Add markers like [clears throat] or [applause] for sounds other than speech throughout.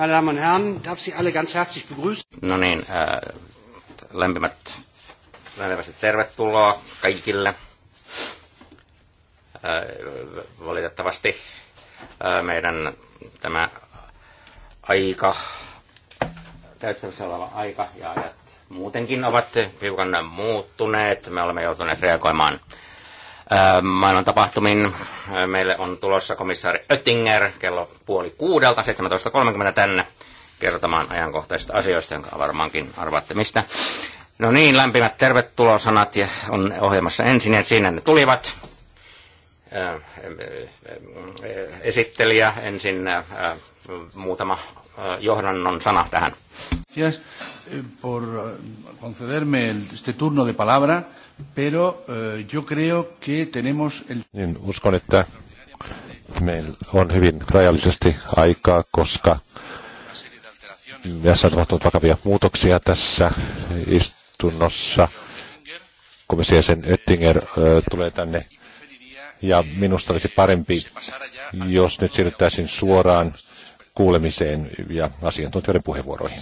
Meine Damen und Herren, darf Sie alle ganz herzlich begrüßen. No niin, äh, lämpimät, lämpimästi tervetuloa kaikille. Äh, valitettavasti äh, meidän tämä aika, käytettävissä oleva aika ja ajat muutenkin ovat hiukan muuttuneet. Me olemme joutuneet reagoimaan äh, maailman tapahtumin. Meille on tulossa komissaari Oettinger kello puoli kuudelta 17.30 tänne kertomaan ajankohtaisista asioista, jonka varmaankin arvaatte mistä. No niin, lämpimät tervetulosanat ja on ohjelmassa ensin, ja siinä ne tulivat esittelijä. Ensin muutama johdannon sana tähän. Gracias eh, por eh, concederme este turno de palabra, pero eh, yo creo que tenemos el... Niin, uskon, että meillä on hyvin rajallisesti aikaa, koska tässä on tapahtunut vakavia muutoksia tässä istunnossa. Komission sen Oettinger tulee tänne ja minusta olisi parempi, jos nyt siirryttäisiin suoraan kuulemiseen ja asiantuntijoiden puheenvuoroihin.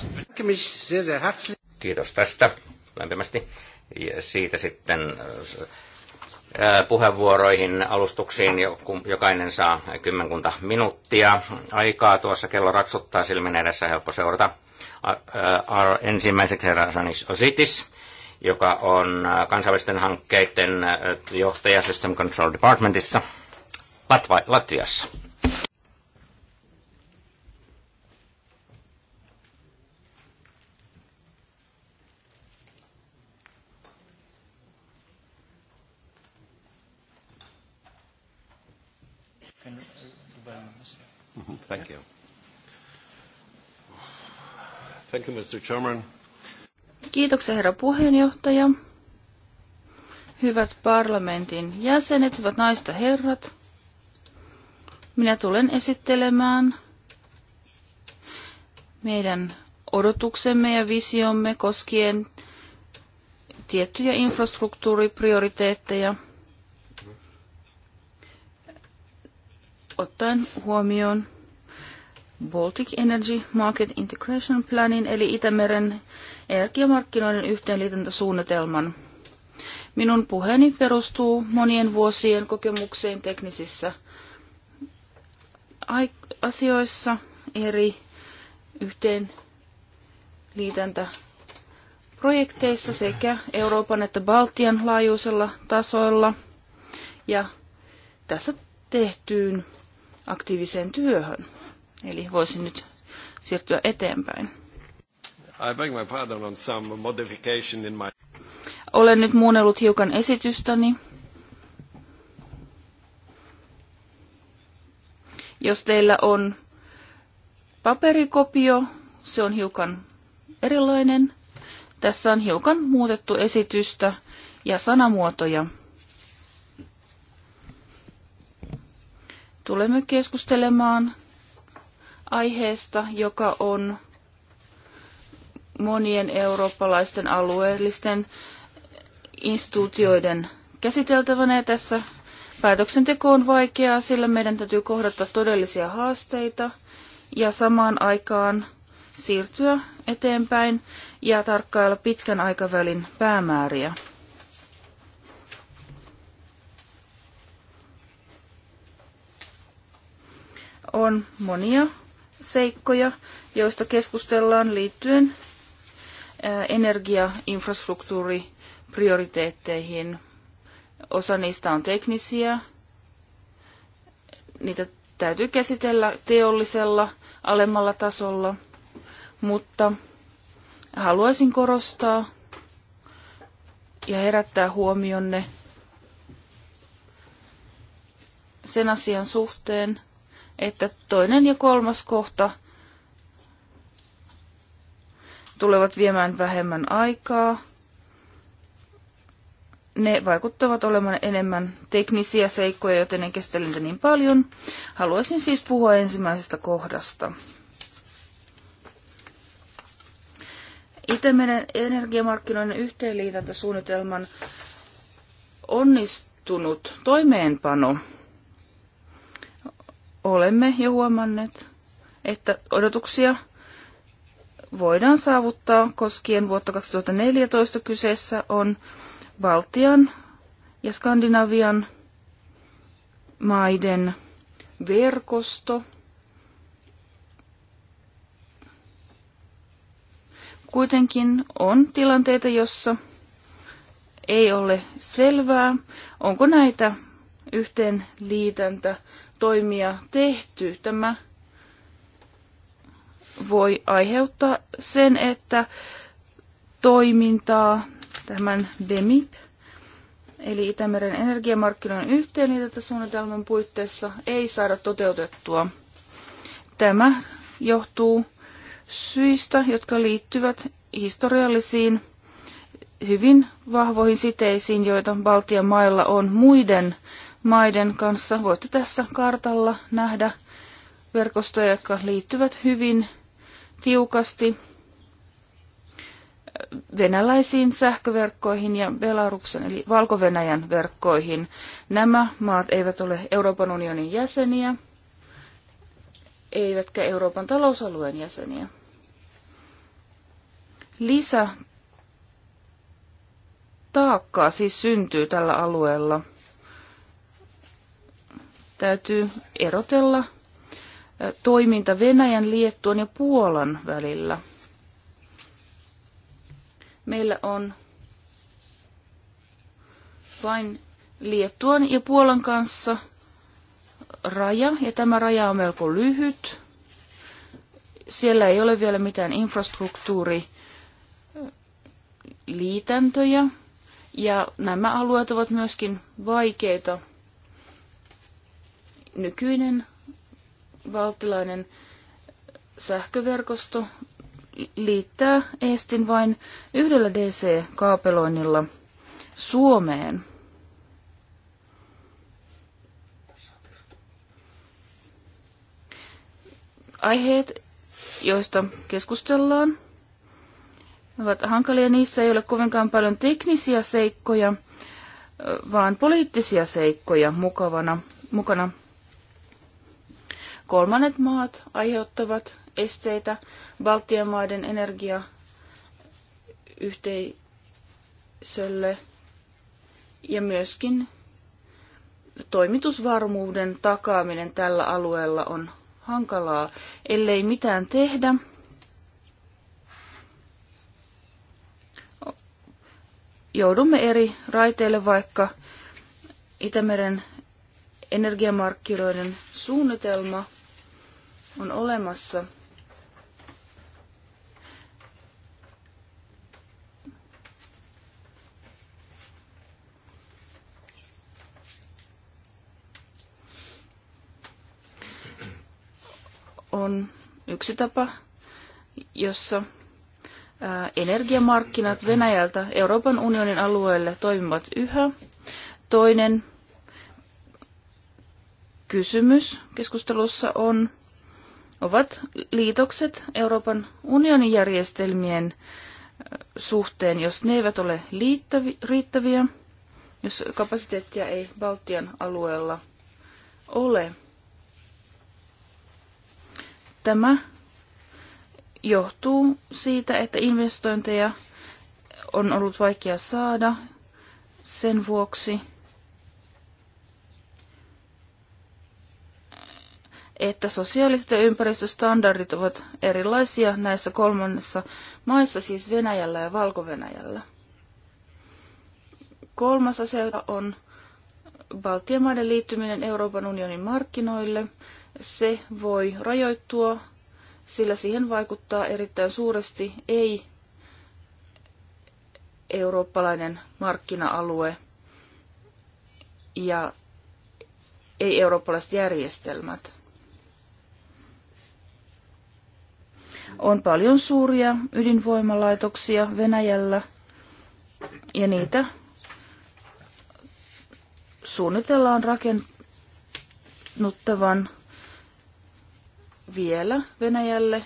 Kiitos tästä lämpimästi. Ja siitä sitten puheenvuoroihin, alustuksiin. Jokainen saa kymmenkunta minuuttia aikaa. Tuossa kello ratsuttaa silmin edessä, helppo seurata. Ensimmäiseksi herra Sanis Ositis joka on äh, kansainvälisten hankkeiden äh, johtaja System Control Departmentissa Latviassa. Thank you. Thank you, Mr. Chairman. Kiitoksia herra puheenjohtaja. Hyvät parlamentin jäsenet, hyvät naista herrat. Minä tulen esittelemään meidän odotuksemme ja visiomme koskien tiettyjä infrastruktuuriprioriteetteja, ottaen huomioon Baltic Energy Market Integration Planin eli Itämeren energiamarkkinoiden yhteenliitäntäsuunnitelman. Minun puheeni perustuu monien vuosien kokemukseen teknisissä asioissa eri yhteenliitäntäprojekteissa sekä Euroopan että Baltian laajuisella tasoilla ja tässä tehtyyn aktiiviseen työhön. Eli voisin nyt siirtyä eteenpäin. I beg my pardon on some modification in my... Olen nyt muunnellut hiukan esitystäni. Jos teillä on paperikopio, se on hiukan erilainen. Tässä on hiukan muutettu esitystä ja sanamuotoja. Tulemme keskustelemaan aiheesta, joka on monien eurooppalaisten alueellisten instituutioiden käsiteltävänä ja tässä päätöksenteko on vaikeaa, sillä meidän täytyy kohdata todellisia haasteita ja samaan aikaan siirtyä eteenpäin ja tarkkailla pitkän aikavälin päämääriä. On monia seikkoja, joista keskustellaan liittyen energiainfrastruktuuriprioriteetteihin. Osa niistä on teknisiä. Niitä täytyy käsitellä teollisella, alemmalla tasolla, mutta haluaisin korostaa ja herättää huomionne sen asian suhteen, että toinen ja kolmas kohta – tulevat viemään vähemmän aikaa. Ne vaikuttavat olemaan enemmän teknisiä seikkoja, joten en kestä niitä niin paljon. Haluaisin siis puhua ensimmäisestä kohdasta. Itämeren energiamarkkinoiden yhteenliitäntäsuunnitelman onnistunut toimeenpano. Olemme jo huomanneet, että odotuksia voidaan saavuttaa koskien vuotta 2014. Kyseessä on Baltian ja Skandinavian maiden verkosto. Kuitenkin on tilanteita, jossa ei ole selvää, onko näitä yhteenliitäntä toimia tehty. Tämä voi aiheuttaa sen, että toimintaa tämän BEMIP, eli Itämeren energiamarkkinoiden niin suunnitelman puitteissa ei saada toteutettua. Tämä johtuu syistä, jotka liittyvät historiallisiin hyvin vahvoihin siteisiin, joita Baltian mailla on muiden maiden kanssa. Voitte tässä kartalla nähdä verkostoja, jotka liittyvät hyvin tiukasti venäläisiin sähköverkkoihin ja Belaruksen eli valko verkkoihin. Nämä maat eivät ole Euroopan unionin jäseniä, eivätkä Euroopan talousalueen jäseniä. Lisä taakkaa siis syntyy tällä alueella. Täytyy erotella toiminta Venäjän, Liettuan ja Puolan välillä. Meillä on vain Liettuan ja Puolan kanssa raja, ja tämä raja on melko lyhyt. Siellä ei ole vielä mitään infrastruktuuriliitäntöjä, ja nämä alueet ovat myöskin vaikeita. Nykyinen valtilainen sähköverkosto liittää Eestin vain yhdellä DC-kaapeloinnilla Suomeen. Aiheet, joista keskustellaan, ovat hankalia. Niissä ei ole kovinkaan paljon teknisiä seikkoja, vaan poliittisia seikkoja mukavana, mukana. Kolmannet maat aiheuttavat esteitä Baltian maiden energiayhteisölle ja myöskin toimitusvarmuuden takaaminen tällä alueella on hankalaa, ellei mitään tehdä. Joudumme eri raiteille, vaikka Itämeren energiamarkkinoiden suunnitelma – on olemassa. On yksi tapa, jossa energiamarkkinat Venäjältä Euroopan unionin alueelle toimivat yhä. Toinen kysymys keskustelussa on ovat liitokset Euroopan unionin järjestelmien suhteen, jos ne eivät ole liittävi, riittäviä, jos kapasiteettia ei Baltian alueella ole. Tämä johtuu siitä, että investointeja on ollut vaikea saada sen vuoksi, että sosiaaliset ja ympäristöstandardit ovat erilaisia näissä kolmannessa maissa, siis Venäjällä ja Valko-Venäjällä. Kolmas asia on Baltian maiden liittyminen Euroopan unionin markkinoille. Se voi rajoittua, sillä siihen vaikuttaa erittäin suuresti ei eurooppalainen markkina-alue ja ei-eurooppalaiset järjestelmät. On paljon suuria ydinvoimalaitoksia Venäjällä ja niitä suunnitellaan rakennuttavan vielä Venäjälle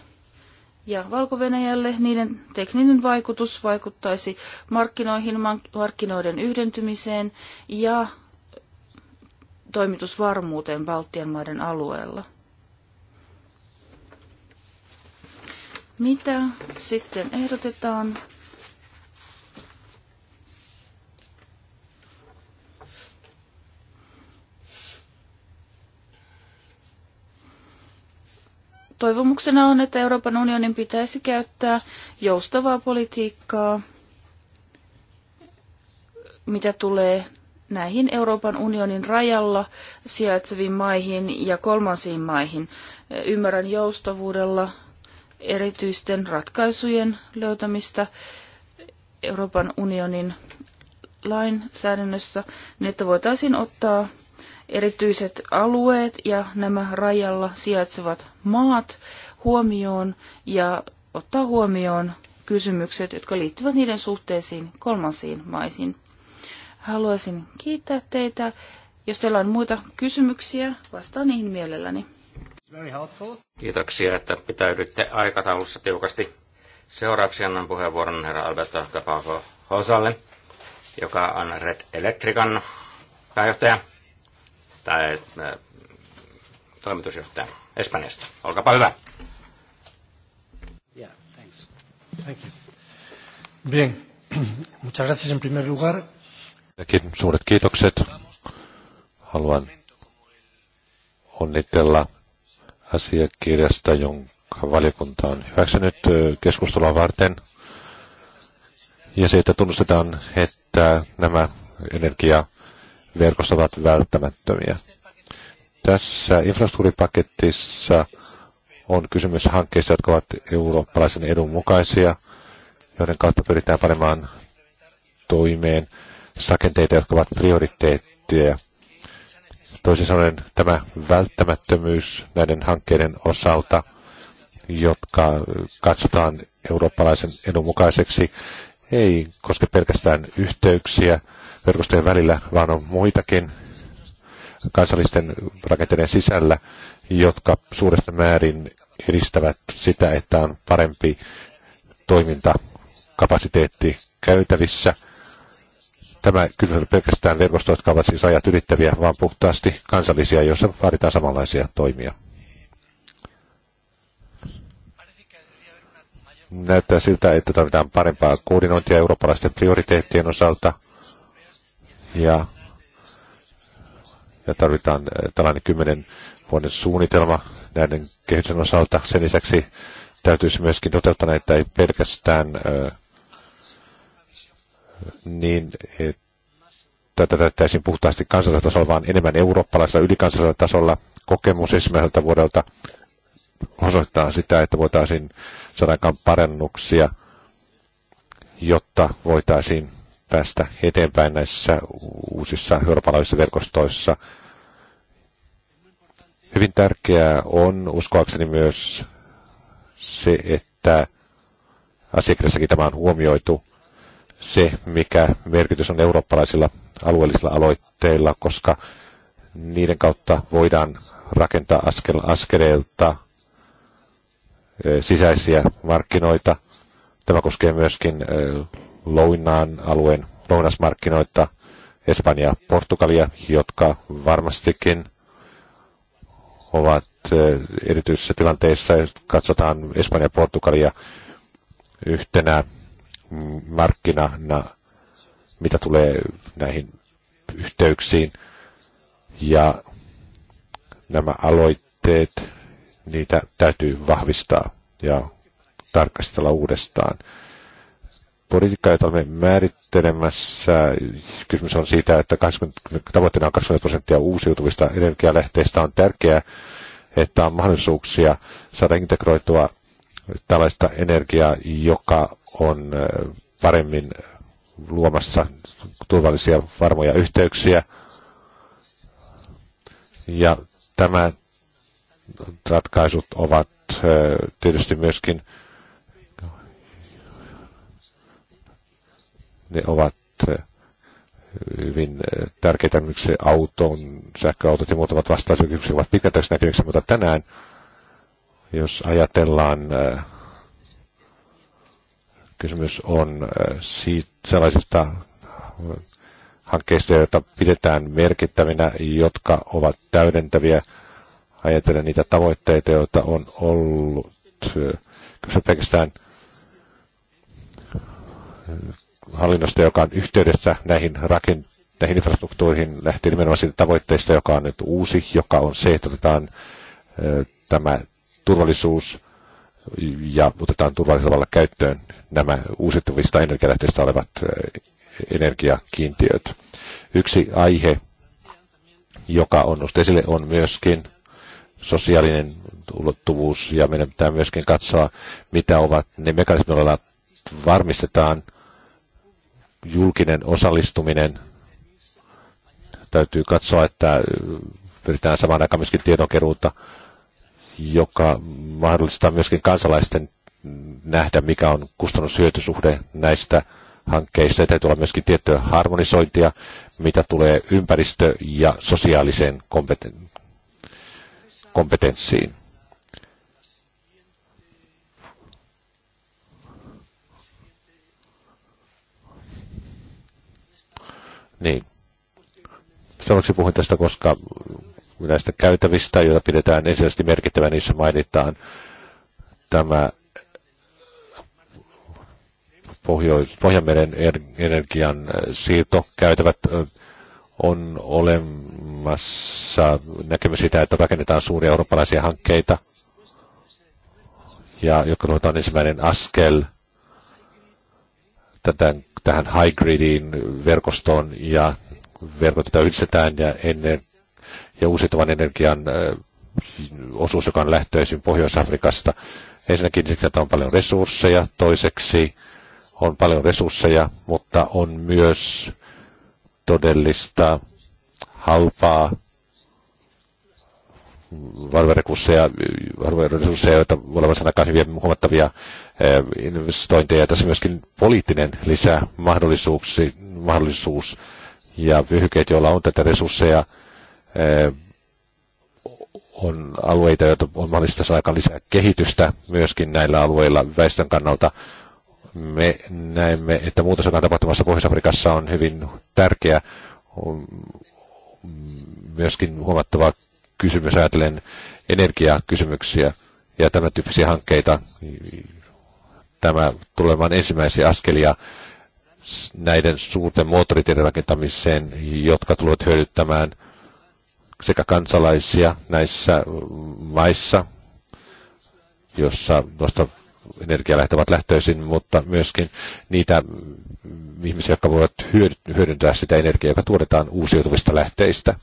ja valko -Venäjälle. Niiden tekninen vaikutus vaikuttaisi markkinoihin, markkinoiden yhdentymiseen ja toimitusvarmuuteen Baltian maiden alueella. Mitä sitten ehdotetaan? Toivomuksena on, että Euroopan unionin pitäisi käyttää joustavaa politiikkaa, mitä tulee näihin Euroopan unionin rajalla sijaitseviin maihin ja kolmansiin maihin. Ymmärrän joustavuudella erityisten ratkaisujen löytämistä Euroopan unionin lainsäädännössä, niin että voitaisiin ottaa erityiset alueet ja nämä rajalla sijaitsevat maat huomioon ja ottaa huomioon kysymykset, jotka liittyvät niiden suhteisiin kolmansiin maisiin. Haluaisin kiittää teitä. Jos teillä on muita kysymyksiä, vastaan niihin mielelläni. Very helpful. Kiitoksia, että pitäydytte aikataulussa tiukasti. Seuraavaksi annan puheenvuoron herra Alberto Capaco Hosalle, joka on Red Electrican pääjohtaja tai äh, toimitusjohtaja Espanjasta. Olkaapa hyvä. Yeah, thanks. Thank you. Bien. [clears throat] Muchas gracias en primer lugar. Suuret kiitokset. Haluan onnitella asiakirjasta, jonka valiokunta on hyväksynyt keskustelua varten. Ja siitä tunnustetaan, että nämä energiaverkostot ovat välttämättömiä. Tässä infrastruktuuripaketissa on kysymys hankkeista, jotka ovat eurooppalaisen edun mukaisia, joiden kautta pyritään panemaan toimeen rakenteita, jotka ovat prioriteetteja Toisin sanoen tämä välttämättömyys näiden hankkeiden osalta, jotka katsotaan eurooppalaisen edun mukaiseksi, ei koske pelkästään yhteyksiä verkostojen välillä, vaan on muitakin kansallisten rakenteiden sisällä, jotka suuresta määrin edistävät sitä, että on parempi toimintakapasiteetti käytävissä – Tämä kyllä on pelkästään verkostoja, jotka ovat siis ajat ylittäviä, vaan puhtaasti kansallisia, joissa vaaditaan samanlaisia toimia. Näyttää siltä, että tarvitaan parempaa koordinointia eurooppalaisten prioriteettien osalta ja, ja tarvitaan eh, tällainen kymmenen vuoden suunnitelma näiden kehityksen osalta. Sen lisäksi täytyisi myöskin toteuttaa näitä ei pelkästään äh, niin tätä täyttäisiin puhtaasti kansallisella tasolla, vaan enemmän eurooppalaisella ylikansallisella tasolla. Kokemus ensimmäiseltä vuodelta osoittaa sitä, että voitaisiin saada parannuksia, jotta voitaisiin päästä eteenpäin näissä uusissa eurooppalaisissa verkostoissa. Hyvin tärkeää on uskoakseni myös se, että asiakirjassakin tämä on huomioitu, se, mikä merkitys on eurooppalaisilla alueellisilla aloitteilla, koska niiden kautta voidaan rakentaa askel, askeleelta sisäisiä markkinoita. Tämä koskee myöskin lounaan alueen lounasmarkkinoita, Espanja ja Portugalia, jotka varmastikin ovat erityisissä tilanteissa, katsotaan Espanja ja Portugalia yhtenä markkinana, mitä tulee näihin yhteyksiin. Ja nämä aloitteet, niitä täytyy vahvistaa ja tarkastella uudestaan. Politiikka, jota olemme määrittelemässä, kysymys on siitä, että 20, tavoitteena on 20 prosenttia uusiutuvista energialähteistä. On tärkeää, että on mahdollisuuksia saada integroitua tällaista energiaa, joka on äh, paremmin luomassa turvallisia varmoja yhteyksiä. Ja tämä ratkaisut ovat äh, tietysti myöskin ne ovat äh, hyvin tärkeitä, miksi auton, sähköautot ja muut ovat vastaisia ovat pitkätäksi näkyviksi, mutta tänään jos ajatellaan, äh, kysymys on äh, siitä, sellaisista hankkeista, joita pidetään merkittävinä, jotka ovat täydentäviä. Ajatellen niitä tavoitteita, joita on ollut. Äh, kyse pelkästään hallinnosta, joka on yhteydessä näihin rakenteisiin näihin infrastruktuuriin lähti nimenomaan siitä tavoitteista, joka on nyt uusi, joka on se, että otetaan tämä turvallisuus ja otetaan turvallisella tavalla käyttöön nämä uusiutuvista energialähteistä olevat energiakiintiöt. Yksi aihe, joka on noussut esille, on myöskin sosiaalinen ulottuvuus, ja meidän pitää myöskin katsoa, mitä ovat ne mekanismit, joilla varmistetaan julkinen osallistuminen. Täytyy katsoa, että pyritään samaan aikaan myöskin tiedonkeruuta joka mahdollistaa myöskin kansalaisten nähdä, mikä on kustannushyötysuhde näistä hankkeista. Ja täytyy olla myöskin tiettyä harmonisointia, mitä tulee ympäristö- ja sosiaaliseen kompeten- kompetenssiin. Niin. Sanoksi puhuin tästä, koska näistä käytävistä, joita pidetään ensisijaisesti merkittävä, niissä mainitaan tämä Pohjois, Pohjanmeren energian äh, siirtokäytävät on olemassa näkemys sitä, että rakennetaan suuria eurooppalaisia hankkeita, ja jotka luotaan ensimmäinen askel tämän, tähän high gridin verkostoon ja verkot, joita yhdistetään ja ennen ja uusiutuvan energian osuus, joka on lähtöisin Pohjois-Afrikasta. Ensinnäkin siksi, että on paljon resursseja, toiseksi on paljon resursseja, mutta on myös todellista halpaa valveresursseja, valveresursseja joita olla aika hyviä huomattavia investointeja. Tässä myöskin poliittinen lisämahdollisuus mahdollisuus ja vyöhykkeet, joilla on tätä resursseja, on alueita, joita on mahdollista saada lisää kehitystä myöskin näillä alueilla väestön kannalta. Me näemme, että muutos, joka on tapahtumassa Pohjois-Afrikassa, on hyvin tärkeä. On myöskin huomattava kysymys ajatellen energiakysymyksiä ja tämän tyyppisiä hankkeita. Tämä tulemaan ensimmäisiä askelia näiden suurten moottoriteiden rakentamiseen, jotka tulevat hyödyttämään sekä kansalaisia näissä maissa, jossa tuosta energialähteet ovat lähtöisin, mutta myöskin niitä ihmisiä, jotka voivat hyödyntää sitä energiaa, joka tuotetaan uusiutuvista lähteistä.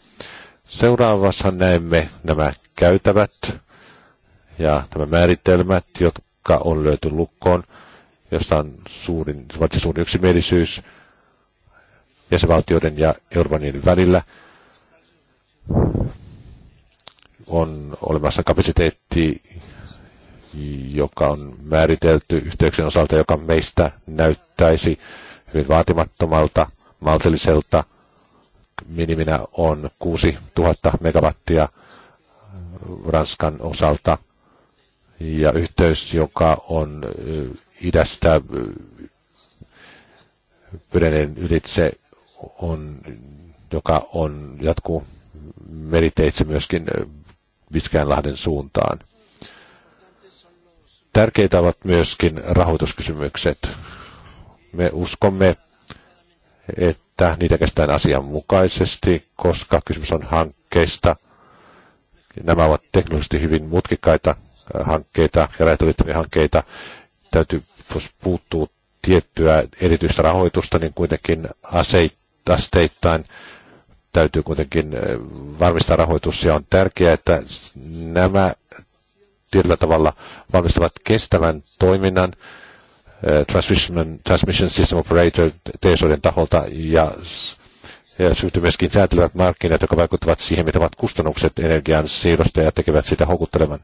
Seuraavassa näemme nämä käytävät ja nämä määritelmät, jotka on löyty lukkoon, josta on suurin, suurin yksimielisyys jäsenvaltioiden ja Euroopan välillä – on olemassa kapasiteetti, joka on määritelty yhteyksien osalta, joka meistä näyttäisi hyvin vaatimattomalta, maltilliselta. Miniminä on 6000 megawattia Ranskan osalta. Ja yhteys, joka on idästä Pyreneen ylitse, on, joka on, jatkuu meriteitse myöskin Viskäänlahden suuntaan. Tärkeitä ovat myöskin rahoituskysymykset. Me uskomme, että niitä kestään asianmukaisesti, koska kysymys on hankkeista. Nämä ovat teknologisesti hyvin mutkikkaita hankkeita ja hankkeita. Täytyy, jos puuttuu tiettyä erityistä rahoitusta, niin kuitenkin asteittain täytyy kuitenkin eh, varmistaa rahoitus ja on tärkeää, että nämä tietyllä tavalla valmistavat kestävän toiminnan eh, Transmission, Transmission System Operator TSOiden taholta ja, ja syntyy myöskin säätelevät markkinat, jotka vaikuttavat siihen, mitä ovat kustannukset energian siirrosta ja tekevät sitä houkuttelevan.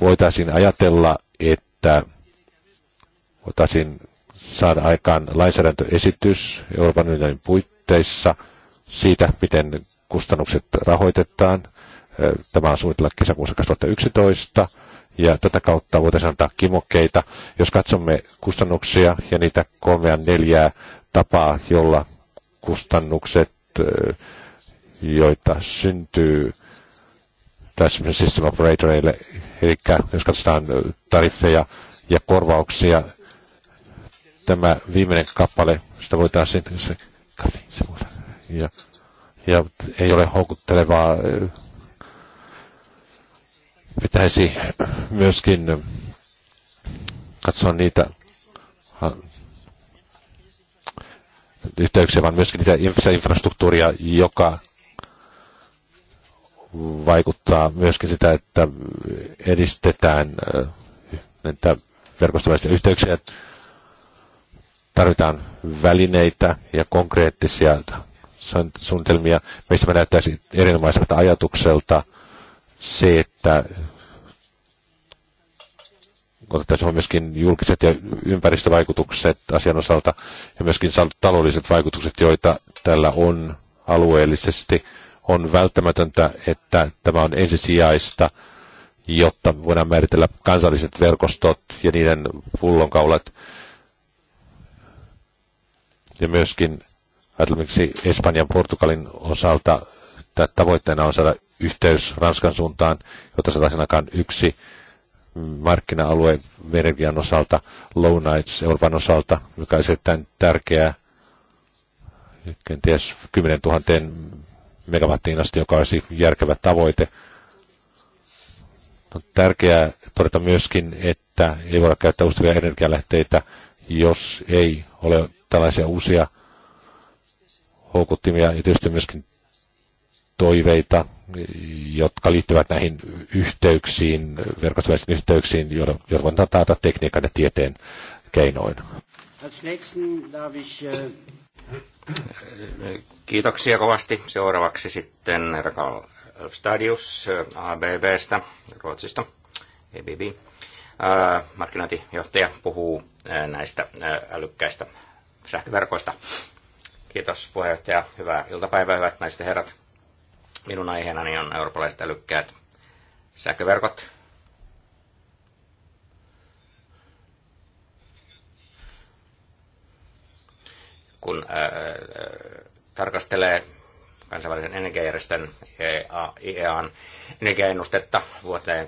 Voitaisiin ajatella, että voitaisiin saada aikaan lainsäädäntöesitys Euroopan unionin puitteissa – siitä, miten kustannukset rahoitetaan. Tämä on suunnitella kesäkuussa 2011 ja tätä kautta voitaisiin antaa kimokkeita. Jos katsomme kustannuksia ja niitä kolmea neljää tapaa, jolla kustannukset, joita syntyy tässä system operatoreille, eli jos katsotaan tariffeja ja korvauksia, tämä viimeinen kappale, sitä voitaisiin, se, kafi, se voidaan ja, ja ei ole houkuttelevaa. Pitäisi myöskin katsoa niitä yhteyksiä, vaan myöskin niitä infrastruktuuria, joka vaikuttaa myöskin sitä, että edistetään näitä verkostomaisia yhteyksiä. Tarvitaan välineitä ja konkreettisia suunnitelmia. Meistä me näyttäisi erinomaiselta ajatukselta se, että otettaisiin on myöskin julkiset ja ympäristövaikutukset asian osalta ja myöskin taloudelliset vaikutukset, joita tällä on alueellisesti. On välttämätöntä, että tämä on ensisijaista, jotta voidaan määritellä kansalliset verkostot ja niiden pullonkaulat ja myöskin Esimerkiksi Espanjan Portugalin osalta tavoitteena on saada yhteys Ranskan suuntaan, jotta saataisiin aikaan yksi markkina-alue energian osalta, low nights Euroopan osalta, joka on erittäin tärkeää, kenties 10 000 megawattiin asti, joka olisi järkevä tavoite. On tärkeää todeta myöskin, että ei voida käyttää uusia energialähteitä, jos ei ole tällaisia uusia houkuttimia ja tietysti myöskin toiveita, jotka liittyvät näihin yhteyksiin, verkostoväisiin yhteyksiin, joita voidaan taata tekniikan ja tieteen keinoin. Äh, Kiitoksia kovasti. Seuraavaksi sitten Rakal Stadius äh, ABBstä, Ruotsista, ABB. Äh, markkinointijohtaja puhuu näistä älykkäistä sähköverkoista. Kiitos puheenjohtaja. Hyvää iltapäivää, hyvät naiset ja herrat. Minun aiheenani on eurooppalaiset älykkäät sähköverkot. Kun ää, äh, äh, tarkastelee kansainvälisen energiajärjestön e IEAn energiaennustetta vuoteen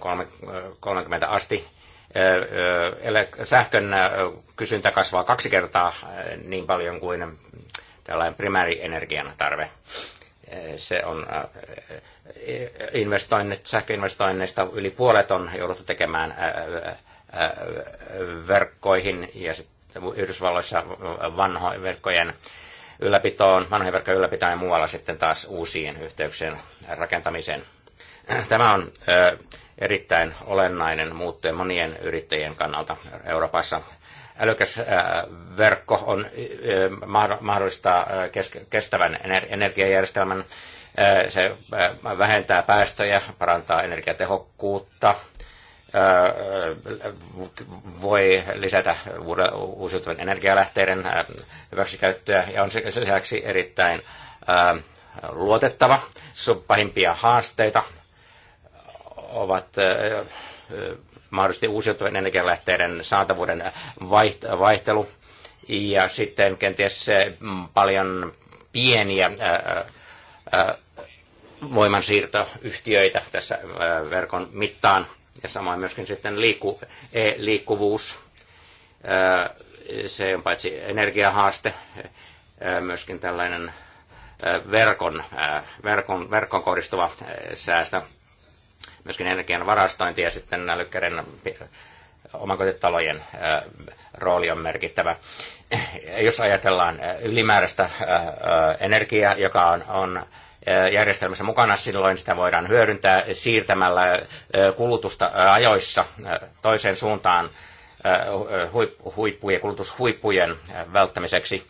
30 äh, asti, sähkön kysyntä kasvaa kaksi kertaa niin paljon kuin tällainen primäärienergian tarve. Eh, se on eh, eh, investoinnit, sähköinvestoinneista yli puolet on jouduttu tekemään verkkoihin ja sitten Yhdysvalloissa vanhojen verkkojen ylläpitoon, vanhojen verkkojen ylläpitoon ja muualla sitten taas uusien yhteyksien rakentamiseen. [clears throat] Tämä on erittäin olennainen muuttuja monien yrittäjien kannalta Euroopassa älykäs äh, verkko on, äh, mahdollistaa äh, kestävän energiajärjestelmän. Se vähentää päästöjä, parantaa energiatehokkuutta, voi lisätä uusiutuvien energialähteiden hyväksikäyttöä ja on lisäksi erittäin luotettava. Pahimpia haasteita ovat mahdollisesti uusiutuvien energialähteiden saatavuuden vaihtelu ja sitten kenties eh, paljon pieniä eh, eh, voimansiirtoyhtiöitä tässä verkon mittaan ja samoin myöskin sitten liikku, e, liikkuvuus. Se on paitsi energiahaaste, myöskin tällainen verkon, verkon, verkon kohdistuva säästö myöskin energian varastointi ja sitten älykkäiden eh, omakotitalojen eh, rooli on merkittävä. Eh, jos ajatellaan ylimääräistä energiaa, joka on, on järjestelmässä mukana, silloin sitä voidaan hyödyntää siirtämällä kulutusta ajoissa toiseen suuntaan huippujen, kulutushuippujen välttämiseksi.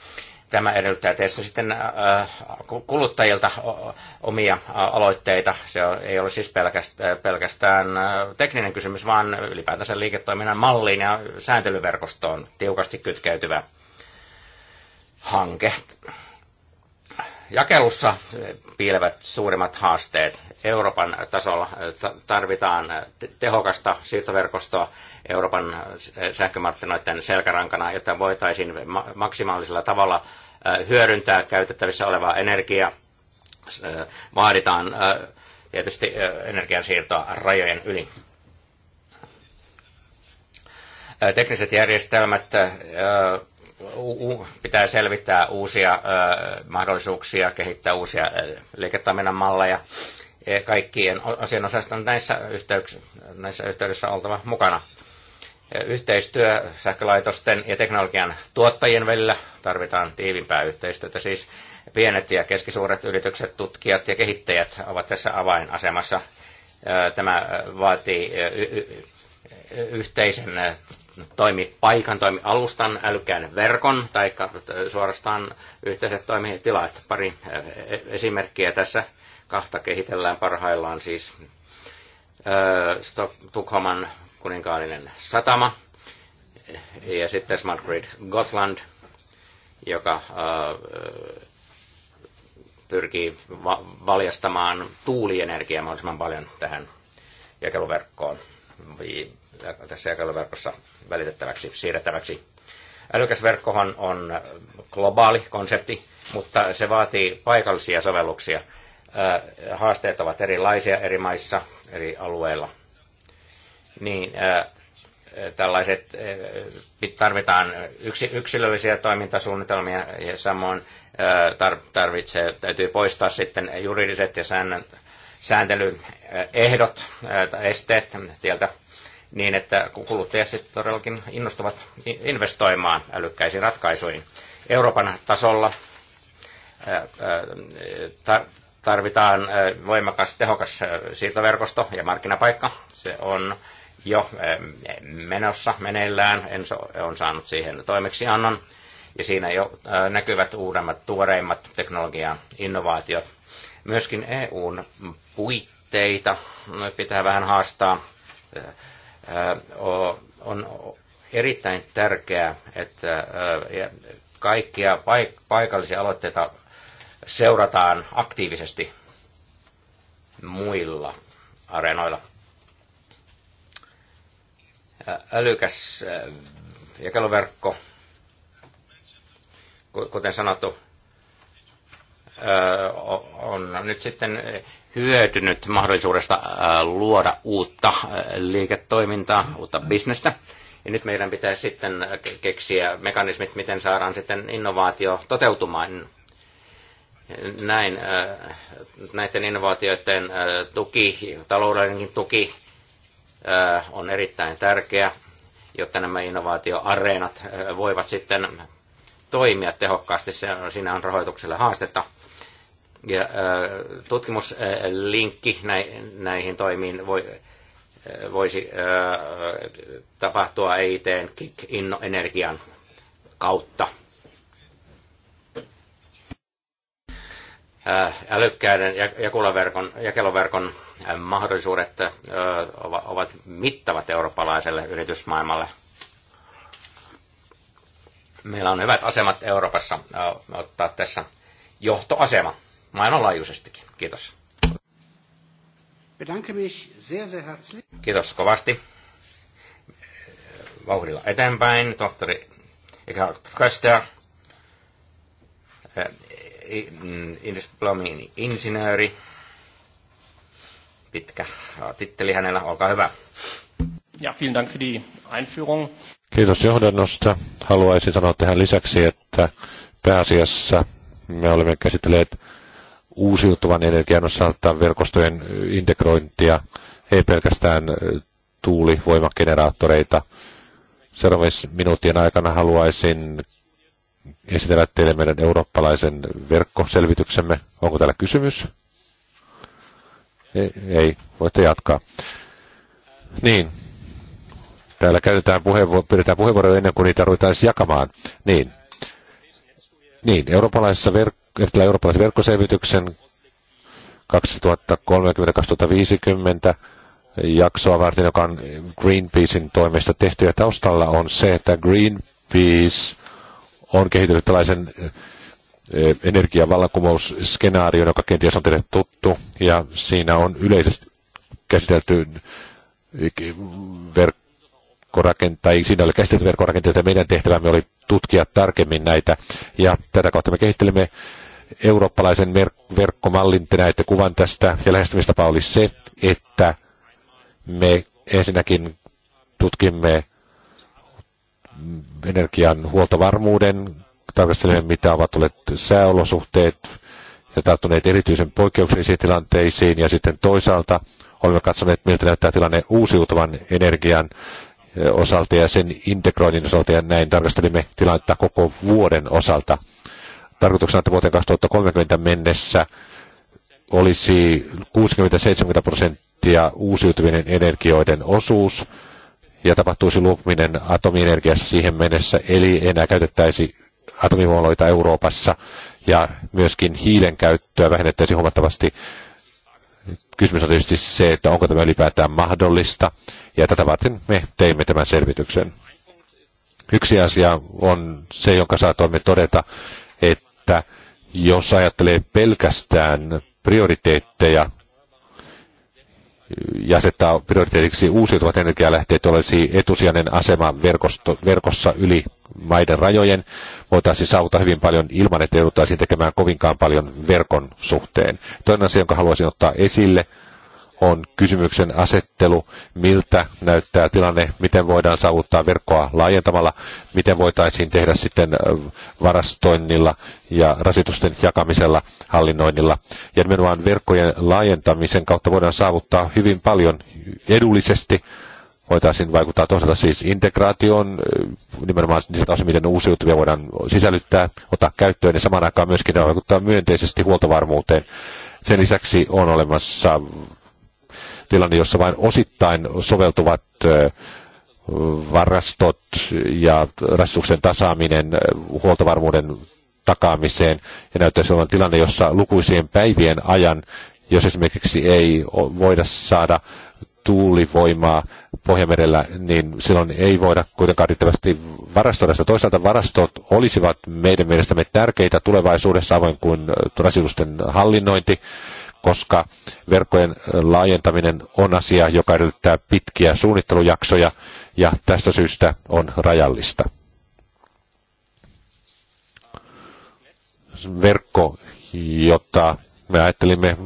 Tämä edellyttää teissä sitten äh, kuluttajilta omia äh, aloitteita. Se ei ole siis äh, pelkästään tekninen kysymys, vaan ylipäätänsä liiketoiminnan malliin ja sääntelyverkostoon tiukasti kytkeytyvä hanke jakelussa piilevät suurimmat haasteet. Euroopan tasolla tarvitaan tehokasta siirtoverkostoa Euroopan sähkömarkkinoiden selkärankana, jotta voitaisiin maksimaalisella tavalla hyödyntää käytettävissä olevaa energiaa. Vaaditaan tietysti energiansiirtoa rajojen yli. Tekniset järjestelmät pitää selvittää uusia mahdollisuuksia, kehittää uusia liiketoiminnan malleja. E, kaikkien asianosaisten on näissä, yhteyks- näissä yhteydessä oltava mukana. E, yhteistyö sähkölaitosten ja teknologian tuottajien välillä tarvitaan tiivimpää yhteistyötä. Siis pienet ja keskisuuret yritykset, tutkijat ja kehittäjät ovat tässä avainasemassa. E, tämä vaatii yhteisen paikan, toimi alustan älykkään verkon tai suorastaan yhteiset toimitilat. Pari e-, esimerkkiä tässä kahta kehitellään parhaillaan siis Tukholman kuninkaallinen satama ja sitten Smart Grid Gotland, joka pyrkii valjastamaan tuulienergiaa mahdollisimman paljon tähän jakeluverkkoon tässä jakeluverkossa välitettäväksi, siirrettäväksi. Älykäs verkkohan on globaali konsepti, mutta se vaatii paikallisia sovelluksia. Äh, haasteet ovat erilaisia eri maissa, eri alueilla. Niin, äh, tällaiset, äh, tarvitaan yksilöllisiä toimintasuunnitelmia ja samoin tarvitsee, täytyy poistaa sitten juridiset ja säännön, sääntelyehdot tai esteet tieltä niin että kuluttajat sitten todellakin innostuvat investoimaan älykkäisiin ratkaisuihin. Euroopan tasolla tarvitaan voimakas, tehokas siirtoverkosto ja markkinapaikka. Se on jo menossa meneillään. En on saanut siihen toimeksiannon. Ja siinä jo näkyvät uudemmat, tuoreimmat teknologian innovaatiot. Myöskin EUn puitteita pitää vähän haastaa on erittäin tärkeää, että kaikkia paikallisia aloitteita seurataan aktiivisesti muilla areenoilla. Älykäs jakeluverkko, kuten sanottu, on nyt sitten hyötynyt mahdollisuudesta luoda uutta liiketoimintaa, uutta bisnestä. Ja nyt meidän pitää sitten keksiä mekanismit, miten saadaan sitten innovaatio toteutumaan. Näin näiden innovaatioiden tuki, taloudellinen tuki on erittäin tärkeä, jotta nämä innovaatioareenat voivat sitten toimia tehokkaasti. Siinä on rahoitukselle haastetta ja äh, tutkimuslinkki näihin toimiin voi, äh, voisi äh, tapahtua EITn kick-energian kautta. Älykkäiden jakeluverkon, jakeluverkon mahdollisuudet ovat mittavat eurooppalaiselle yritysmaailmalle. Meillä on hyvät asemat Euroopassa ottaa tässä johtoasema maailmanlaajuisestikin. Kiitos. Kiitos kovasti. Vauhdilla eteenpäin, tohtori Eckhart Köster, eh, mm, Indisblomin insinööri. Pitkä titteli hänellä, olkaa hyvä. Ja, vielen Dank für die Einführung. Kiitos johdannosta. Haluaisin sanoa tähän lisäksi, että pääasiassa me olemme käsitelleet uusiutuvan energian osalta verkostojen integrointia, ei pelkästään tuulivoimageneraattoreita. Seuraavien minuuttien aikana haluaisin esitellä teille meidän eurooppalaisen verkkoselvityksemme. Onko täällä kysymys? Ei, ei voitte jatkaa. Niin, täällä käytetään puheenvuoro, pidetään puheenvuoroja ennen kuin niitä ruvetaan jakamaan. Niin, niin eurooppalaisessa verkko esitellä eurooppalaisen verkkoselvityksen 2030-2050 jaksoa varten, joka on Greenpeacein toimesta tehty. Ja taustalla on se, että Greenpeace on kehitellyt tällaisen eh, energiavallankumousskenaarion, joka kenties on teille tuttu, ja siinä on yleisesti käsitelty eh, verkkorakentajia, siinä oli käsitelty verkkorakenteita, ja meidän tehtävämme oli tutkia tarkemmin näitä, ja tätä kautta me kehittelimme eurooppalaisen ver- verkkomallin. Te näette kuvan tästä ja lähestymistapa oli se, että me ensinnäkin tutkimme energian huoltovarmuuden, tarkastelemme mitä ovat olleet sääolosuhteet ja tarttuneet erityisen poikkeuksellisiin tilanteisiin ja sitten toisaalta olemme katsoneet, miltä näyttää tilanne uusiutuvan energian eh, osalta ja sen integroinnin osalta ja näin tarkastelimme tilannetta koko vuoden osalta tarkoituksena, että vuoteen 2030 mennessä olisi 60-70 prosenttia uusiutuvien energioiden osuus ja tapahtuisi luopuminen atomienergiassa siihen mennessä, eli enää käytettäisi atomivuoloita Euroopassa ja myöskin hiilen käyttöä vähennettäisiin huomattavasti. Kysymys on tietysti se, että onko tämä ylipäätään mahdollista ja tätä varten me teimme tämän selvityksen. Yksi asia on se, jonka saatoimme todeta, että jos ajattelee pelkästään prioriteetteja ja asettaa prioriteetiksi uusiutuvat energialähteet, olisi etusijainen asema verkosto, verkossa yli maiden rajojen. Voitaisiin saavuttaa hyvin paljon ilman, että jouduttaisiin tekemään kovinkaan paljon verkon suhteen. Toinen asia, jonka haluaisin ottaa esille, on kysymyksen asettelu, miltä näyttää tilanne, miten voidaan saavuttaa verkkoa laajentamalla, miten voitaisiin tehdä sitten varastoinnilla ja rasitusten jakamisella, hallinnoinnilla. Ja nimenomaan verkkojen laajentamisen kautta voidaan saavuttaa hyvin paljon edullisesti, voitaisiin vaikuttaa toisaalta siis integraatioon, nimenomaan niiltä osin, miten uusiutuvia voidaan sisällyttää, ottaa käyttöön ja samaan aikaan myöskin ne vaikuttaa myönteisesti huoltovarmuuteen. Sen lisäksi on olemassa tilanne, jossa vain osittain soveltuvat varastot ja rassuksen tasaaminen huoltovarmuuden takaamiseen. Ja näyttäisi olevan tilanne, jossa lukuisien päivien ajan, jos esimerkiksi ei voida saada tuulivoimaa Pohjanmerellä, niin silloin ei voida kuitenkaan riittävästi varastoida sitä. Toisaalta varastot olisivat meidän mielestämme tärkeitä tulevaisuudessa, avoin kuin rasitusten hallinnointi koska verkkojen laajentaminen on asia, joka edellyttää pitkiä suunnittelujaksoja ja tästä syystä on rajallista. Verkko, jota me ajattelimme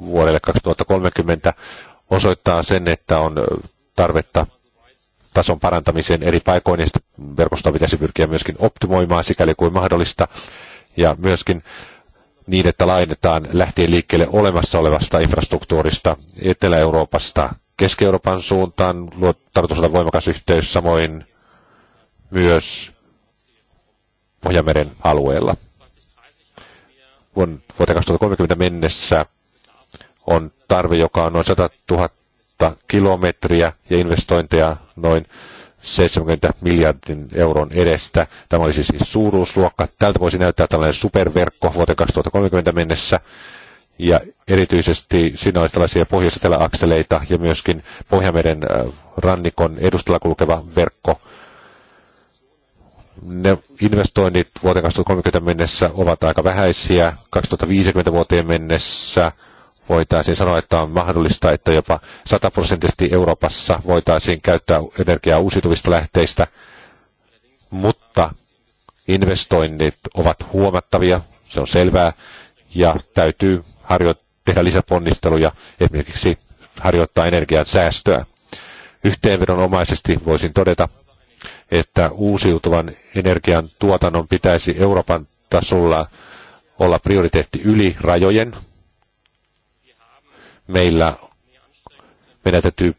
vuodelle 2030, osoittaa sen, että on tarvetta tason parantamiseen eri paikoin, ja verkostoa pitäisi pyrkiä myöskin optimoimaan sikäli kuin mahdollista, ja myöskin niin, että laajennetaan lähtien liikkeelle olemassa olevasta infrastruktuurista Etelä-Euroopasta Keski-Euroopan suuntaan. Tarkoitus olla voimakas yhteys samoin myös Pohjanmeren alueella. vuoteen 2030 mennessä on tarve, joka on noin 100 000 kilometriä ja investointeja noin 70 miljardin euron edestä. Tämä olisi siis suuruusluokka. Tältä voisi näyttää tällainen superverkko vuoteen 2030 mennessä. Ja erityisesti siinä olisi tällaisia pohjois akseleita ja myöskin Pohjanmeren äh, rannikon edustalla kulkeva verkko. Ne investoinnit vuoteen 2030 mennessä ovat aika vähäisiä. 2050 vuoteen mennessä voitaisiin sanoa, että on mahdollista, että jopa sataprosenttisesti Euroopassa voitaisiin käyttää energiaa uusiutuvista lähteistä, mutta investoinnit ovat huomattavia, se on selvää, ja täytyy harjoittaa, tehdä lisäponnisteluja, esimerkiksi harjoittaa energian säästöä. Yhteenvedonomaisesti voisin todeta, että uusiutuvan energian tuotannon pitäisi Euroopan tasolla olla prioriteetti yli rajojen, meillä meidän täytyy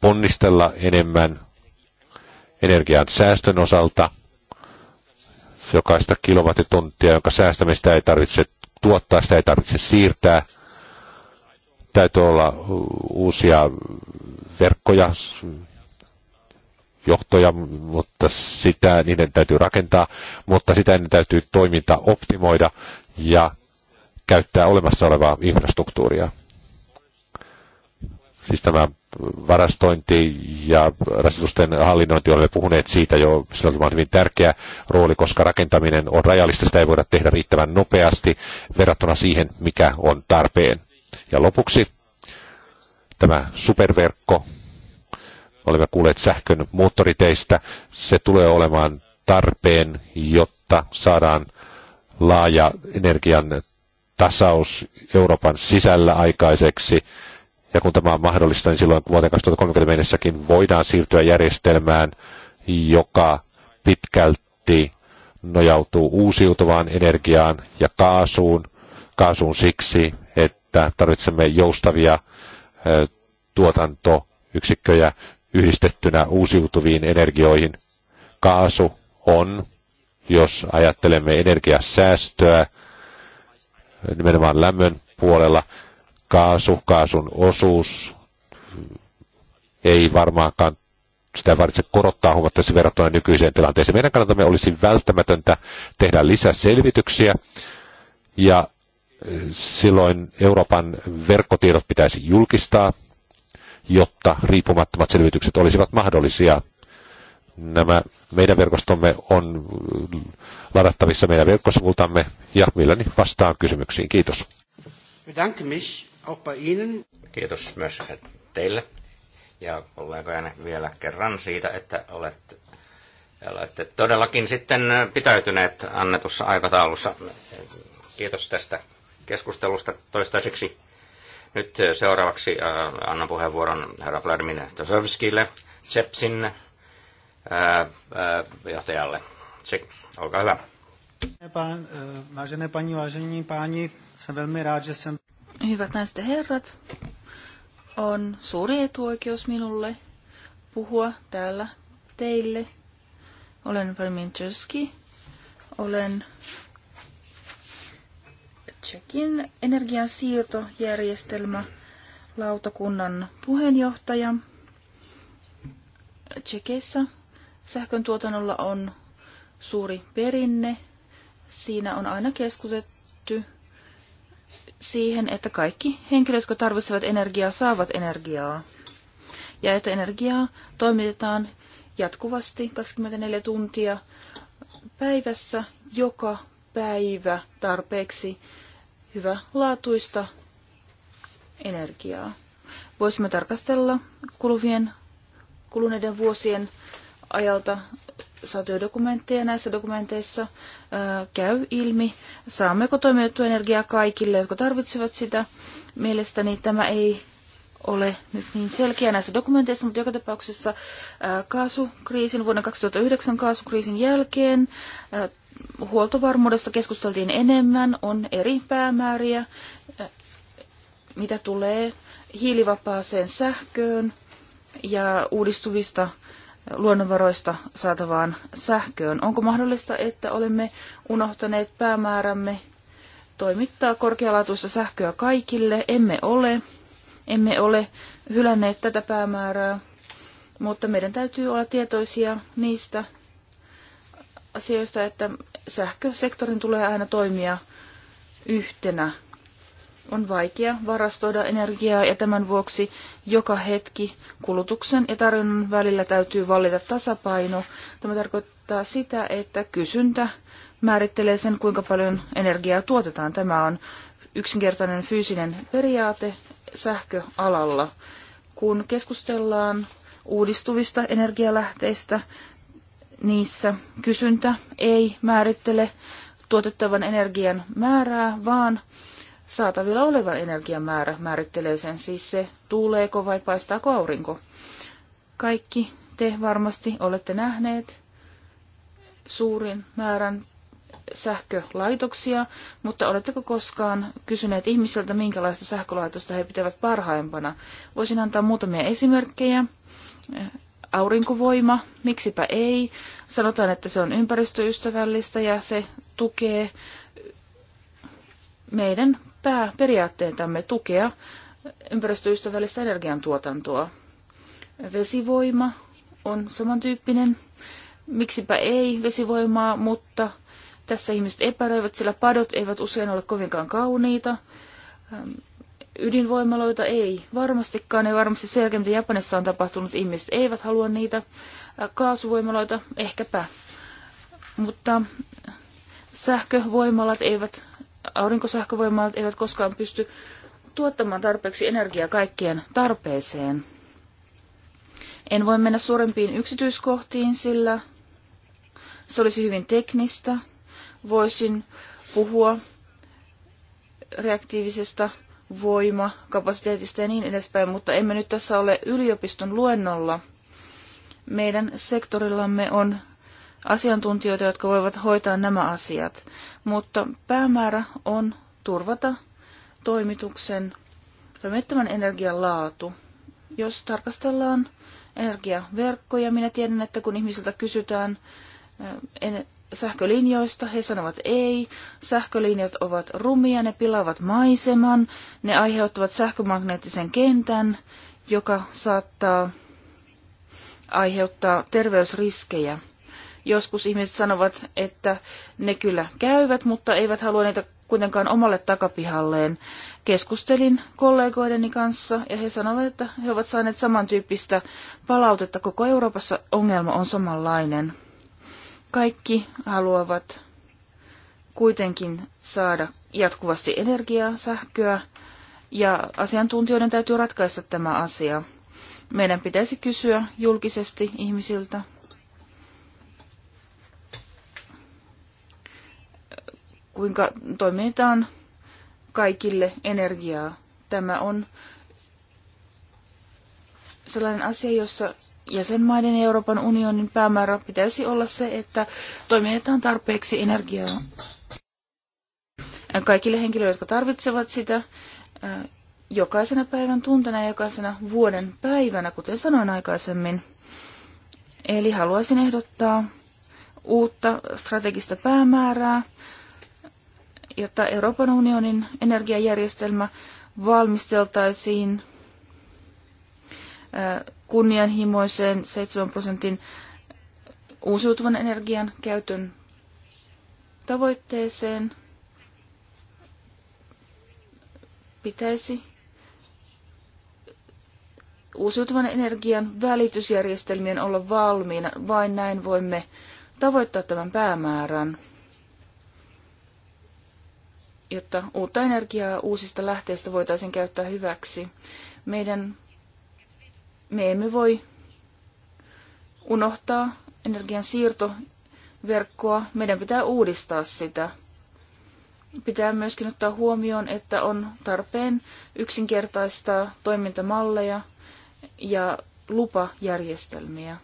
ponnistella enemmän energian säästön osalta, jokaista kilowattituntia, jonka säästämistä ei tarvitse tuottaa, sitä ei tarvitse siirtää. Täytyy olla uusia verkkoja, johtoja, mutta sitä niiden täytyy rakentaa, mutta sitä ennen täytyy toiminta optimoida ja käyttää olemassa olevaa infrastruktuuria siis tämä varastointi ja rasitusten hallinnointi, olemme puhuneet siitä jo, sillä on hyvin tärkeä rooli, koska rakentaminen on rajallista, sitä ei voida tehdä riittävän nopeasti verrattuna siihen, mikä on tarpeen. Ja lopuksi tämä superverkko, olemme kuulleet sähkön moottoriteistä, se tulee olemaan tarpeen, jotta saadaan laaja energian tasaus Euroopan sisällä aikaiseksi ja kun tämä on mahdollista, niin silloin vuoteen 2030 mennessäkin voidaan siirtyä järjestelmään, joka pitkälti nojautuu uusiutuvaan energiaan ja kaasuun. Kaasuun siksi, että tarvitsemme joustavia tuotantoyksikköjä yhdistettynä uusiutuviin energioihin. Kaasu on, jos ajattelemme energiasäästöä, nimenomaan lämmön puolella, kaasu, kaasun osuus ei varmaankaan sitä varitse korottaa huomattavasti verrattuna nykyiseen tilanteeseen. Meidän kannaltamme olisi välttämätöntä tehdä lisäselvityksiä ja eh, silloin Euroopan verkkotiedot pitäisi julkistaa, jotta riippumattomat selvitykset olisivat mahdollisia. Nämä meidän verkostomme on eh, ladattavissa meidän verkkosivultamme ja milläni vastaan kysymyksiin. Kiitos. Bedanke mich auch bei Ihnen. Kiitos myös teille ja kollegojen vielä kerran siitä, että olette, olette todellakin sitten pitäytyneet annetussa aikataulussa. Kiitos tästä keskustelusta toistaiseksi. Nyt seuraavaksi äh, annan puheenvuoron herra Vladimir Tosovskille, Tsepsin äh, äh, johtajalle. Tsek, olkaa hyvä. Vážené paní, vážení páni, jsem velmi rád, že jsem... Hyvät naiset ja herrat, on suuri etuoikeus minulle puhua täällä teille. Olen Verminczewski, olen Tsekin energiansiirtojärjestelmä lautakunnan puheenjohtaja. Tsekissä sähkön tuotannolla on suuri perinne. Siinä on aina keskustettu siihen, että kaikki henkilöt, jotka tarvitsevat energiaa, saavat energiaa. Ja että energiaa toimitetaan jatkuvasti 24 tuntia päivässä joka päivä tarpeeksi laatuista energiaa. Voisimme tarkastella kuluvien, kuluneiden vuosien ajalta saatuja dokumentteja. Näissä dokumenteissa ää, käy ilmi, saammeko toimitettua energiaa kaikille, jotka tarvitsevat sitä. Mielestäni tämä ei ole nyt niin selkeä näissä dokumenteissa, mutta joka tapauksessa ää, kaasukriisin, vuoden 2009 kaasukriisin jälkeen ää, huoltovarmuudesta keskusteltiin enemmän, on eri päämääriä, ää, mitä tulee hiilivapaaseen sähköön ja uudistuvista luonnonvaroista saatavaan sähköön. Onko mahdollista, että olemme unohtaneet päämäärämme toimittaa korkealaatuista sähköä kaikille? Emme ole. Emme ole hylänneet tätä päämäärää, mutta meidän täytyy olla tietoisia niistä asioista, että sähkösektorin tulee aina toimia yhtenä on vaikea varastoida energiaa ja tämän vuoksi joka hetki kulutuksen ja tarjonnan välillä täytyy vallita tasapaino. Tämä tarkoittaa sitä, että kysyntä määrittelee sen, kuinka paljon energiaa tuotetaan. Tämä on yksinkertainen fyysinen periaate sähköalalla. Kun keskustellaan uudistuvista energialähteistä, niissä kysyntä ei määrittele tuotettavan energian määrää, vaan saatavilla oleva energiamäärä määrittelee sen, siis se tuuleeko vai paistaako aurinko. Kaikki te varmasti olette nähneet suurin määrän sähkölaitoksia, mutta oletteko koskaan kysyneet ihmisiltä, minkälaista sähkölaitosta he pitävät parhaimpana? Voisin antaa muutamia esimerkkejä. Aurinkovoima, miksipä ei. Sanotaan, että se on ympäristöystävällistä ja se tukee meidän pääperiaatteitamme tukea ympäristöystävällistä energiantuotantoa. Vesivoima on samantyyppinen. Miksipä ei vesivoimaa, mutta tässä ihmiset epäröivät, sillä padot eivät usein ole kovinkaan kauniita. Ähm, ydinvoimaloita ei varmastikaan, ei varmasti sen jälkeen, mitä Japanissa on tapahtunut, ihmiset eivät halua niitä. Äh, kaasuvoimaloita ehkäpä. Mutta sähkövoimalat eivät aurinkosähkövoimalat eivät koskaan pysty tuottamaan tarpeeksi energiaa kaikkien tarpeeseen. En voi mennä suurempiin yksityiskohtiin, sillä se olisi hyvin teknistä. Voisin puhua reaktiivisesta voimakapasiteetista ja niin edespäin, mutta emme nyt tässä ole yliopiston luennolla. Meidän sektorillamme on asiantuntijoita, jotka voivat hoitaa nämä asiat. Mutta päämäärä on turvata toimituksen toimittavan energian laatu. Jos tarkastellaan energiaverkkoja, minä tiedän, että kun ihmisiltä kysytään eh, sähkölinjoista, he sanovat ei. Sähkölinjat ovat rumia, ne pilaavat maiseman, ne aiheuttavat sähkömagneettisen kentän, joka saattaa aiheuttaa terveysriskejä. Joskus ihmiset sanovat, että ne kyllä käyvät, mutta eivät halua niitä kuitenkaan omalle takapihalleen. Keskustelin kollegoideni kanssa ja he sanovat, että he ovat saaneet samantyyppistä palautetta. Koko Euroopassa ongelma on samanlainen. Kaikki haluavat kuitenkin saada jatkuvasti energiaa, sähköä ja asiantuntijoiden täytyy ratkaista tämä asia. Meidän pitäisi kysyä julkisesti ihmisiltä, kuinka toimitaan kaikille energiaa. Tämä on sellainen asia, jossa jäsenmaiden ja Euroopan unionin päämäärä pitäisi olla se, että toimitaan tarpeeksi energiaa kaikille henkilöille, jotka tarvitsevat sitä jokaisena päivän tuntena ja jokaisena vuoden päivänä, kuten sanoin aikaisemmin. Eli haluaisin ehdottaa uutta strategista päämäärää jotta Euroopan unionin energiajärjestelmä valmisteltaisiin kunnianhimoiseen 7 prosentin uusiutuvan energian käytön tavoitteeseen pitäisi uusiutuvan energian välitysjärjestelmien olla valmiina. Vain näin voimme tavoittaa tämän päämäärän jotta uutta energiaa uusista lähteistä voitaisiin käyttää hyväksi. Meidän, me emme voi unohtaa energian siirtoverkkoa, meidän pitää uudistaa sitä. Pitää myöskin ottaa huomioon, että on tarpeen yksinkertaistaa toimintamalleja ja lupajärjestelmiä.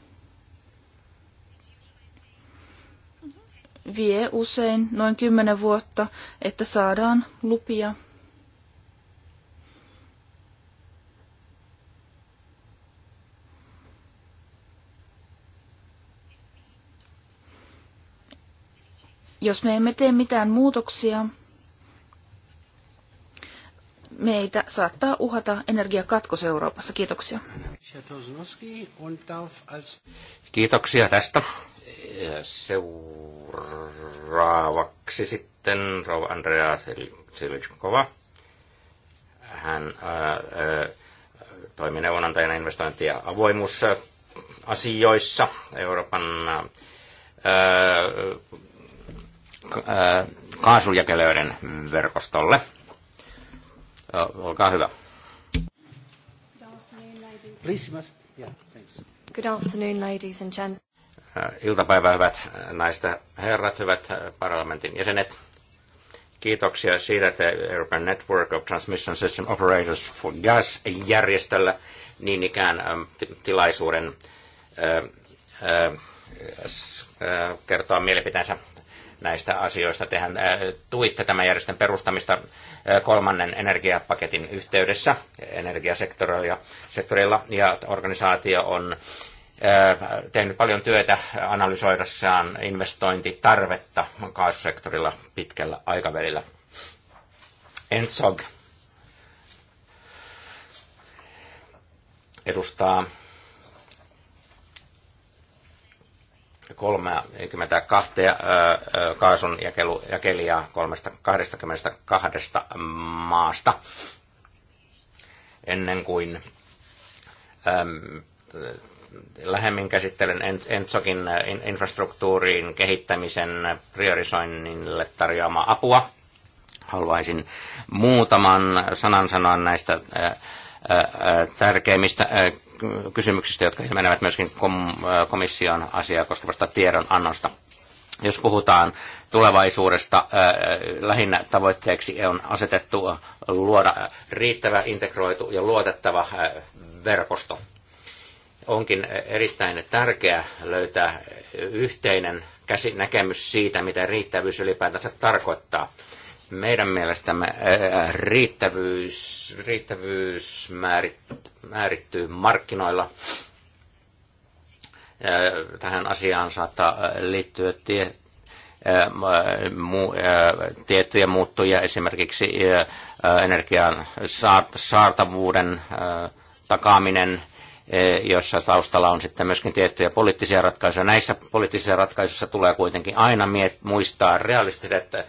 vie usein noin kymmenen vuotta, että saadaan lupia. Jos me emme tee mitään muutoksia, meitä saattaa uhata energiakatkos Euroopassa. Kiitoksia. Kiitoksia tästä. Seuraavaksi sitten rouva Andrea Silichkova. Hän ää, ää, toimi neuvonantajana investointi- ja avoimuusasioissa Euroopan ää, ää, kaasujakelöiden verkostolle. Olkaa hyvä. Good afternoon, ladies and gentlemen iltapäivää, hyvät naista herrat, hyvät parlamentin jäsenet. Kiitoksia siitä, että European Network of Transmission System Operators for Gas-järjestöllä niin ikään ähm, tilaisuuden äh, äh, äh, kertoa mielipiteensä näistä asioista. Tehän tuitte tämän järjestön perustamista kolmannen energiapaketin yhteydessä energiasektorilla ja organisaatio on tehnyt paljon työtä analysoidessaan investointitarvetta kaasusektorilla pitkällä aikavälillä. Enzog edustaa 32 kaasun jakelu, jakelijaa 322 maasta ennen kuin lähemmin käsittelen Entsokin äh, infrastruktuuriin kehittämisen priorisoinnille tarjoamaa apua. Haluaisin muutaman sanan sanoa näistä äh, äh, tärkeimmistä kysymyksistä, jotka menevät myöskin komission asiaa koskevasta tiedonannosta. Jos puhutaan tulevaisuudesta, lähinnä tavoitteeksi on asetettu luoda riittävä, integroitu ja luotettava verkosto onkin erittäin tärkeää löytää yhteinen näkemys siitä, mitä riittävyys ylipäätänsä tarkoittaa. Meidän mielestämme riittävyys, riittävyys määrittyy markkinoilla. Tähän asiaan saattaa liittyä tie, tiettyjä muuttuja, esimerkiksi energian saatavuuden takaaminen – E, jossa taustalla on sitten myöskin tiettyjä poliittisia ratkaisuja. Näissä poliittisissa ratkaisuissa tulee kuitenkin aina miet- muistaa realistiset e,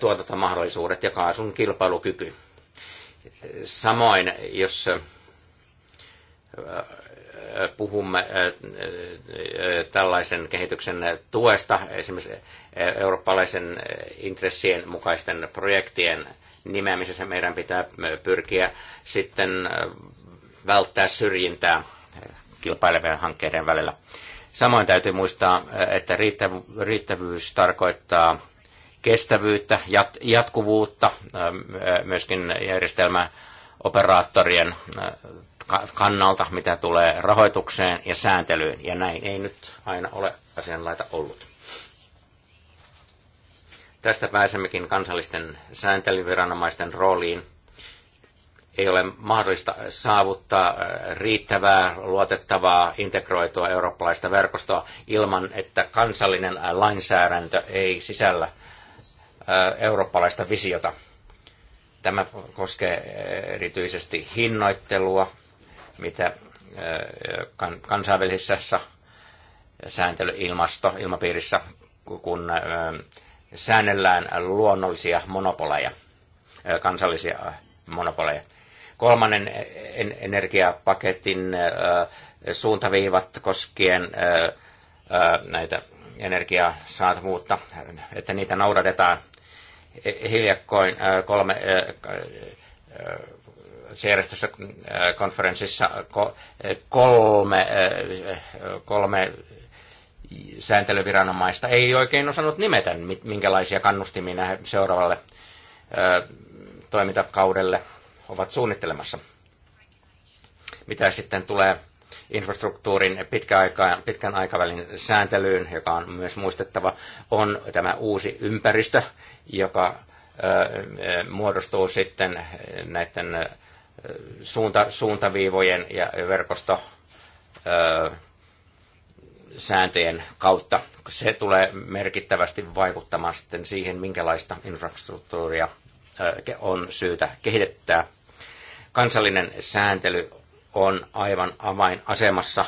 tuotantomahdollisuudet ja kaasun kilpailukyky. Samoin, jos e, puhumme tällaisen kehityksen tuesta, esimerkiksi eurooppalaisen intressien mukaisten projektien nimeämisessä meidän pitää pyrkiä sitten välttää syrjintää kilpailevien hankkeiden välillä. Samoin täytyy muistaa, että riittävyys tarkoittaa kestävyyttä, jatkuvuutta, ähm, äh, myöskin järjestelmäoperaattorien operaattorien äh, kannalta, mitä tulee rahoitukseen ja sääntelyyn, ja näin ei nyt aina ole asianlaita ollut. Tästä pääsemmekin kansallisten sääntelyviranomaisten rooliin – ei ole mahdollista saavuttaa äh, riittävää, luotettavaa, integroitua eurooppalaista verkostoa ilman, että kansallinen äh, lainsäädäntö ei sisällä äh, eurooppalaista visiota. Tämä koskee erityisesti hinnoittelua, mitä kansainvälisessä sääntelyilmasto ilmapiirissä, kun säännellään luonnollisia monopoleja, kansallisia monopoleja kolmannen e- energiapaketin suuntaviivat koskien näitä energiasaatavuutta, että niitä noudatetaan hiljakkoin kolme järjestössä konferenssissa kolme, kolme sääntelyviranomaista ei oikein osannut nimetä, minkälaisia kannustimia seuraavalle toimintakaudelle – ovat suunnittelemassa. Mitä sitten tulee infrastruktuurin pitkän aikavälin sääntelyyn, joka on myös muistettava, on tämä uusi ympäristö, joka muodostuu sitten näiden suunta, suuntaviivojen ja verkosto sääntöjen kautta. Se tulee merkittävästi vaikuttamaan sitten siihen, minkälaista infrastruktuuria on syytä kehittää. Kansallinen sääntely on aivan avainasemassa,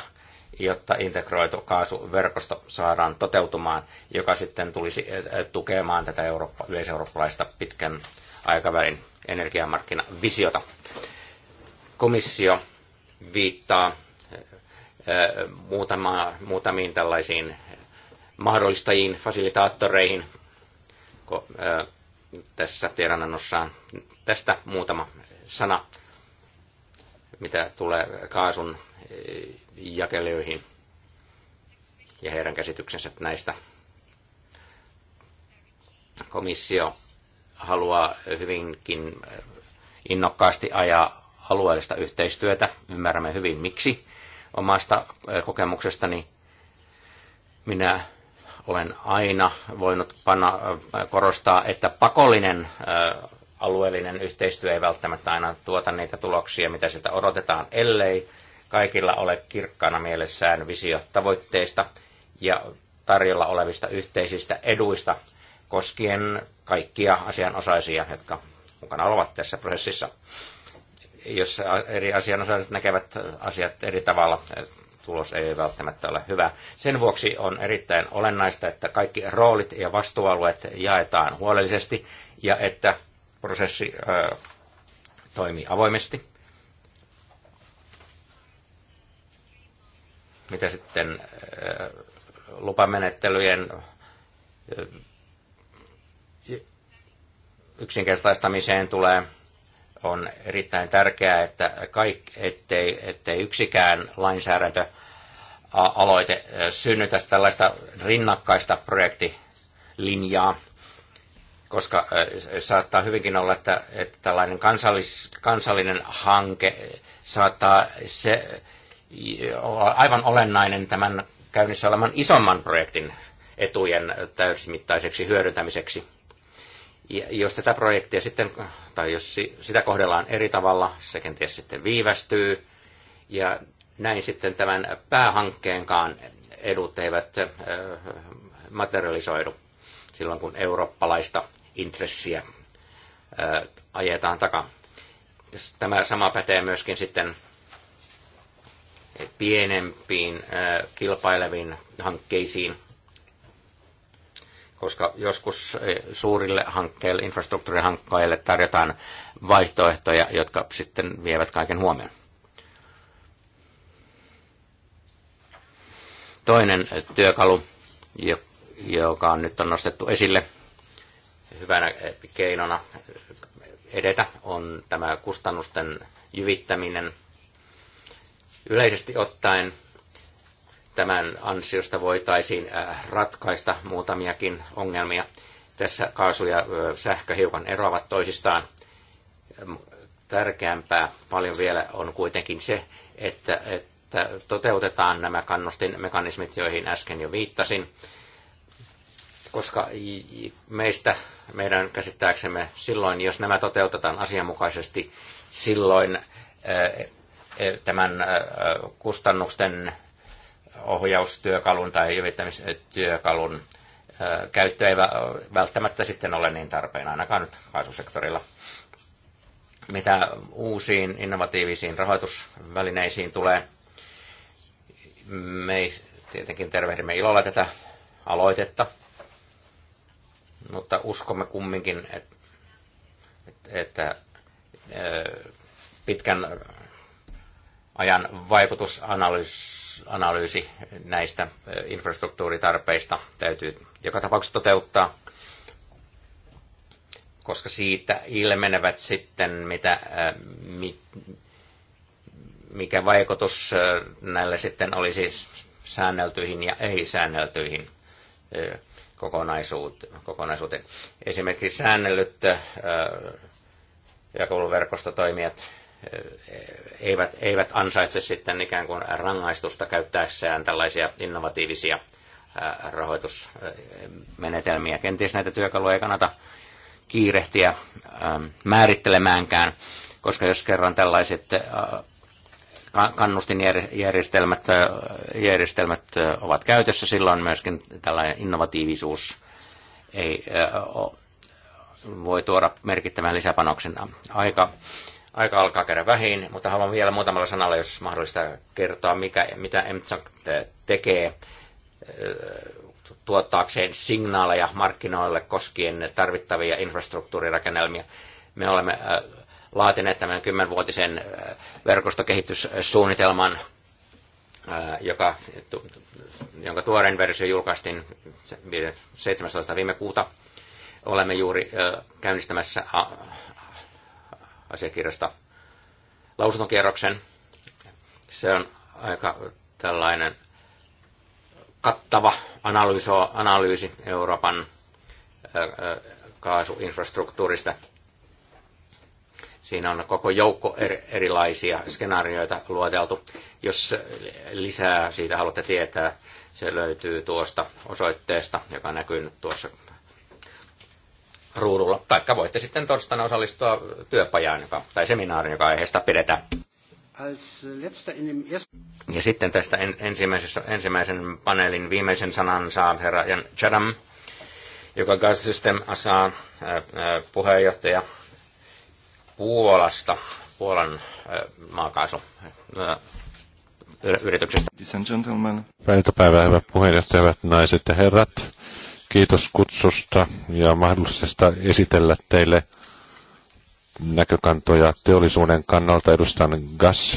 jotta integroitu kaasuverkosto saadaan toteutumaan, joka sitten tulisi tukemaan tätä Eurooppa, yleiseurooppalaista pitkän aikavälin energiamarkkinavisiota. Komissio viittaa muutama, muutamiin tällaisiin mahdollistajiin, fasilitaattoreihin, tässä tiedonannossaan. Tästä muutama sana, mitä tulee kaasun eh, jakelijoihin ja heidän käsityksensä näistä. Komissio haluaa hyvinkin eh, innokkaasti ajaa alueellista yhteistyötä. Ymmärrämme hyvin miksi. Omasta eh, kokemuksestani minä olen aina voinut panna, äh, korostaa, että pakollinen äh, alueellinen yhteistyö ei välttämättä aina tuota niitä tuloksia, mitä sieltä odotetaan, ellei kaikilla ole kirkkaana mielessään visio tavoitteista ja tarjolla olevista yhteisistä eduista koskien kaikkia asianosaisia, jotka mukana ovat tässä prosessissa. Jos eri asianosaiset näkevät asiat eri tavalla, tulos ei välttämättä ole hyvä. Sen vuoksi on erittäin olennaista, että kaikki roolit ja vastuualueet jaetaan huolellisesti ja että prosessi ö, toimii avoimesti. Mitä sitten ö, lupamenettelyjen ö, yksinkertaistamiseen tulee – on erittäin tärkeää, että kaik, ettei, ettei yksikään lainsäädäntö aloite synnytä tällaista rinnakkaista projektilinjaa, koska saattaa hyvinkin olla, että, että tällainen kansallis, kansallinen hanke saattaa se olla aivan olennainen tämän käynnissä olevan isomman projektin etujen täysimittaiseksi hyödyntämiseksi jos tätä projektia sitten, tai jos sitä kohdellaan eri tavalla, se kenties sitten viivästyy, ja näin sitten tämän päähankkeenkaan edut eivät materialisoidu silloin, kun eurooppalaista intressiä ajetaan takaa. Tämä sama pätee myöskin sitten pienempiin kilpaileviin hankkeisiin, koska joskus eh, suurille hankkeille, infrastruktuurihankkeille tarjotaan vaihtoehtoja, jotka sitten vievät kaiken huomioon. Toinen työkalu, joka on nyt on nostettu esille hyvänä eh, keinona edetä, on tämä kustannusten jyvittäminen. Yleisesti ottaen Tämän ansiosta voitaisiin äh, ratkaista muutamiakin ongelmia. Tässä kaasu ja sähkö hiukan eroavat toisistaan. Tärkeämpää paljon vielä on kuitenkin se, että, että toteutetaan nämä kannustinmekanismit, joihin äsken jo viittasin koska meistä, meidän käsittääksemme silloin, jos nämä toteutetaan asianmukaisesti, silloin e, tämän kustannusten ohjaustyökalun tai jyvittämistyökalun käyttö ei välttämättä sitten ole niin tarpeen, ainakaan nyt kaasusektorilla. Mitä uusiin innovatiivisiin rahoitusvälineisiin tulee, me tietenkin tervehdimme ilolla tätä aloitetta, mutta uskomme kumminkin, että, että pitkän ajan vaikutusanalyysi analyysi näistä infrastruktuuritarpeista täytyy joka tapauksessa toteuttaa, koska siitä ilmenevät sitten, mitä, mikä vaikutus näille sitten olisi säänneltyihin ja ei-säänneltyihin kokonaisuuteen. Esimerkiksi säännellyt jakeluverkostotoimijat Eh, eivät, eivät ansaitse sitten ikään kuin rangaistusta käyttäessään tällaisia innovatiivisia eh, rahoitusmenetelmiä. Kenties näitä työkaluja ei kannata kiirehtiä eh, määrittelemäänkään, koska jos kerran tällaiset kannustinjärjestelmät järjestelmät ovat käytössä, silloin myöskin tällainen innovatiivisuus ei voi tuoda merkittävän lisäpanoksen. Aika Aika alkaa käydä vähin, mutta haluan vielä muutamalla sanalla, jos mahdollista, kertoa, mikä, mitä EMTSAC tekee tuottaakseen signaaleja markkinoille koskien tarvittavia infrastruktuurirakennelmia. Me olemme laatineet tämän kymmenvuotisen verkostokehityssuunnitelman, joka, jonka tuorein versio julkaistiin 17. viime kuuta. Olemme juuri käynnistämässä asiakirjasta lausuntokierroksen. Se on aika tällainen kattava analyyso, analyysi Euroopan kaasuinfrastruktuurista. Siinä on koko joukko erilaisia skenaarioita luoteltu. Jos lisää siitä haluatte tietää, se löytyy tuosta osoitteesta, joka näkyy nyt tuossa ruudulla. Taikka voitte sitten torstaina osallistua työpajaan joka, tai seminaariin, joka aiheesta pidetään. Ja sitten tästä ensimmäisessä, ensimmäisen paneelin viimeisen sanan saa herra Jan Chadam, joka on Gas System Asan äh, äh, puheenjohtaja Puolasta, Puolan äh, maakaasu yrityksestä. Ladies and gentlemen. Päivää, hyvät puheenjohtajat, naiset ja herrat. Kiitos kutsusta ja mahdollisesta esitellä teille näkökantoja teollisuuden kannalta. Edustan gas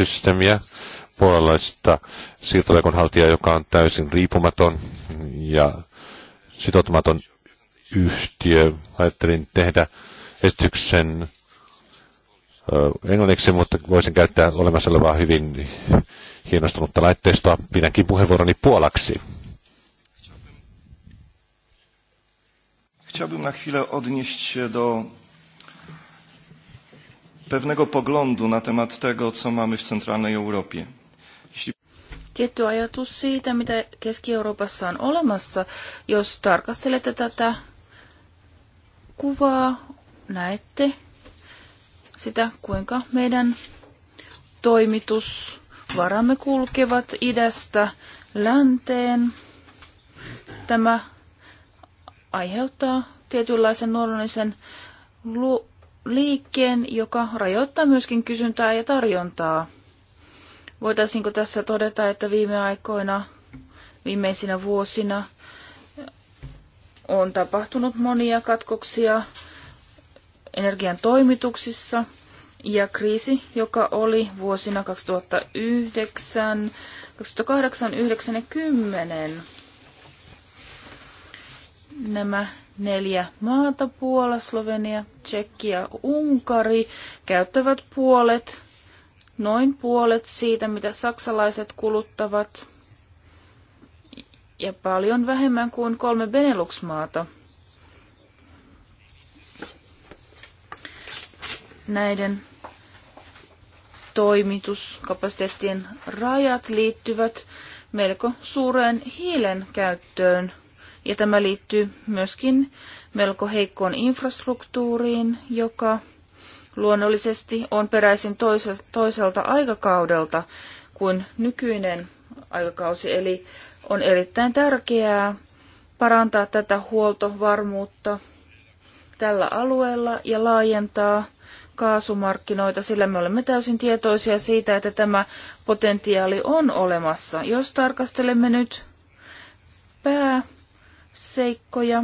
puolalaista siirtoverkonhaltijaa, joka on täysin riippumaton ja sitoutumaton yhtiö. Ajattelin tehdä esityksen englanniksi, mutta voisin käyttää olemassa olevaa hyvin hienostunutta laitteistoa. Pidänkin puheenvuoroni puolaksi. Chciałbym na chwilę odnieść się do pewnego poglądu na temat tego, co mamy w centralnej Europie. Jeśli... Tietty ajatus siitä, mitä Keski-Euroopassa on olemassa. Jos tarkastelette tätä kuvaa, näette sitä, kuinka meidän toimitusvaramme kulkevat idästä länteen. Tämä aiheuttaa tietynlaisen luonnollisen lu- liikkeen, joka rajoittaa myöskin kysyntää ja tarjontaa. Voitaisiinko tässä todeta, että viime aikoina, viimeisinä vuosina on tapahtunut monia katkoksia energian toimituksissa ja kriisi, joka oli vuosina 2009, 2008, 2009 ja 2010 nämä neljä maata, Puola, Slovenia, Tsekki ja Unkari, käyttävät puolet, noin puolet siitä, mitä saksalaiset kuluttavat, ja paljon vähemmän kuin kolme Benelux-maata. Näiden toimituskapasiteettien rajat liittyvät melko suureen hiilen käyttöön – ja tämä liittyy myöskin melko heikkoon infrastruktuuriin, joka luonnollisesti on peräisin toiselta aikakaudelta kuin nykyinen aikakausi. Eli on erittäin tärkeää parantaa tätä huoltovarmuutta tällä alueella ja laajentaa kaasumarkkinoita, sillä me olemme täysin tietoisia siitä, että tämä potentiaali on olemassa. Jos tarkastelemme nyt pää seikkoja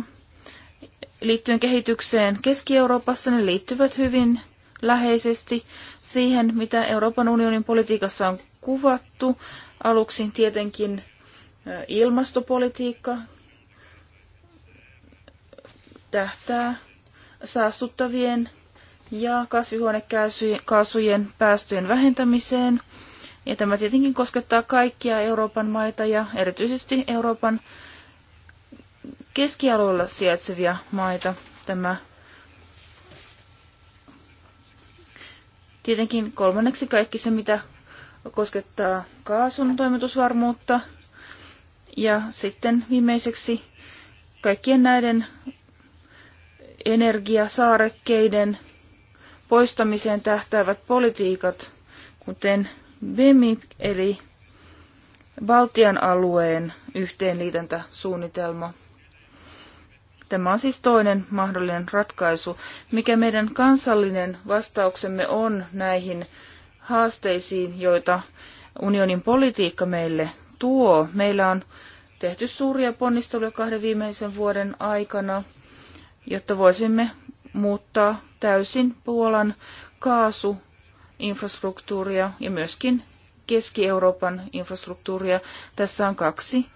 liittyen kehitykseen Keski-Euroopassa. Ne liittyvät hyvin läheisesti siihen, mitä Euroopan unionin politiikassa on kuvattu. Aluksi tietenkin ilmastopolitiikka tähtää saastuttavien ja kasvihuonekaasujen päästöjen vähentämiseen. Ja tämä tietenkin koskettaa kaikkia Euroopan maita ja erityisesti Euroopan keskialueella sijaitsevia maita tämä Tietenkin kolmanneksi kaikki se, mitä koskettaa kaasun toimitusvarmuutta. Ja sitten viimeiseksi kaikkien näiden energiasaarekkeiden poistamiseen tähtäävät politiikat, kuten BEMIP eli Baltian alueen yhteenliitäntäsuunnitelma. Tämä on siis toinen mahdollinen ratkaisu. Mikä meidän kansallinen vastauksemme on näihin haasteisiin, joita unionin politiikka meille tuo? Meillä on tehty suuria ponnisteluja kahden viimeisen vuoden aikana, jotta voisimme muuttaa täysin Puolan kaasuinfrastruktuuria ja myöskin Keski-Euroopan infrastruktuuria. Tässä on kaksi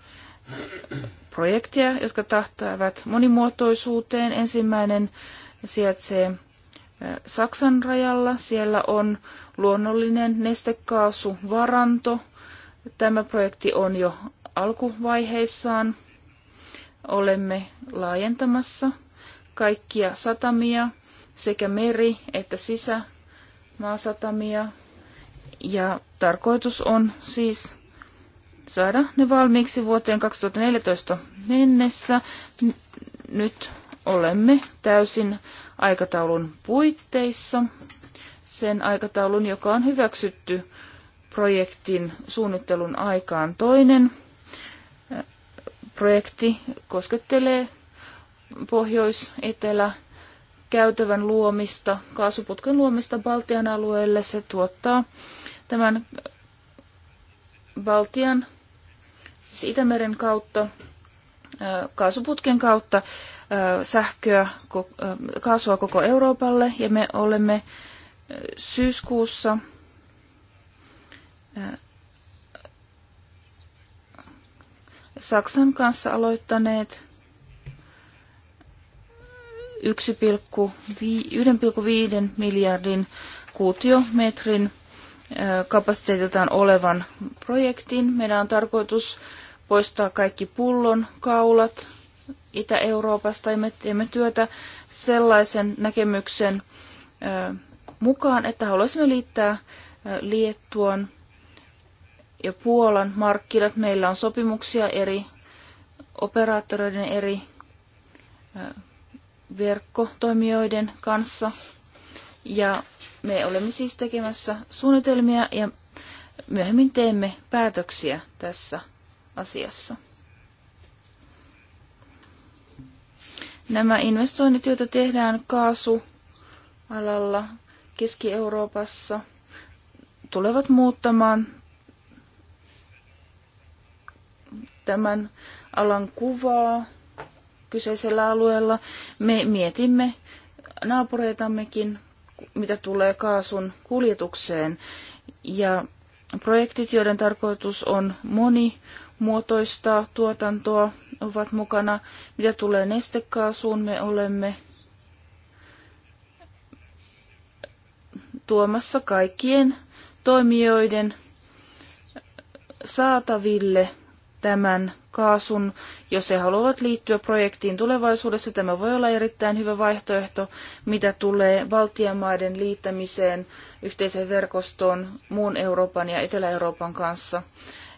projekteja, jotka tähtäävät monimuotoisuuteen. Ensimmäinen sijaitsee Saksan rajalla. Siellä on luonnollinen nestekaasuvaranto. Tämä projekti on jo alkuvaiheissaan. Olemme laajentamassa kaikkia satamia, sekä meri- että sisämaasatamia. Ja tarkoitus on siis saada ne valmiiksi vuoteen 2014 mennessä. Nyt olemme täysin aikataulun puitteissa, sen aikataulun, joka on hyväksytty projektin suunnittelun aikaan. Toinen projekti koskettelee pohjois-etelä käytävän luomista, kaasuputken luomista Baltian alueelle. Se tuottaa tämän Baltian, siis Itämeren kautta, kaasuputken kautta sähköä, kaasua koko Euroopalle ja me olemme syyskuussa Saksan kanssa aloittaneet 1,5 miljardin kuutiometrin kapasiteetiltaan olevan projektin. Meidän on tarkoitus poistaa kaikki pullon kaulat Itä-Euroopasta ja me teemme työtä sellaisen näkemyksen mukaan, että haluaisimme liittää Liettuan ja Puolan markkinat. Meillä on sopimuksia eri operaattoreiden eri verkkotoimijoiden kanssa ja me olemme siis tekemässä suunnitelmia ja myöhemmin teemme päätöksiä tässä asiassa. Nämä investoinnit, joita tehdään kaasualalla Keski-Euroopassa, tulevat muuttamaan tämän alan kuvaa kyseisellä alueella. Me mietimme naapureitammekin mitä tulee kaasun kuljetukseen. Ja projektit, joiden tarkoitus on monimuotoistaa tuotantoa, ovat mukana. Mitä tulee nestekaasuun, me olemme tuomassa kaikkien toimijoiden saataville – tämän kaasun, jos he haluavat liittyä projektiin tulevaisuudessa. Tämä voi olla erittäin hyvä vaihtoehto, mitä tulee Baltian maiden liittämiseen yhteiseen verkostoon muun Euroopan ja Etelä-Euroopan kanssa.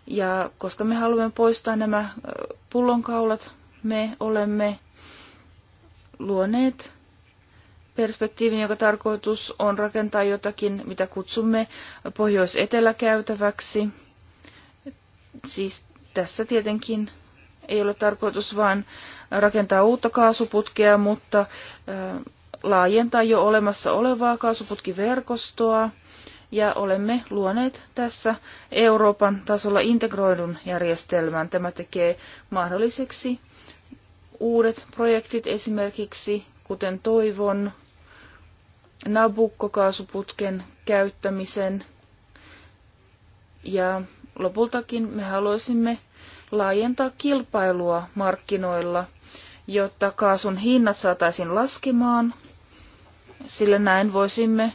Ja koska me haluamme poistaa nämä pullonkaulat, me olemme luoneet perspektiivin, jonka tarkoitus on rakentaa jotakin, mitä kutsumme pohjois-etelä käytäväksi. Siis tässä tietenkin ei ole tarkoitus vain rakentaa uutta kaasuputkea, mutta laajentaa jo olemassa olevaa kaasuputkiverkostoa ja olemme luoneet tässä Euroopan tasolla integroidun järjestelmän. Tämä tekee mahdolliseksi uudet projektit esimerkiksi, kuten toivon, Nabukko-kaasuputken käyttämisen ja lopultakin me haluaisimme laajentaa kilpailua markkinoilla, jotta kaasun hinnat saataisiin laskemaan, sillä näin voisimme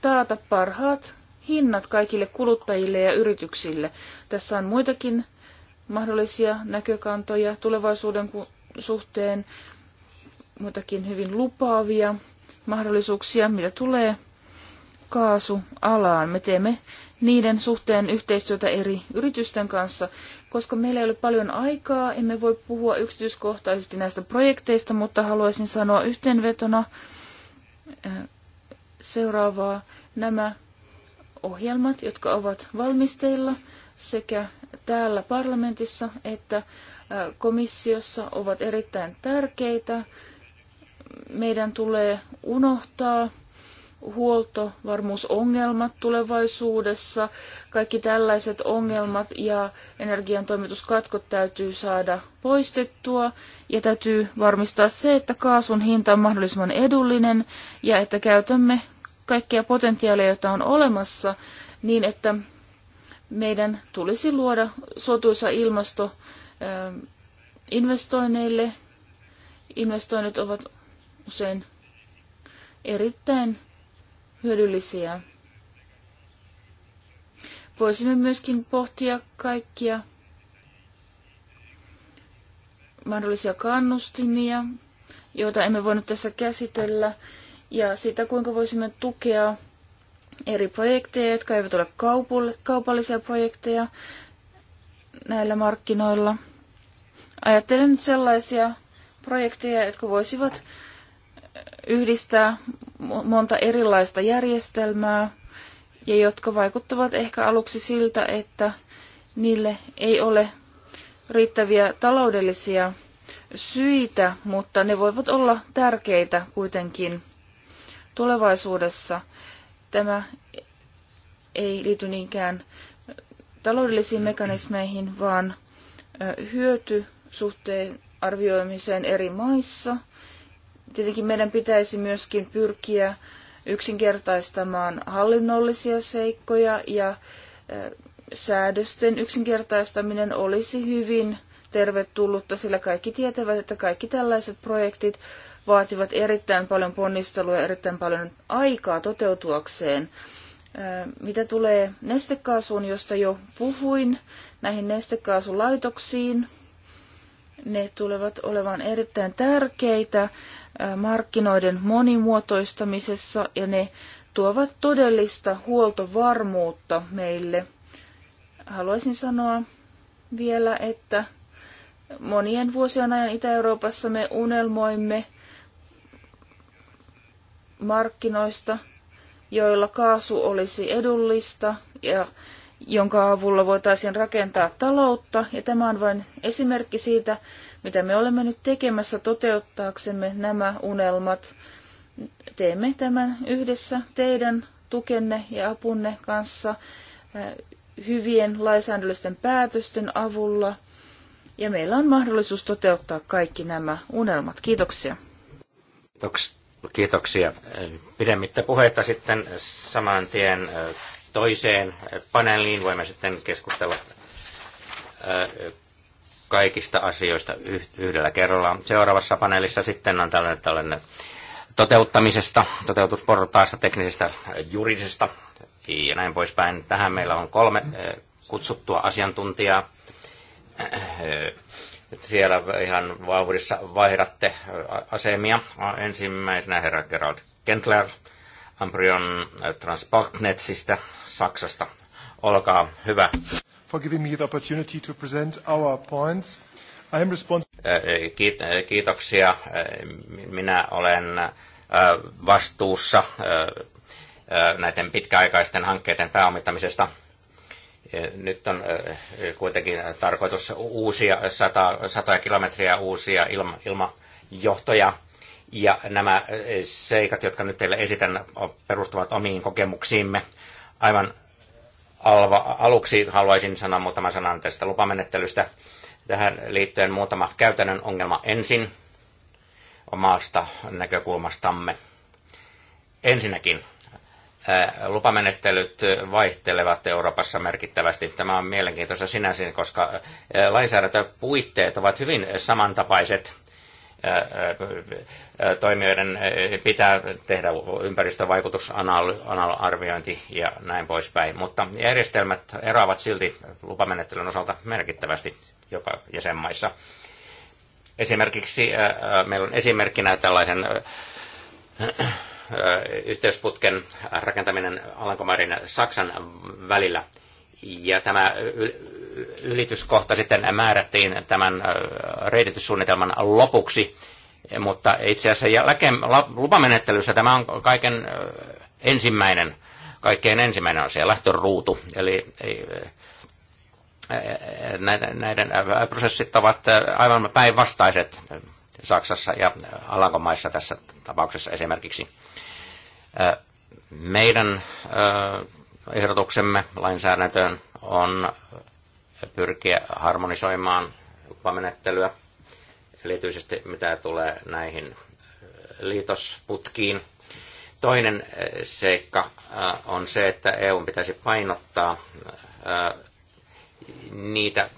taata parhaat hinnat kaikille kuluttajille ja yrityksille. Tässä on muitakin mahdollisia näkökantoja tulevaisuuden suhteen, muitakin hyvin lupaavia mahdollisuuksia, mitä tulee kaasualaan. Me teemme niiden suhteen yhteistyötä eri yritysten kanssa, koska meillä ei ole paljon aikaa, emme voi puhua yksityiskohtaisesti näistä projekteista, mutta haluaisin sanoa yhteenvetona äh, seuraavaa. Nämä ohjelmat, jotka ovat valmisteilla sekä täällä parlamentissa että äh, komissiossa, ovat erittäin tärkeitä. Meidän tulee unohtaa huoltovarmuusongelmat tulevaisuudessa. Kaikki tällaiset ongelmat ja energiantoimituskatkot täytyy saada poistettua ja täytyy varmistaa se, että kaasun hinta on mahdollisimman edullinen ja että käytämme kaikkia potentiaaleja, joita on olemassa, niin että meidän tulisi luoda sotuisa ilmasto ähm, investoinneille. Investoinnit ovat usein erittäin hyödyllisiä. Voisimme myöskin pohtia kaikkia mahdollisia kannustimia, joita emme voinut tässä käsitellä, ja sitä, kuinka voisimme tukea eri projekteja, jotka eivät ole kaupallisia projekteja näillä markkinoilla. Ajattelen nyt sellaisia projekteja, jotka voisivat yhdistää monta erilaista järjestelmää ja jotka vaikuttavat ehkä aluksi siltä, että niille ei ole riittäviä taloudellisia syitä, mutta ne voivat olla tärkeitä kuitenkin tulevaisuudessa. Tämä ei liity niinkään taloudellisiin mekanismeihin, vaan hyötysuhteen arvioimiseen eri maissa – Tietenkin meidän pitäisi myöskin pyrkiä yksinkertaistamaan hallinnollisia seikkoja ja säädösten yksinkertaistaminen olisi hyvin tervetullutta, sillä kaikki tietävät, että kaikki tällaiset projektit vaativat erittäin paljon ponnisteluja, erittäin paljon aikaa toteutuakseen. Mitä tulee nestekaasuun, josta jo puhuin, näihin nestekaasulaitoksiin, ne tulevat olevan erittäin tärkeitä äh, markkinoiden monimuotoistamisessa ja ne tuovat todellista huoltovarmuutta meille. Haluaisin sanoa vielä, että monien vuosien ajan Itä-Euroopassa me unelmoimme markkinoista, joilla kaasu olisi edullista ja jonka avulla voitaisiin rakentaa taloutta. Ja tämä on vain esimerkki siitä, mitä me olemme nyt tekemässä toteuttaaksemme nämä unelmat. Teemme tämän yhdessä teidän tukenne ja apunne kanssa eh, hyvien lainsäädännöllisten päätösten avulla. Ja meillä on mahdollisuus toteuttaa kaikki nämä unelmat. Kiitoksia. Kiitoksia. Pidemmittä puheita sitten saman tien eh, toiseen paneeliin. Voimme sitten keskustella kaikista asioista yhdellä kerralla. Seuraavassa paneelissa sitten on tällainen, tällainen toteuttamisesta, toteutusportaasta, teknisestä, juridisesta ja näin poispäin. Tähän meillä on kolme kutsuttua asiantuntijaa. Siellä ihan vauhdissa vaihdatte asemia. Ensimmäisenä herra Gerald Kentler, Amprion äh, Transportnetzistä Saksasta. Olkaa hyvä. For giving me the opportunity to present our points. I am äh, äh, Kiitoksia. Minä olen vastuussa näiden pitkäaikaisten hankkeiden pääomittamisesta. Nyt on kuitenkin tarkoitus uusia, sata, satoja kilometriä uusia ilma, ilmajohtoja ja nämä eh, seikat, jotka nyt teille esitän, perustuvat omiin kokemuksiimme. Aivan alva, aluksi haluaisin sanoa muutaman sanan tästä lupamenettelystä. Tähän liittyen muutama käytännön ongelma ensin omasta näkökulmastamme. Ensinnäkin eh, lupamenettelyt vaihtelevat Euroopassa merkittävästi. Tämä on mielenkiintoista sinänsä, koska eh, lainsäädäntöpuitteet ovat hyvin samantapaiset toimijoiden pitää tehdä ympäristövaikutusarviointi ja näin poispäin. Mutta järjestelmät eroavat silti lupamenettelyn osalta merkittävästi joka jäsenmaissa. Esimerkiksi meillä on esimerkkinä tällaisen yhteysputken rakentaminen Alankomaiden ja Saksan välillä – ja tämä ylityskohta sitten määrättiin tämän reitityssuunnitelman lopuksi, mutta itse asiassa lupamenettelyssä tämä on kaiken ensimmäinen, kaikkein ensimmäinen on se lähtöruutu. Eli näiden, näiden prosessit ovat aivan päinvastaiset Saksassa ja Alankomaissa tässä tapauksessa esimerkiksi. Meidän ehdotuksemme lainsäädäntöön on pyrkiä harmonisoimaan lupamenettelyä, erityisesti mitä tulee näihin äh, liitosputkiin. Toinen äh, seikka äh, on se, että EU pitäisi painottaa niitä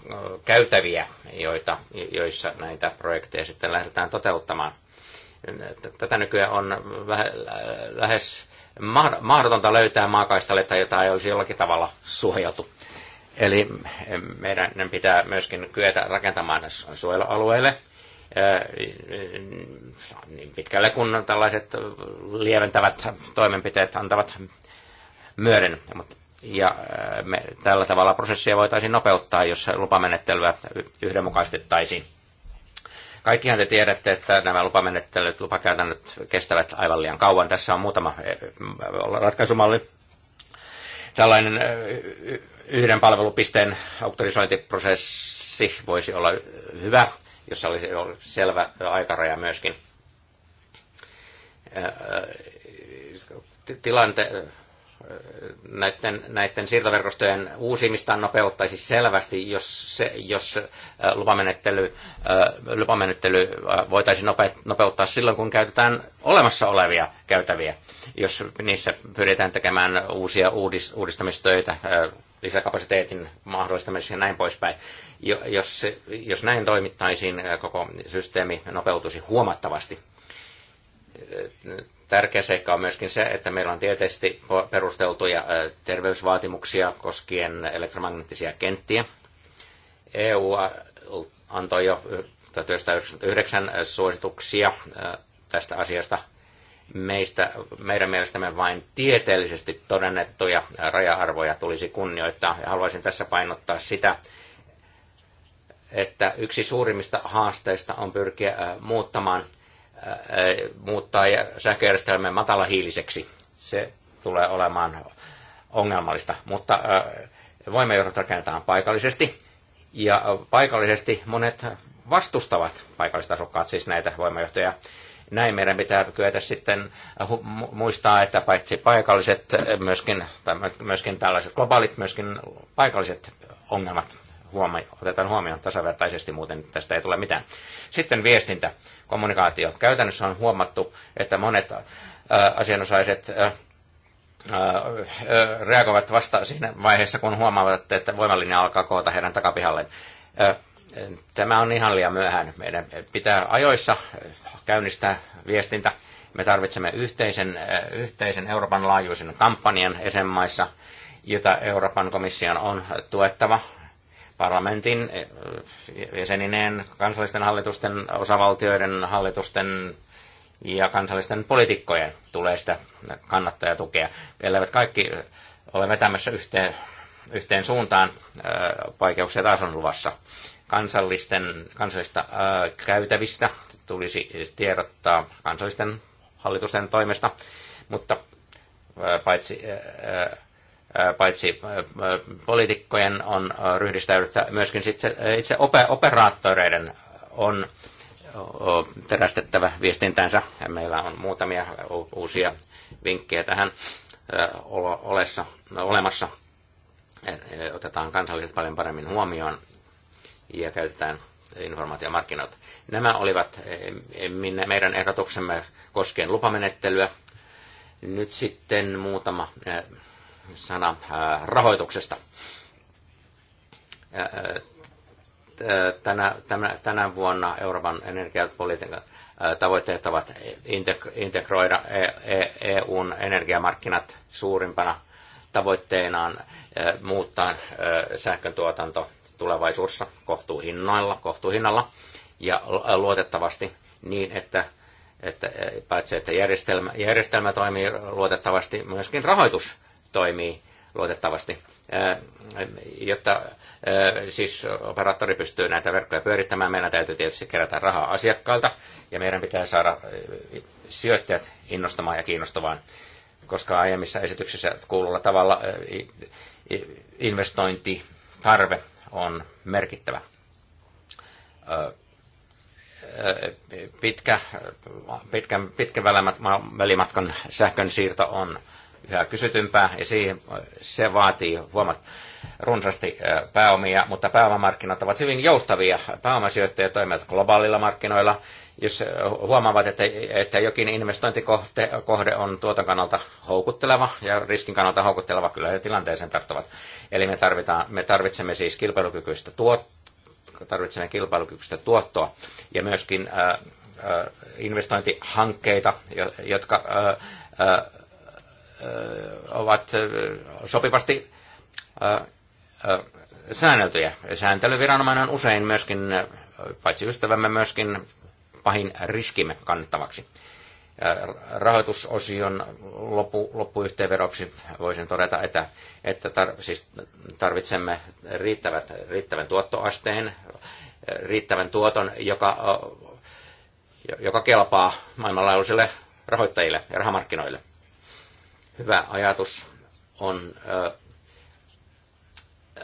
käytäviä, joita, joissa näitä projekteja sitten lähdetään toteuttamaan. Tätä nykyään on lähes mahdotonta löytää tai jota ei olisi jollakin tavalla suojeltu. Eli eh, meidän pitää myöskin kyetä rakentamaan suojelualueille eh, eh, niin pitkälle kuin tällaiset lieventävät toimenpiteet antavat myöden. Ja me tällä tavalla prosessia voitaisiin nopeuttaa, jos lupamenettelyä yhdenmukaistettaisiin. Kaikkihan te tiedätte, että nämä lupamenettelyt, lupakäytännöt kestävät aivan liian kauan. Tässä on muutama eh, eh, ratkaisumalli. Tällainen eh, yhden palvelupisteen auktorisointiprosessi voisi olla hyvä, jossa olisi selvä aikaraja myöskin tilante, näiden, näiden siirtoverkostojen uusimista nopeuttaisi selvästi, jos, se, jos lupamenettely, lupamenettely voitaisiin nopeuttaa silloin, kun käytetään olemassa olevia käytäviä, jos niissä pyritään tekemään uusia uudis, uudistamistöitä lisäkapasiteetin mahdollistamiseksi ja näin poispäin. Jos, jos näin toimittaisiin, koko systeemi nopeutuisi huomattavasti Tärkeä seikka on myöskin se, että meillä on tieteesti perusteltuja terveysvaatimuksia koskien elektromagneettisia kenttiä. EU antoi jo 1999 suosituksia tästä asiasta meistä, meidän mielestämme vain tieteellisesti todennettuja raja-arvoja tulisi kunnioittaa. Ja haluaisin tässä painottaa sitä, että yksi suurimmista haasteista on pyrkiä muuttamaan – muuttaa sähköjärjestelmän matalahiiliseksi. Se tulee olemaan ongelmallista, mutta voimajohdot rakennetaan paikallisesti ja paikallisesti monet vastustavat paikalliset asukkaat siis näitä voimajohtoja. Näin meidän pitää kyetä sitten muistaa, että paitsi paikalliset, myöskin, tai myöskin tällaiset globaalit, myöskin paikalliset ongelmat huoma- otetaan huomioon tasavertaisesti, muuten tästä ei tule mitään. Sitten viestintä, kommunikaatio. Käytännössä on huomattu, että monet asianosaiset reagoivat vasta siinä vaiheessa, kun huomaavat, että voimallinen alkaa koota heidän takapihalleen. Tämä on ihan liian myöhään. Meidän pitää ajoissa käynnistää viestintä. Me tarvitsemme yhteisen, yhteisen Euroopan laajuisen kampanjan jäsenmaissa, jota Euroopan komission on tuettava parlamentin eh, jäsenineen, kansallisten hallitusten, osavaltioiden hallitusten ja kansallisten poliitikkojen tulee sitä kannattajatukea. Elleivät kaikki ole vetämässä yhteen, yhteen suuntaan, eh, vaikeuksia taas on luvassa. Kansallisten, kansallista ää, eh, käytävistä tulisi tiedottaa kansallisten hallitusten toimesta, mutta ää, paitsi ää, paitsi poliitikkojen on ryhdistäydyttä, myöskin itse, operaattoreiden on terästettävä viestintänsä. Meillä on muutamia uusia vinkkejä tähän olessa, olemassa. E, e, otetaan kansalliset paljon paremmin huomioon ja käytetään informaatiomarkkinoita. Nämä olivat e, meidän ehdotuksemme koskien lupamenettelyä. Nyt sitten muutama sana rahoituksesta. Tänä, tänä, tänä vuonna Euroopan energiapolitiikan tavoitteet ovat integroida EUn e, e energiamarkkinat suurimpana tavoitteenaan muuttaa sähkön tuotanto tulevaisuudessa kohtuuhinnoilla, kohtuuhinnalla ja luotettavasti niin, että, että paitsi että järjestelmä, järjestelmä toimii luotettavasti, myöskin rahoitus toimii luotettavasti, jotta siis operaattori pystyy näitä verkkoja pyörittämään. Meidän täytyy tietysti kerätä rahaa asiakkailta ja meidän pitää saada sijoittajat innostamaan ja kiinnostamaan, koska aiemmissa esityksissä kuululla tavalla investointitarve on merkittävä. Pitkä, pitkän, pitkän välimatkan sähkön siirto on yhä kysytympää ja siihen, se vaatii huomat runsasti pääomia, mutta pääomamarkkinat ovat hyvin joustavia. Pääomasijoittajat toimivat globaalilla markkinoilla. Jos huomaavat, että, että jokin investointikohde on tuoton kannalta houkutteleva ja riskin kannalta houkutteleva, kyllä he tilanteeseen tarttuvat. Eli me, tarvitaan, me tarvitsemme siis kilpailukykyistä tuottoa, tarvitsemme kilpailukykyistä tuottoa ja myöskin investointihankkeita, jotka ovat sopivasti säänneltyjä. Sääntelyviranomainen on usein myöskin, paitsi ystävämme, myöskin pahin riskimme kannettavaksi. Rahoitusosion loppu, loppuyhteenveroksi voisin todeta, että, että tar, siis tarvitsemme riittävät, riittävän tuottoasteen, riittävän tuoton, joka, joka kelpaa maailmanlaajuisille rahoittajille ja rahamarkkinoille hyvä ajatus on,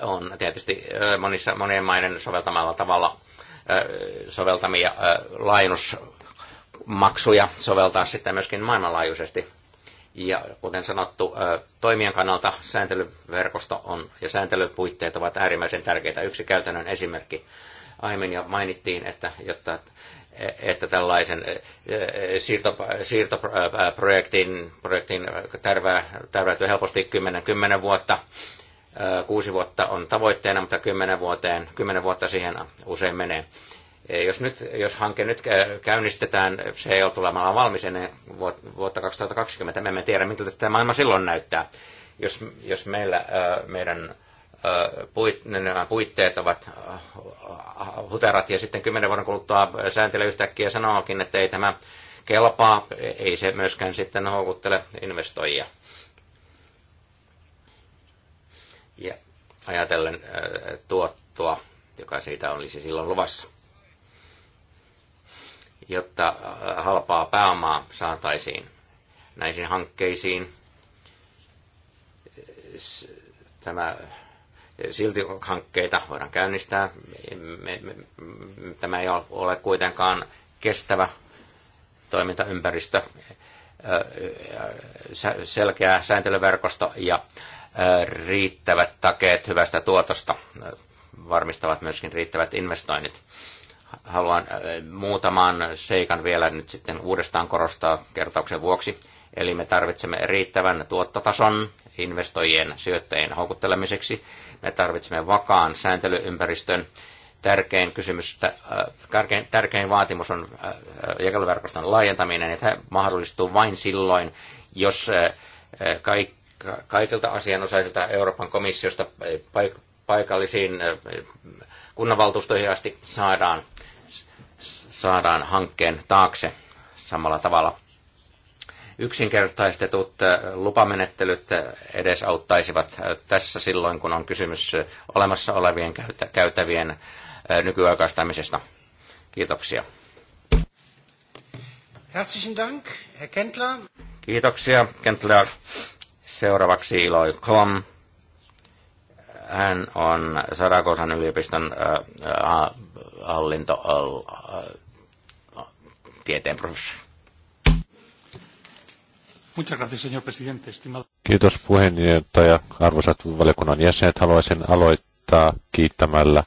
on tietysti monissa, monien maiden soveltamalla tavalla soveltamia lainusmaksuja soveltaa sitten myöskin maailmanlaajuisesti. Ja kuten sanottu, toimijan kannalta sääntelyverkosto on, ja sääntelypuitteet ovat äärimmäisen tärkeitä. Yksi käytännön esimerkki aiemmin jo mainittiin, että jotta että tällaisen siirtoprojektin projektin tärvää, helposti 10, 10 vuotta. Kuusi vuotta on tavoitteena, mutta 10, vuoteen, 10 vuotta siihen usein menee. Jos, nyt, jos hanke nyt käynnistetään, se ei ole tulemalla valmis ennen vuotta 2020. Me emme tiedä, miltä tämä maailma silloin näyttää. Jos, jos meillä meidän puit, nämä puitteet ovat huterat ja sitten kymmenen vuoden kuluttua sääntely yhtäkkiä sanookin, että ei tämä kelpaa, e-, ei se myöskään sitten houkuttele investoijia. Ja ajatellen tuottoa, joka siitä olisi silloin luvassa. Jotta halpaa pääomaa saataisiin näihin hankkeisiin, tämä silti hankkeita voidaan käynnistää. Me, me, tämä ei ole kuitenkaan kestävä toimintaympäristö, selkeä sääntelyverkosto ja riittävät takeet hyvästä tuotosta varmistavat myöskin riittävät investoinnit haluan äh, muutaman seikan vielä nyt sitten uudestaan korostaa kertauksen vuoksi. Eli me tarvitsemme riittävän tuottotason investoijien syöttäjien houkuttelemiseksi. Me tarvitsemme vakaan sääntelyympäristön. Tärkein, kysymys, tärkein, äh, tärkein vaatimus on äh, jakeluverkoston laajentaminen, että se mahdollistuu vain silloin, jos kaikilta asianosaisilta Euroopan komissiosta paikallisiin kunnanvaltuustoihin asti saadaan saadaan hankkeen taakse samalla tavalla. Yksinkertaistetut äh, lupamenettelyt äh, edesauttaisivat äh, tässä silloin, kun on kysymys olemassa olevien käytävien nykyaikaistamisesta. Kiitoksia. Herzlichen Dank, Herr Kentler. Kiitoksia, Kentler. Seuraavaksi Iloi Kom. Hän on Sarakosan yliopiston äh, hallinto, äh, tieteen professori. Kiitos puheenjohtaja. Arvoisat valiokunnan jäsenet, haluaisin aloittaa kiittämällä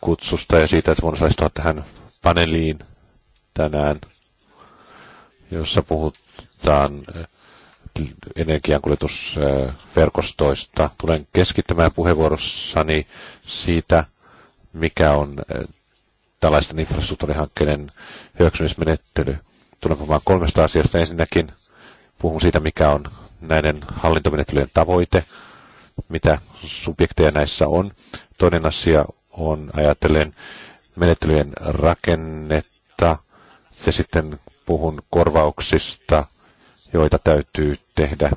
kutsusta ja siitä, että voin osallistua tähän paneeliin tänään, jossa puhutaan eh, energiankuljetusverkostoista. Tulen keskittämään puheenvuorossani siitä, mikä on eh, tällaisten infrastruktuurihankkeiden hyöksymismenettely. Tulen puhumaan kolmesta asiasta. Ensinnäkin puhun siitä, mikä on näiden hallintomenettelyjen tavoite, mitä subjekteja näissä on. Toinen asia on ajatellen menettelyjen rakennetta ja sitten puhun korvauksista, joita täytyy tehdä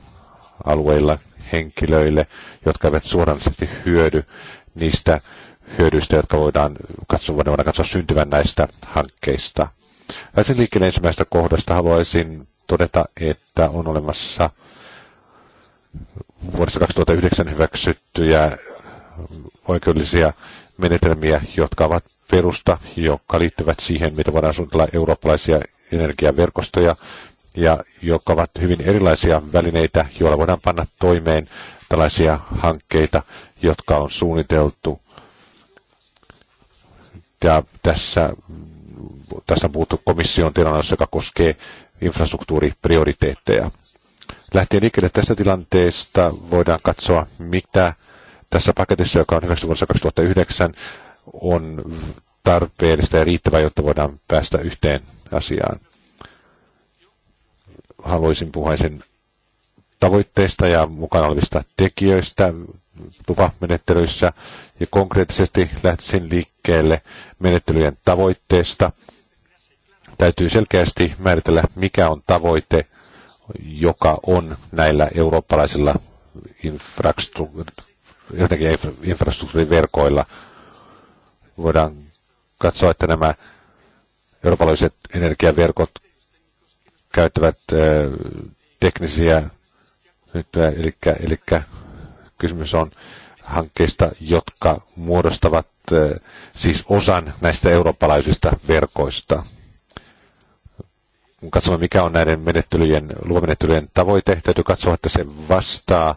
alueilla henkilöille, jotka eivät suoranaisesti hyödy niistä hyödyistä, jotka voidaan katsoa, voidaan katsoa syntyvän näistä hankkeista. Väisen liikkeen ensimmäisestä kohdasta haluaisin todeta, että on olemassa vuodesta 2009 hyväksyttyjä oikeudellisia menetelmiä, jotka ovat perusta, jotka liittyvät siihen, mitä voidaan suunnitella eurooppalaisia energiaverkostoja, ja jotka ovat hyvin erilaisia välineitä, joilla voidaan panna toimeen tällaisia hankkeita, jotka on suunniteltu ja tässä, tässä on puhuttu komission tilannassa, joka koskee infrastruktuuriprioriteetteja. Lähtien liikkeelle tästä tilanteesta voidaan katsoa, mitä tässä paketissa, joka on hyväksytty vuodessa 2009, on tarpeellista ja riittävää, jotta voidaan päästä yhteen asiaan. Haluaisin puhua sen tavoitteista ja mukana olevista tekijöistä lupamenettelyissä ja konkreettisesti lähtisin liikkeelle menettelyjen tavoitteesta. Täytyy selkeästi määritellä, mikä on tavoite, joka on näillä eurooppalaisilla infrastruktuuriverkoilla. Voidaan katsoa, että nämä eurooppalaiset energiaverkot käyttävät teknisiä nyt Eli, eli kysymys on hankkeista, jotka muodostavat eh, siis osan näistä eurooppalaisista verkoista. Kun katsomme, mikä on näiden menettelyjen, luomenettelyjen tavoite, täytyy katsoa, että se vastaa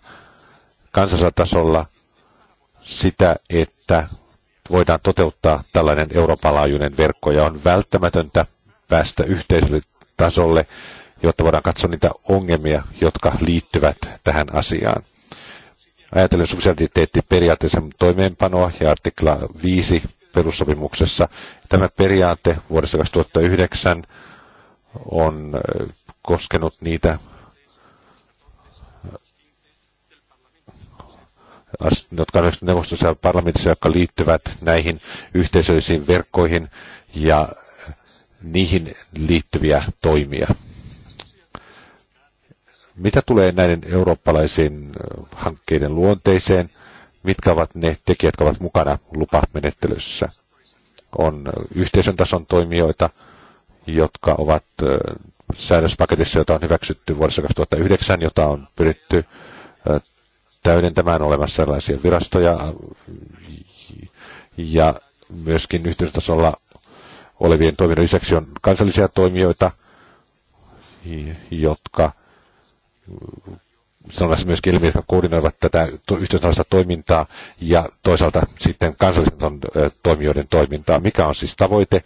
kansallisella sitä, että voidaan toteuttaa tällainen eurooppalaajuinen verkko, ja on välttämätöntä päästä yhteisölle tasolle, jotta voidaan katsoa niitä ongelmia, jotka liittyvät tähän asiaan. Ajatellen periaatteessa toimeenpanoa ja artikla 5 perussopimuksessa. Tämä periaate vuodesta 2009 on äh, koskenut niitä äh, jotka on neuvostossa ja parlamentissa, jotka liittyvät näihin yhteisöllisiin verkkoihin ja niihin liittyviä toimia. Mitä tulee näiden eurooppalaisiin hankkeiden luonteeseen, mitkä ovat ne tekijät, jotka ovat mukana lupamenettelyssä? On yhteisön tason toimijoita, jotka ovat säädöspaketissa, jota on hyväksytty vuodessa 2009, jota on pyritty täydentämään olemassa sellaisia virastoja ja myöskin yhteisötasolla olevien toimijoiden lisäksi on kansallisia toimijoita, jotka sanotaan myös ilmiöitä, jotka koordinoivat tätä yhteiskunnallista toimintaa ja toisaalta sitten kansallisen toimijoiden toimintaa. Mikä on siis tavoite?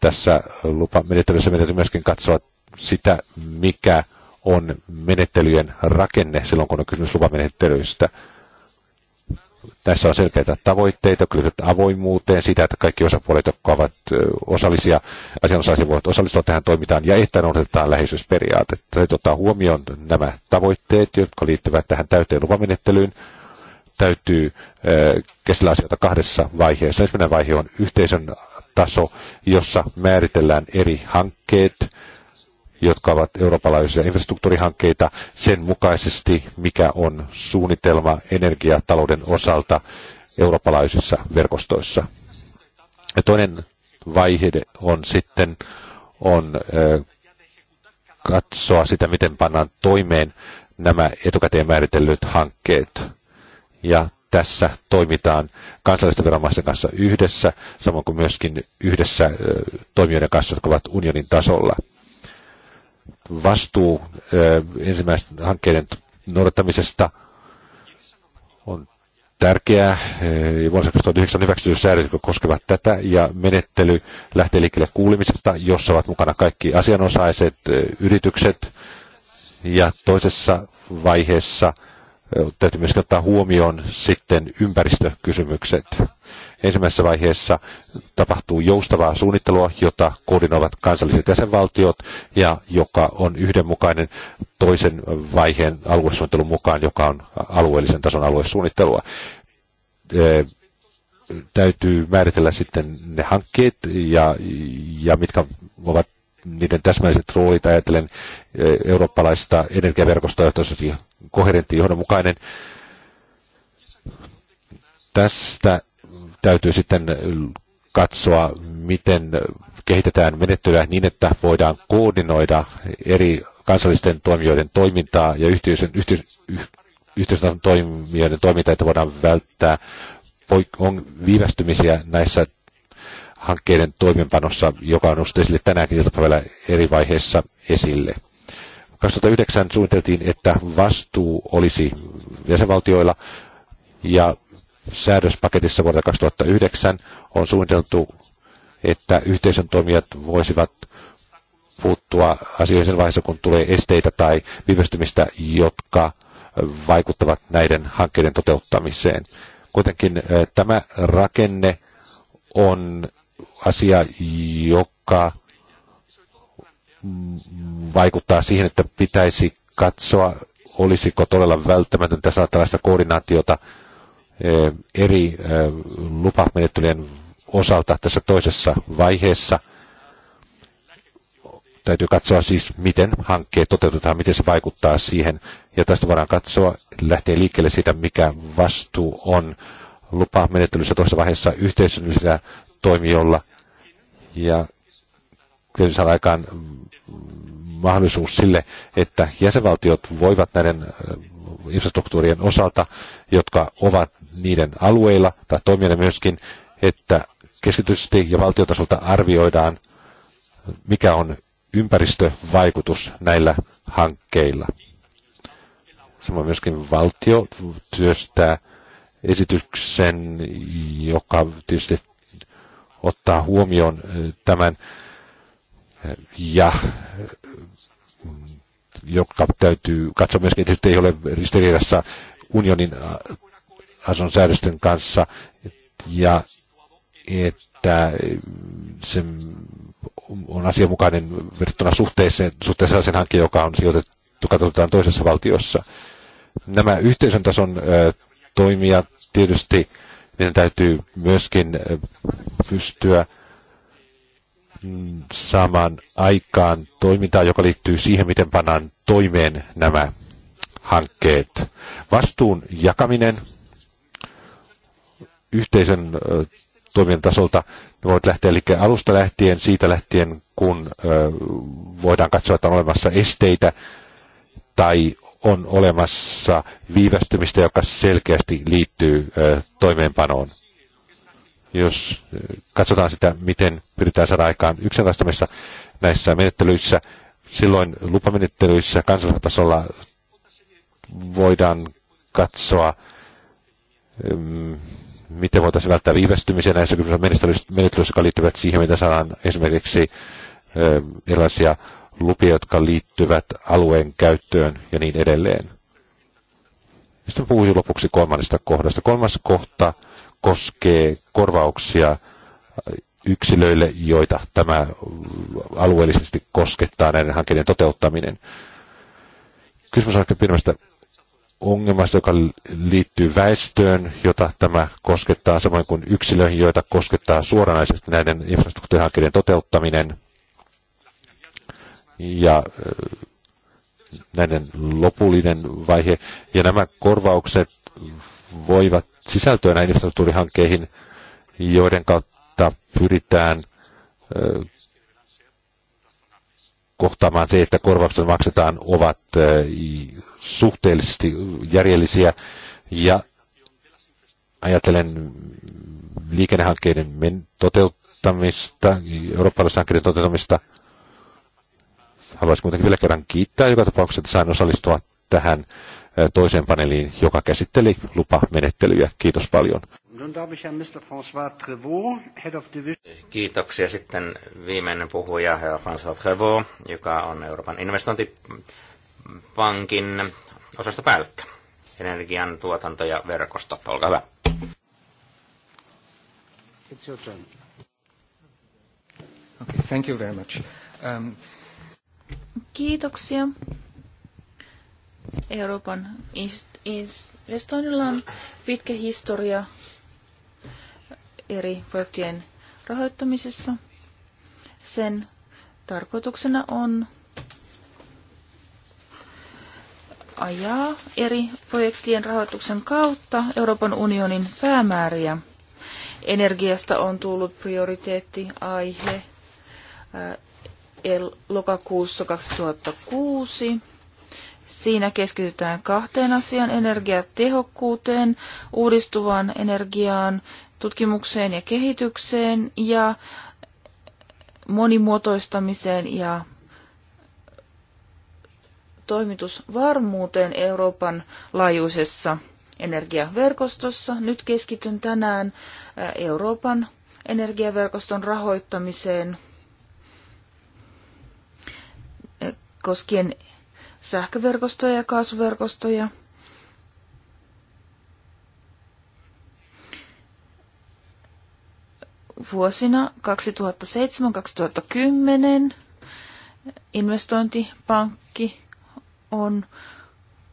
Tässä lupamenettelyssä meidän myöskin katsoa sitä, mikä on menettelyjen rakenne silloin, kun on kysymys lupamenettelyistä. menettelyistä tässä on selkeitä tavoitteita, kyllä avoimuuteen, sitä, että kaikki osapuolet, jotka ovat osallisia, asianosaisia voivat osallistua tähän toimintaan, ja että noudatetaan läheisyysperiaatetta. Täytyy ottaa huomioon nämä tavoitteet, jotka liittyvät tähän täyteen lupamenettelyyn. Täytyy käsitellä asioita kahdessa vaiheessa. Ensimmäinen vaihe on yhteisön taso, jossa määritellään eri hankkeet, jotka ovat eurooppalaisia infrastruktuurihankkeita sen mukaisesti, mikä on suunnitelma energiatalouden osalta eurooppalaisissa verkostoissa. Ja toinen vaihe on sitten on katsoa sitä, miten pannaan toimeen nämä etukäteen määritellyt hankkeet. Ja tässä toimitaan kansallisten viranomaisten kanssa yhdessä, samoin kuin myöskin yhdessä toimijoiden kanssa, jotka ovat unionin tasolla vastuu ensimmäisten hankkeiden noudattamisesta on tärkeää. Vuonna 2009 hyväksytyt säädöt, jotka koskevat tätä, ja menettely lähtee liikkeelle kuulemisesta, jossa ovat mukana kaikki asianosaiset, yritykset, ja toisessa vaiheessa – täytyy myös ottaa huomioon sitten ympäristökysymykset. Ensimmäisessä vaiheessa tapahtuu joustavaa suunnittelua, jota koordinoivat kansalliset jäsenvaltiot ja joka on yhdenmukainen toisen vaiheen aluesuunnittelun mukaan, joka on alueellisen tason aluesuunnittelua. täytyy määritellä sitten ne hankkeet ja, ja mitkä ovat niiden täsmälliset roolit ajatellen eurooppalaista energiaverkostoa, jossa koherentti johdonmukainen. Tästä täytyy sitten katsoa, miten kehitetään menettelyä niin, että voidaan koordinoida eri kansallisten toimijoiden toimintaa ja yhteisön, yhteis, yh, yhteisön toimijoiden toimintaa, että voidaan välttää poik- on viivästymisiä näissä hankkeiden toimenpanossa, joka on noussut esille tänäänkin iltapäivällä eri vaiheessa esille. 2009 suunniteltiin, että vastuu olisi jäsenvaltioilla ja säädöspaketissa vuodelta 2009 on suunniteltu, että yhteisön toimijat voisivat puuttua asioihin sen vaiheessa, kun tulee esteitä tai viivästymistä, jotka vaikuttavat näiden hankkeiden toteuttamiseen. Kuitenkin eh, tämä rakenne on asia, joka vaikuttaa siihen, että pitäisi katsoa, olisiko todella välttämätöntä saada tällaista koordinaatiota eh, eri eh, lupamenettelyjen osalta tässä toisessa vaiheessa. Täytyy katsoa siis, miten hankkeet toteutetaan, miten se vaikuttaa siihen. Ja tästä voidaan katsoa, lähtee liikkeelle siitä, mikä vastuu on lupamenettelyssä toisessa vaiheessa yhteisöllisellä toimijoilla ja tietysti saada aikaan mm, mahdollisuus sille, että jäsenvaltiot voivat näiden infrastruktuurien osalta, jotka ovat niiden alueilla tai toimijoiden myöskin, että keskitysti ja valtiotasolta arvioidaan, mikä on ympäristövaikutus näillä hankkeilla. Samoin myöskin valtio työstää esityksen, joka tietysti ottaa huomioon tämän ja mm, joka täytyy katsoa myöskin, että nyt ei ole ristiriidassa unionin äh, ason säädösten kanssa ja että äh, se on asianmukainen verrattuna suhteeseen, suhteessa sen hankkeen, joka on sijoitettu, katsotaan toisessa valtiossa. Nämä yhteisön tason äh, toimia tietysti meidän täytyy myöskin pystyä saamaan aikaan toimintaa, joka liittyy siihen, miten pannaan toimeen nämä hankkeet. Vastuun jakaminen yhteisen toimien tasolta ne voivat lähteä eli alusta lähtien, siitä lähtien, kun voidaan katsoa, että on olemassa esteitä tai on olemassa viivästymistä, joka selkeästi liittyy toimeenpanoon jos katsotaan sitä, miten pyritään saada aikaan yksinkertaistamista näissä menettelyissä, silloin lupamenettelyissä kansallisella tasolla voidaan katsoa, miten voitaisiin välttää viivästymisiä näissä menettelyissä, jotka liittyvät siihen, mitä saadaan esimerkiksi erilaisia lupia, jotka liittyvät alueen käyttöön ja niin edelleen. Sitten puhuin lopuksi kolmannesta kohdasta. Kolmas kohta koskee korvauksia yksilöille, joita tämä alueellisesti koskettaa näiden hankkeiden toteuttaminen. Kysymys on ehkä pienemmästä ongelmasta, joka liittyy väestöön, jota tämä koskettaa, samoin kuin yksilöihin, joita koskettaa suoranaisesti näiden infrastruktuurihankkeiden toteuttaminen. Ja äh, näiden lopullinen vaihe. Ja nämä korvaukset voivat sisältöä näihin infrastruktuurihankkeihin, joiden kautta pyritään kohtaamaan se, että korvaukset maksetaan, ovat suhteellisesti järjellisiä. Ja ajatellen liikennehankkeiden toteuttamista, eurooppalaisten hankkeiden toteuttamista, haluaisin kuitenkin vielä kerran kiittää joka tapauksessa, että sain osallistua tähän toiseen paneeliin, joka käsitteli lupamenettelyjä. Kiitos paljon. Kiitoksia. Sitten viimeinen puhuja, herra François Trevaux, joka on Euroopan investointipankin osastopäällikkö. Energian tuotanto ja verkostot. Olkaa hyvä. It's your turn. Okay, thank you very much. Um... Kiitoksia. Euroopan investoinnilla on pitkä historia eri projektien rahoittamisessa. Sen tarkoituksena on ajaa eri projektien rahoituksen kautta Euroopan unionin päämääriä. Energiasta on tullut prioriteetti aihe lokakuussa 2006 Siinä keskitytään kahteen asiaan, energiatehokkuuteen, uudistuvaan energiaan, tutkimukseen ja kehitykseen ja monimuotoistamiseen ja toimitusvarmuuteen Euroopan laajuisessa energiaverkostossa. Nyt keskityn tänään äh, Euroopan energiaverkoston rahoittamiseen äh, koskien sähköverkostoja ja kaasuverkostoja. Vuosina 2007-2010 investointipankki on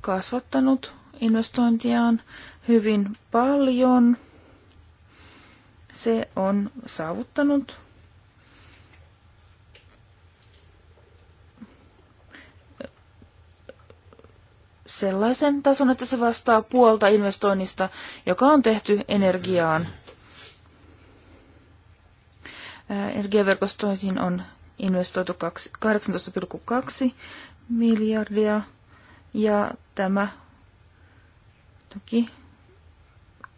kasvattanut investointiaan hyvin paljon. Se on saavuttanut sellaisen tason, että se vastaa puolta investoinnista, joka on tehty energiaan. Energiaverkostoihin on investoitu 18,2 miljardia ja tämä toki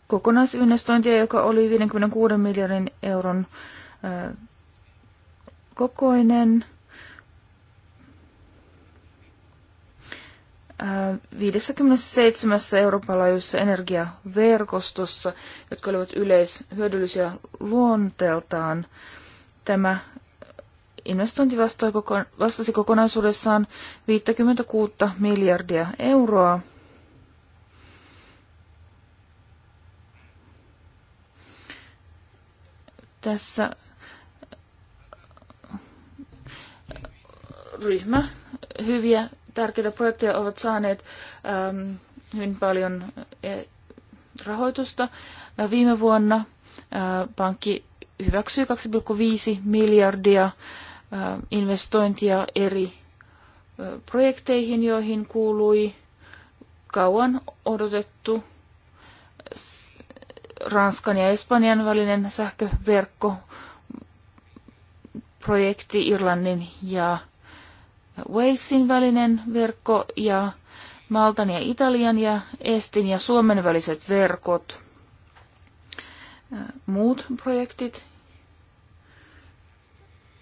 kokonaisinvestointia, joka oli 56 miljardin euron kokoinen. 57 Euroopan laajuisessa energiaverkostossa, jotka olivat yleishyödyllisiä luonteeltaan. Tämä investointi vastasi kokonaisuudessaan 56 miljardia euroa. Tässä ryhmä hyviä tärkeitä projekteja ovat saaneet ähm, hyvin paljon e, rahoitusta. Äh, viime vuonna äh, pankki hyväksyi 2,5 miljardia äh, investointia eri äh, projekteihin, joihin kuului kauan odotettu Ranskan ja Espanjan välinen sähköverkko projekti Irlannin ja Walesin välinen verkko ja Maltan ja Italian ja Estin ja Suomen väliset verkot. Muut projektit,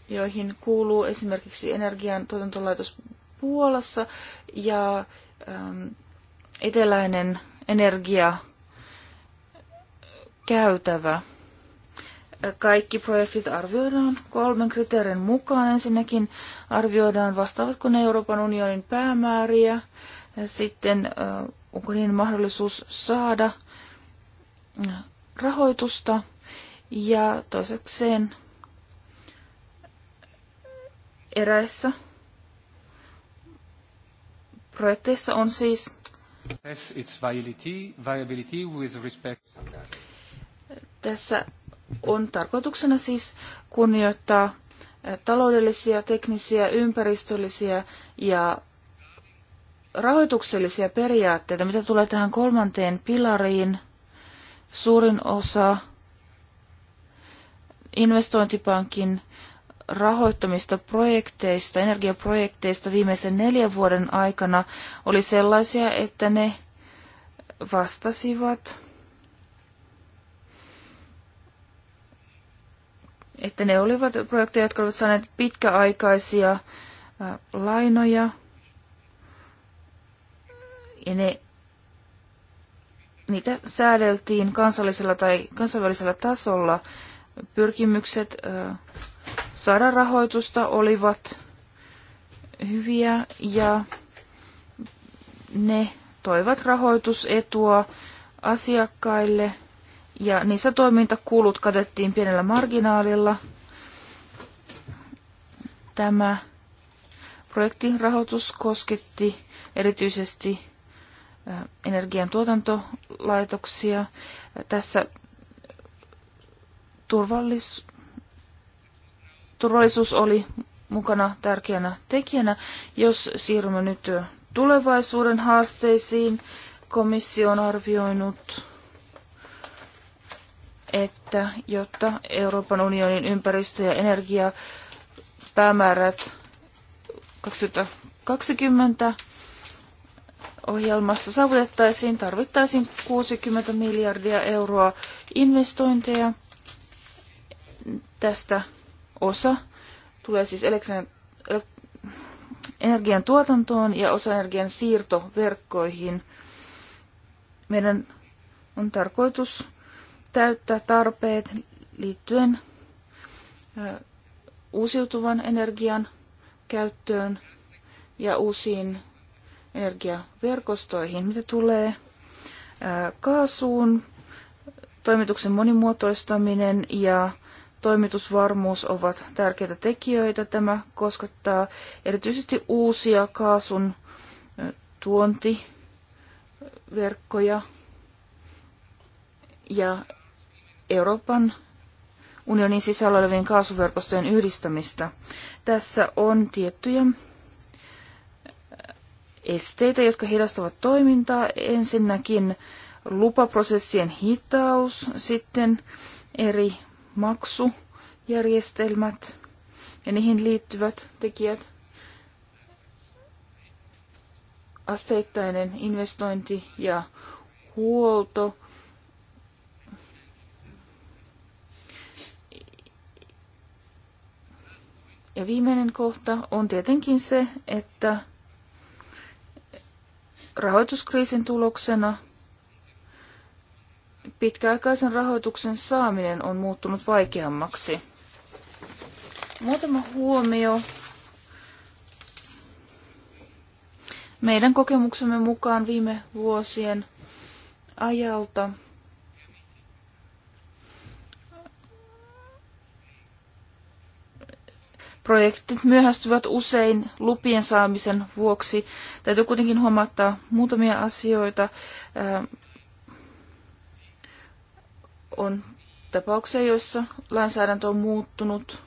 joihin kuuluu esimerkiksi energian tuotantolaitos Puolassa ja äm, eteläinen energia käytävä – kaikki projektit arvioidaan kolmen kriteerin mukaan. Ensinnäkin arvioidaan, vastaavatko ne Euroopan unionin päämääriä, sitten onko niin mahdollisuus saada rahoitusta ja toisekseen eräissä projekteissa on siis its viability, viability with respect. tässä on tarkoituksena siis kunnioittaa taloudellisia, teknisiä, ympäristöllisiä ja rahoituksellisia periaatteita. Mitä tulee tähän kolmanteen pilariin, suurin osa investointipankin rahoittamista projekteista, energiaprojekteista viimeisen neljän vuoden aikana oli sellaisia, että ne vastasivat että ne olivat projekteja, jotka olivat saaneet pitkäaikaisia lainoja. Ja ne, niitä säädeltiin kansallisella tai kansainvälisellä tasolla. Pyrkimykset saada rahoitusta olivat hyviä ja ne toivat rahoitusetua asiakkaille – ja niissä toimintakulut katettiin pienellä marginaalilla. Tämä projektirahoitus kosketti erityisesti energiantuotantolaitoksia. Tässä turvallis, turvallisuus oli mukana tärkeänä tekijänä. Jos siirrymme nyt tulevaisuuden haasteisiin, komissio on arvioinut että jotta Euroopan unionin ympäristö- ja energiapäämäärät 2020 ohjelmassa saavutettaisiin, tarvittaisiin 60 miljardia euroa investointeja. Tästä osa tulee siis elektron, energian tuotantoon ja osa energian siirtoverkkoihin. Meidän on tarkoitus täyttää tarpeet liittyen uusiutuvan energian käyttöön ja uusiin energiaverkostoihin. Mitä tulee kaasuun, toimituksen monimuotoistaminen ja toimitusvarmuus ovat tärkeitä tekijöitä. Tämä koskettaa erityisesti uusia kaasun tuontiverkkoja ja Euroopan unionin sisällä olevien kaasuverkostojen yhdistämistä. Tässä on tiettyjä äh, esteitä, jotka hidastavat toimintaa. Ensinnäkin lupaprosessien hitaus, sitten eri maksujärjestelmät ja niihin liittyvät tekijät. Asteittainen investointi ja huolto Ja viimeinen kohta on tietenkin se, että rahoituskriisin tuloksena pitkäaikaisen rahoituksen saaminen on muuttunut vaikeammaksi. Muutama huomio. Meidän kokemuksemme mukaan viime vuosien ajalta – Projektit myöhästyvät usein lupien saamisen vuoksi. Täytyy kuitenkin huomauttaa muutamia asioita. On tapauksia, joissa lainsäädäntö on muuttunut.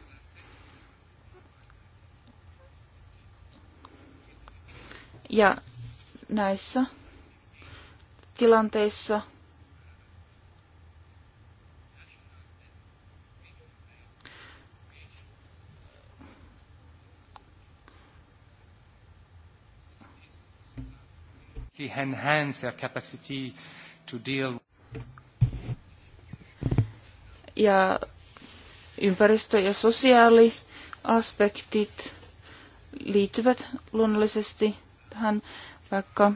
Ja näissä tilanteissa – significantly enhance their capacity to deal. Ja ympäristö- ja sosiaaliaspektit liittyvät luonnollisesti tähän, vaikka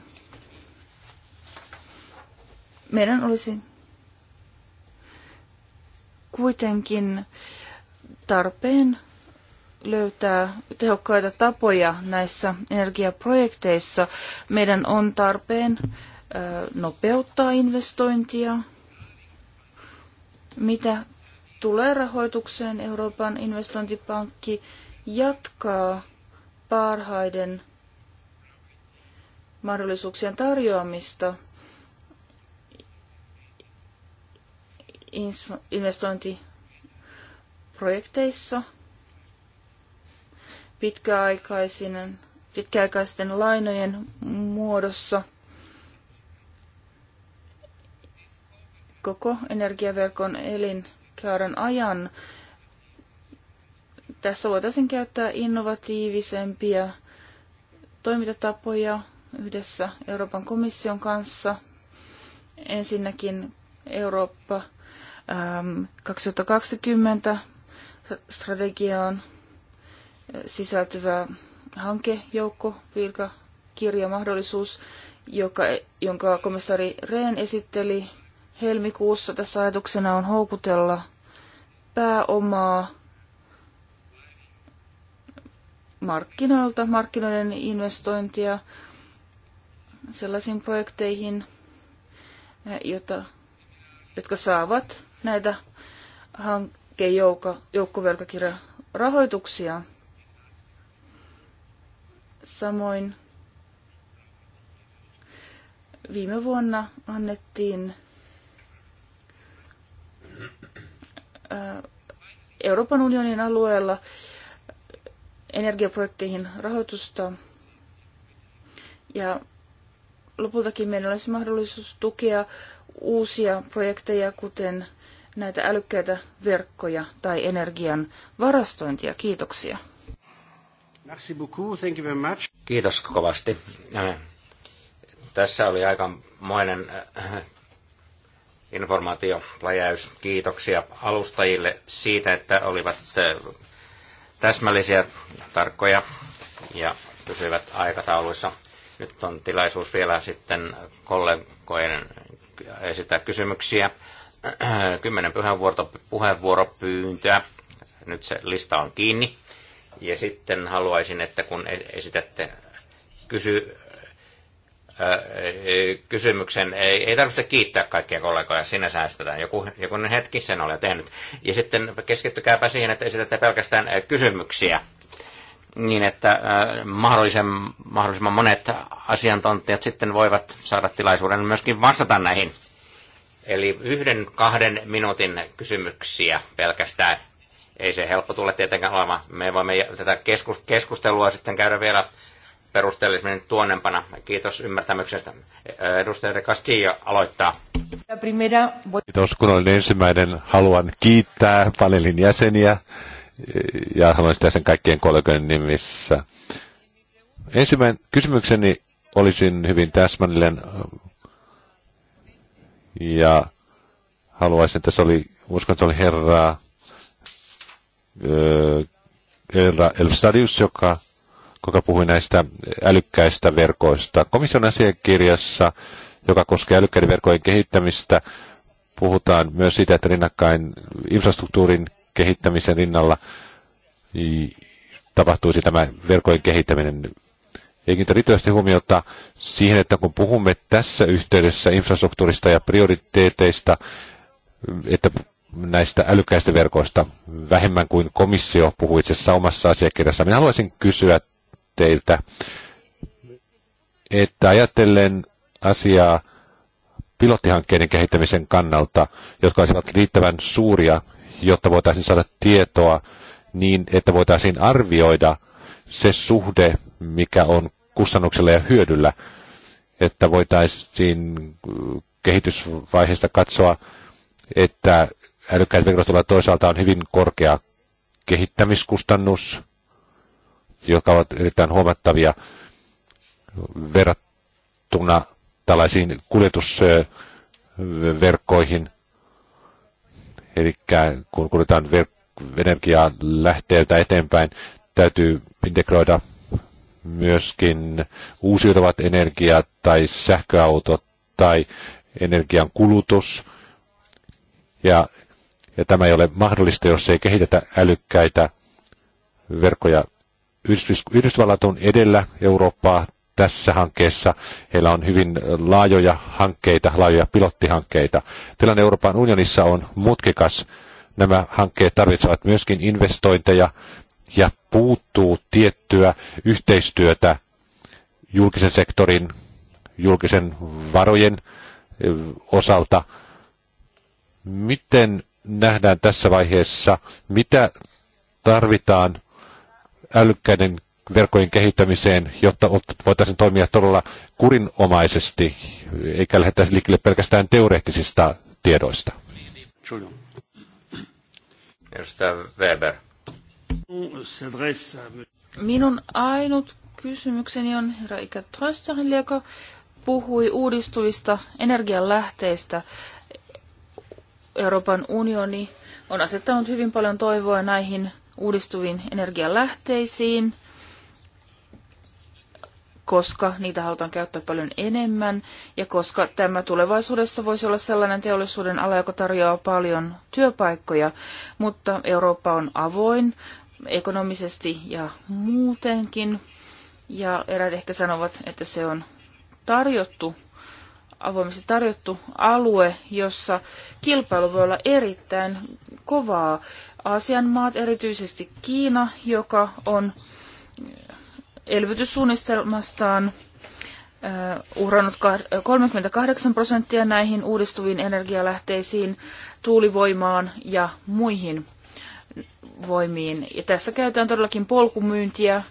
meidän olisi kuitenkin tarpeen löytää tehokkaita tapoja näissä energiaprojekteissa. Meidän on tarpeen nopeuttaa investointia. Mitä tulee rahoitukseen, Euroopan investointipankki jatkaa parhaiden mahdollisuuksien tarjoamista investointiprojekteissa – pitkäaikaisen, pitkäaikaisten lainojen muodossa koko energiaverkon elinkaaren ajan. Tässä voitaisiin käyttää innovatiivisempia toimintatapoja yhdessä Euroopan komission kanssa. Ensinnäkin Eurooppa 2020 strategiaan sisältyvä hankejoukko, vilkakirjamahdollisuus, joka, jonka komissaari Rehn esitteli helmikuussa. Tässä ajatuksena on houkutella pääomaa markkinoilta, markkinoiden investointia sellaisiin projekteihin, jota, jotka saavat näitä hankejoukkovelkakirjarahoituksia. rahoituksia Samoin viime vuonna annettiin Euroopan unionin alueella energiaprojekteihin rahoitusta. Ja lopultakin meillä olisi mahdollisuus tukea uusia projekteja, kuten näitä älykkäitä verkkoja tai energian varastointia. Kiitoksia. Thank you very much. Kiitos kovasti. Äh, tässä oli aikamoinen äh, informaatiopläjäys. Kiitoksia alustajille siitä, että olivat äh, täsmällisiä, tarkkoja ja pysyivät aikatauluissa. Nyt on tilaisuus vielä sitten kollegoiden esittää kysymyksiä. Kymmenen puheenvuoropyyntöä. Nyt se lista on kiinni. Ja sitten haluaisin, että kun e- esitätte kysy, kysymyksen. Ei, ei tarvitse kiittää kaikkia kollegoja, sinä säästetään. Joku, joku hetki sen olen tehnyt. Ja sitten keskittykääpä siihen, että esitätte pelkästään kysymyksiä niin, että mahdollisen mahdollisimman monet asiantuntijat sitten voivat saada tilaisuuden myöskin vastata näihin. Eli yhden, kahden minuutin kysymyksiä pelkästään ei se helppo tule tietenkään olemaan. Me voimme tätä keskustelua sitten käydä vielä perusteellisemmin tuonnempana. Kiitos ymmärtämyksestä. Edustaja De Castillo aloittaa. Kiitos, kun olin ensimmäinen. Haluan kiittää paneelin jäseniä ja haluan sitä sen kaikkien kollegojen nimissä. Ensimmäinen kysymykseni olisin hyvin täsmällinen ja haluaisin, että se oli, uskon, että se oli herraa Herra Elfstadius, joka, joka puhui näistä älykkäistä verkoista. Komission asiakirjassa, joka koskee älykkäiden verkkojen kehittämistä, puhutaan myös siitä, että rinnakkain infrastruktuurin kehittämisen rinnalla tapahtuisi tämä verkojen kehittäminen. Eikin riittävästi huomiota siihen, että kun puhumme tässä yhteydessä infrastruktuurista ja prioriteeteista, että näistä älykkäistä verkoista vähemmän kuin komissio puhui itse asiassa omassa asiakirjassa. Minä haluaisin kysyä teiltä, että ajatellen asiaa pilottihankkeiden kehittämisen kannalta, jotka olisivat riittävän suuria, jotta voitaisiin saada tietoa niin, että voitaisiin arvioida se suhde, mikä on kustannuksella ja hyödyllä, että voitaisiin kehitysvaiheesta katsoa, että älykkäät teknologioilla toisaalta on hyvin korkea kehittämiskustannus, jotka ovat erittäin huomattavia verrattuna tällaisiin kuljetusverkkoihin. Eli kun kuljetaan energiaa lähteeltä eteenpäin, täytyy integroida myöskin uusiutuvat energiat tai sähköautot tai energian kulutus. Ja ja tämä ei ole mahdollista, jos ei kehitetä älykkäitä verkkoja. Yhdysvallat on edellä Eurooppaa tässä hankkeessa. Heillä on hyvin laajoja hankkeita, laajoja pilottihankkeita. Tilanne Euroopan unionissa on mutkikas. Nämä hankkeet tarvitsevat myöskin investointeja ja puuttuu tiettyä yhteistyötä julkisen sektorin, julkisen varojen osalta. Miten nähdään tässä vaiheessa, mitä tarvitaan älykkäiden verkkojen kehittämiseen, jotta voitaisiin toimia todella kurinomaisesti, eikä lähettäisi liikkeelle pelkästään teoreettisista tiedoista. Weber. Minun ainut kysymykseni on herra Ika Trösterille, joka puhui uudistuvista energianlähteistä. Euroopan unioni on asettanut hyvin paljon toivoa näihin uudistuviin energialähteisiin, koska niitä halutaan käyttää paljon enemmän ja koska tämä tulevaisuudessa voisi olla sellainen teollisuuden ala, joka tarjoaa paljon työpaikkoja, mutta Eurooppa on avoin ekonomisesti ja muutenkin. Ja eräät ehkä sanovat, että se on tarjottu avoimesti tarjottu alue, jossa kilpailu voi olla erittäin kovaa. Aasian maat, erityisesti Kiina, joka on eh, elvytyssuunnistelmastaan eh, uhrannut 38 eh, prosenttia näihin uudistuviin energialähteisiin, tuulivoimaan ja muihin voimiin. Ja tässä käytetään todellakin polkumyyntiä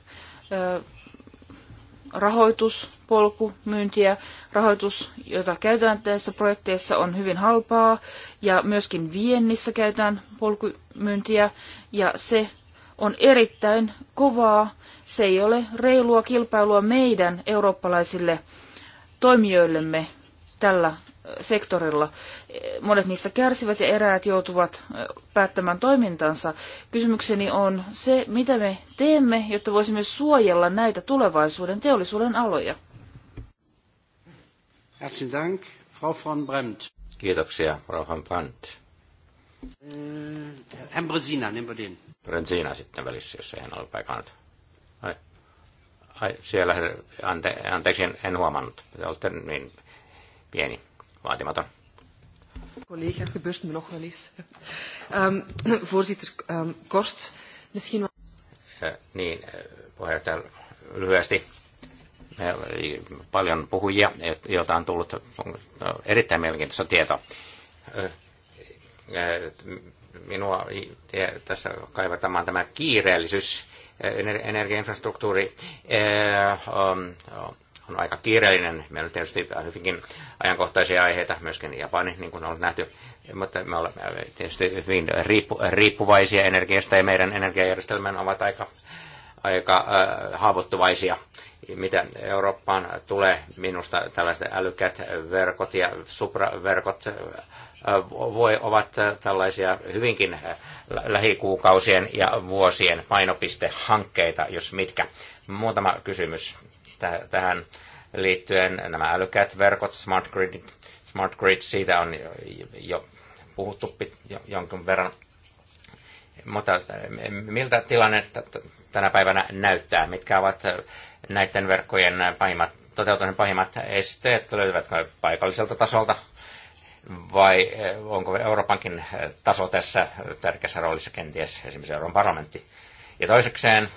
rahoituspolku, ja Rahoitus, jota käytetään tässä projekteissa, on hyvin halpaa ja myöskin viennissä käytetään polkumyyntiä ja se on erittäin kovaa. Se ei ole reilua kilpailua meidän eurooppalaisille toimijoillemme tällä sektorilla. Monet niistä kärsivät ja eräät joutuvat päättämään toimintansa. Kysymykseni on se, mitä me teemme, jotta voisimme suojella näitä tulevaisuuden teollisuuden aloja. Herzlichen Dank, Frau von Bremt. Kiitoksia, Frau von Brandt. Äh, Herr Brezina, nehmen wir den. Brezina sitten välissä, jos ei hän ole paikalla. Ai. Ai, siellä, ante, anteeksi, en, en huomannut. Te olette niin pieni vaatimaton. Collega, gebeurt me nog wel eens. Um, [clears throat] voorzitter, um, kort, misschien... Niin, eh, puheenjohtaja, lyhyesti paljon puhujia, joilta on tullut eh, erittäin mielenkiintoista tietoa. Eh, minua tässä kaivataan tämä kiireellisyys, energiainfrastruktuuri, on aika kiireellinen. Meillä on tietysti hyvinkin ajankohtaisia aiheita, myöskin Japani, niin kuin on nähty, mutta me olemme tietysti hyvin riippu, riippuvaisia energiasta ja meidän energiajärjestelmän ovat aika, aika äh, haavoittuvaisia. Mitä Eurooppaan tulee, minusta tällaiset älykät verkot ja supraverkot voi, ovat tällaisia hyvinkin lähikuukausien ja vuosien painopistehankkeita, jos mitkä. Muutama kysymys tähän liittyen nämä älykkäät verkot, smart grid, smart grid, siitä on jo puhuttu jonkun verran. Mutta miltä tilanne tänä päivänä näyttää? Mitkä ovat näiden verkkojen pahimmat, toteutuneen pahimmat esteet? Löytyvätkö paikalliselta tasolta? Vai eh, onko Euroopankin eh, taso tässä tärkeässä roolissa kenties esimerkiksi Euroopan parlamentti? Ja toisekseen eh,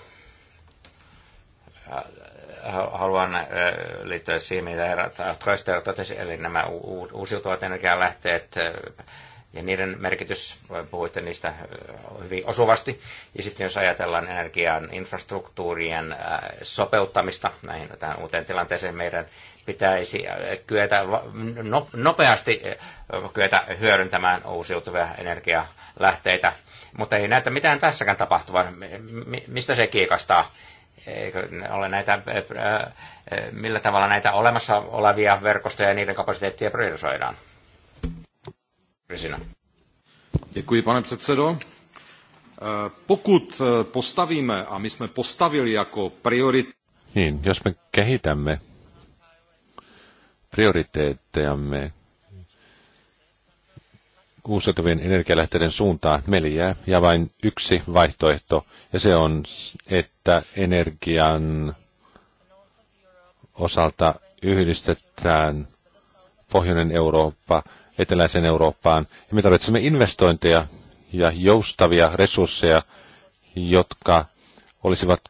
haluan äh, liittyä siihen, mitä herra Köster totesi, eli nämä uusiutuvat energialähteet äh, ja niiden merkitys, äh, puhuitte niistä hyvin osuvasti. Ja sitten jos ajatellaan energian infrastruktuurien sopeuttamista näihin tähän uuteen tilanteeseen, meidän pitäisi kyetä no-, nopeasti kyetä hyödyntämään uusiutuvia energialähteitä, mutta ei näytä mitään tässäkään tapahtuvan. Mistä se kiikastaa? eikö ole näitä, millä tavalla näitä olemassa olevia verkostoja ja niiden kapasiteettia priorisoidaan? Prisina. Děkuji, pane předsedo. Pokud postavíme, a my jsme postavili jako priorit... Niin, jos me kehitämme prioriteettejamme uusiutuvien energialähteiden suuntaan, meillä jää ja vain yksi vaihtoehto, ja se on, että energian osalta yhdistetään pohjoinen Eurooppa eteläiseen Eurooppaan. Ja me tarvitsemme investointeja ja joustavia resursseja, jotka olisivat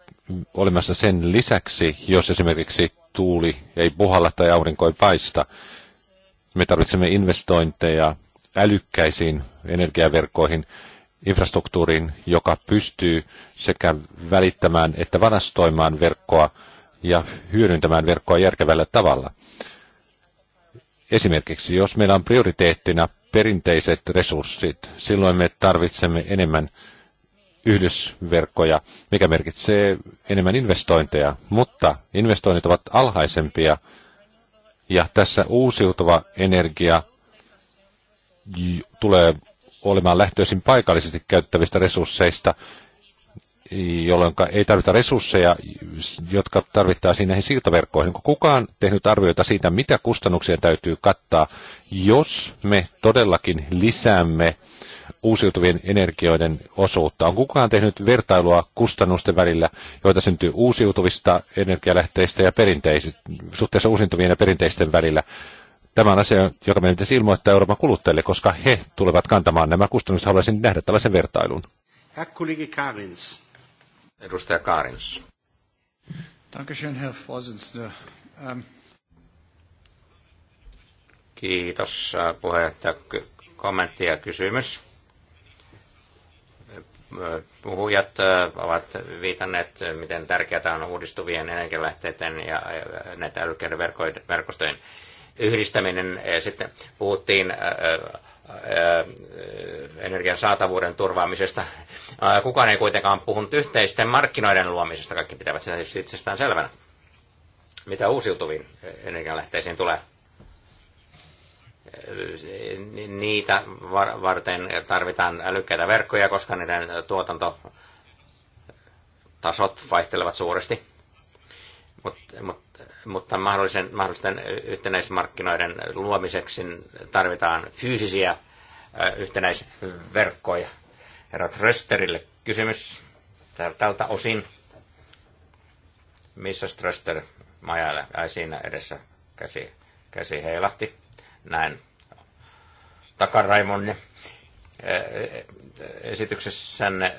olemassa sen lisäksi, jos esimerkiksi tuuli ei puhalla tai aurinko ei paista. Me tarvitsemme investointeja älykkäisiin energiaverkkoihin, infrastruktuuriin, joka pystyy sekä välittämään että varastoimaan verkkoa ja hyödyntämään verkkoa järkevällä tavalla. Esimerkiksi jos meillä on prioriteettina perinteiset resurssit, silloin me tarvitsemme enemmän yhdysverkkoja, mikä merkitsee enemmän investointeja, mutta investoinnit ovat alhaisempia ja tässä uusiutuva energia tulee olemaan lähtöisin paikallisesti käyttävistä resursseista, jolloin ei tarvita resursseja, jotka tarvittaisiin näihin siirtoverkkoihin. Onko kukaan tehnyt arvioita siitä, mitä kustannuksia täytyy kattaa, jos me todellakin lisäämme uusiutuvien energioiden osuutta? On kukaan tehnyt vertailua kustannusten välillä, joita syntyy uusiutuvista energialähteistä ja perinteisistä, suhteessa uusiutuvien ja perinteisten välillä? Tämä on asia, joka meidän pitäisi ilmoittaa Euroopan kuluttajille, koska he tulevat kantamaan nämä kustannukset. Haluaisin nähdä tällaisen vertailun. Karins. Edustaja Karins. Dankeschön, Herr Vorsitzender. Ähm. Kiitos äh, puheenjohtaja. Kommentti ja kysymys. Äh, puhujat äh, ovat viitanneet, miten tärkeää on uudistuvien energialähteiden ja näitä älykkäiden verkostojen yhdistäminen. Eh, sitten puhuttiin eh, eh, energian saatavuuden turvaamisesta. Kukaan ei kuitenkaan puhunut yhteisten markkinoiden luomisesta. Kaikki pitävät sen siis itsestään selvänä. Mitä uusiutuviin energianlähteisiin tulee? Niitä varten tarvitaan älykkäitä verkkoja, koska niiden tuotanto tasot vaihtelevat suuresti mutta, mutta, mutta mahdollisen, mahdollisten yhtenäismarkkinoiden luomiseksi tarvitaan fyysisiä yhtenäisverkkoja. Herra Trösterille kysymys tältä osin. Missä Tröster majaille? Ai siinä edessä käsi, käsi heilahti. Näin takaraimonne esityksessänne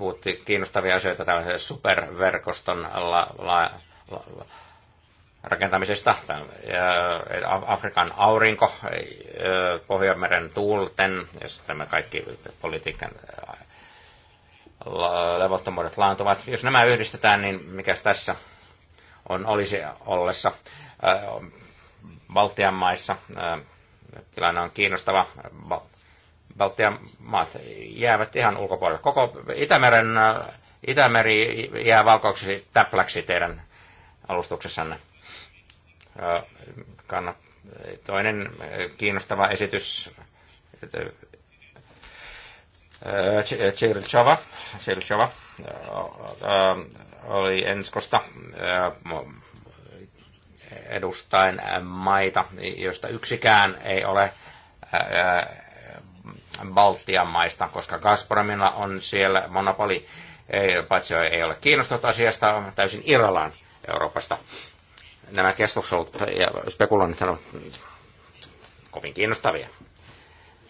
puhutti kiinnostavia asioita tällaisen superverkoston la, la, la, rakentamisesta. Afrikan aurinko, Pohjanmeren tuulten, ja tämä kaikki politiikan levottomuudet laantuvat. Jos nämä yhdistetään, niin mikä tässä on, olisi ollessa Baltian maissa. Tilanne on kiinnostava. Baltian maat jäävät ihan ulkopuolelle. Koko Itämeren, Itämeri jää valkoiseksi täpläksi teidän alustuksessanne. Kannat, toinen kiinnostava esitys Chirchova, Chirchova oli Enskosta edustain maita, joista yksikään ei ole Baltian maista, koska Gazpromilla on siellä monopoli, paitsi ei ole kiinnostunut asiasta, on täysin irrallaan Euroopasta. Nämä keskustelut ja spekuloinnit ovat kovin kiinnostavia.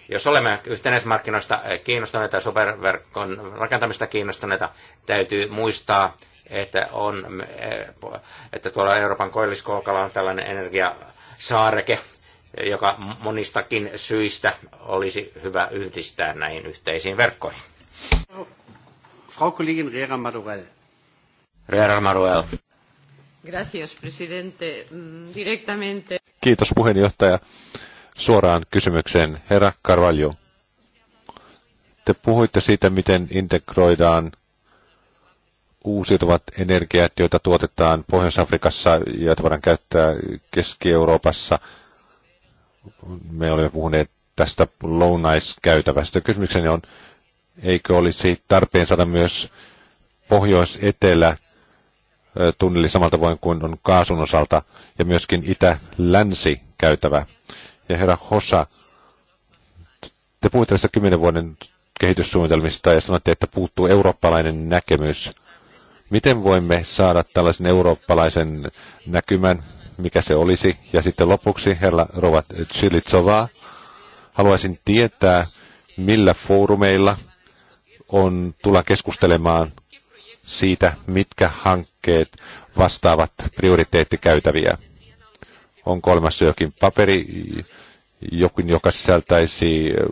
Jos olemme yhteismarkkinoista kiinnostuneita ja superverkon rakentamista kiinnostuneita, täytyy muistaa, että, on, että tuolla Euroopan koilliskookalla on tällainen energiasaareke, joka monistakin syistä olisi hyvä yhdistää näihin yhteisiin verkkoihin. Frau Kollegin Rera Maruel. Rera Maruel. Gracias, presidente. Mm, directamente. Kiitos puheenjohtaja. Suoraan kysymykseen, herra Carvalho. Te puhuitte siitä, miten integroidaan uusiutuvat energiat, joita tuotetaan Pohjois-Afrikassa ja joita voidaan käyttää Keski-Euroopassa – me olemme puhuneet tästä lounaiskäytävästä. Kysymykseni on, eikö olisi tarpeen saada myös pohjois-etelä tunneli samalta voin kuin on kaasun osalta, ja myöskin itä-länsi käytävä. Ja herra Hossa, te puhuitte tästä kymmenen vuoden kehityssuunnitelmista ja sanoitte, että puuttuu eurooppalainen näkemys. Miten voimme saada tällaisen eurooppalaisen näkymän? mikä se olisi. Ja sitten lopuksi, herra Rovat Tsylitsova, haluaisin tietää, millä foorumeilla on tulla keskustelemaan siitä, mitkä hankkeet vastaavat prioriteettikäytäviä. On kolmas jokin paperi, jokin, joka sisältäisi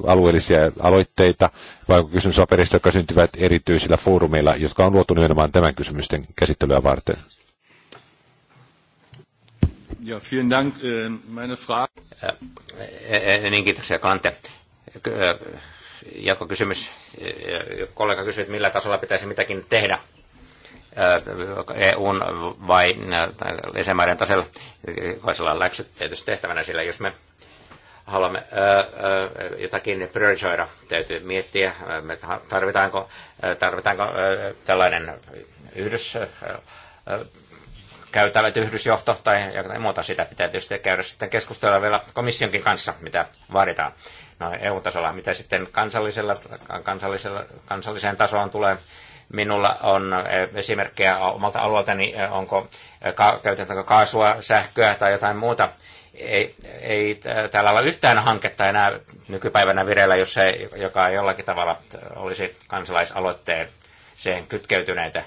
alueellisia aloitteita, vai onko kysymys paperista, jotka syntyvät erityisillä foorumeilla, jotka on luotu nimenomaan tämän kysymysten käsittelyä varten? Ja, vielen Dank. Äh, meine Frage... Äh, äh, niin, kiitoksia Kante. Jatkokysymys. Kollega kysyi, että millä tasolla pitäisi mitäkin tehdä. EU vai lisämaiden tasolla, jokaisella läksyt tietysti tehtävänä sillä, jos me haluamme jotakin priorisoida, täytyy miettiä, me tarvitaanko, tarvitaanko tällainen yhdys käytävät yhdysjohto tai jotain muuta. Sitä pitää tietysti käydä sitten keskustella vielä komissionkin kanssa, mitä vaaditaan. No EU-tasolla, mitä sitten kansallisella, kansallisella, kansalliseen tasoon tulee, minulla on eh, esimerkkejä omalta alueeltani, eh, onko, eh, käytetäänkö kaasua, sähköä tai jotain muuta. Ei, ei täällä ole yhtään hanketta enää nykypäivänä vireillä, jos se, joka jollakin tavalla olisi kansalaisaloitteeseen kytkeytyneitä.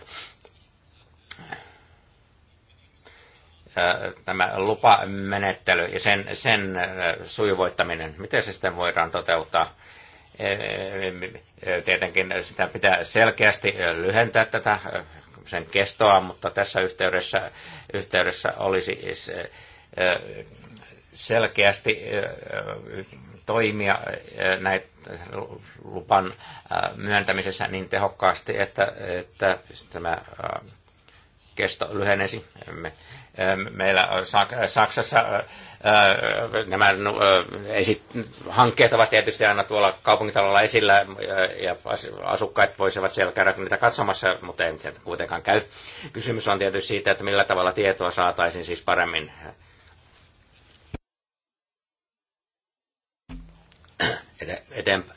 tämä lupamenettely ja sen, sen sujuvoittaminen, miten se sitten voidaan toteuttaa? Tietenkin sitä pitää selkeästi lyhentää tätä sen kestoa, mutta tässä yhteydessä, yhteydessä olisi selkeästi toimia näitä lupan myöntämisessä niin tehokkaasti, että, että tämä kesto lyhenesi. Meillä Saksassa nämä hankkeet ovat tietysti aina tuolla kaupungitalolla esillä ja asukkaat voisivat siellä käydä niitä katsomassa, mutta ei sieltä kuitenkaan käy. Kysymys on tietysti siitä, että millä tavalla tietoa saataisiin siis paremmin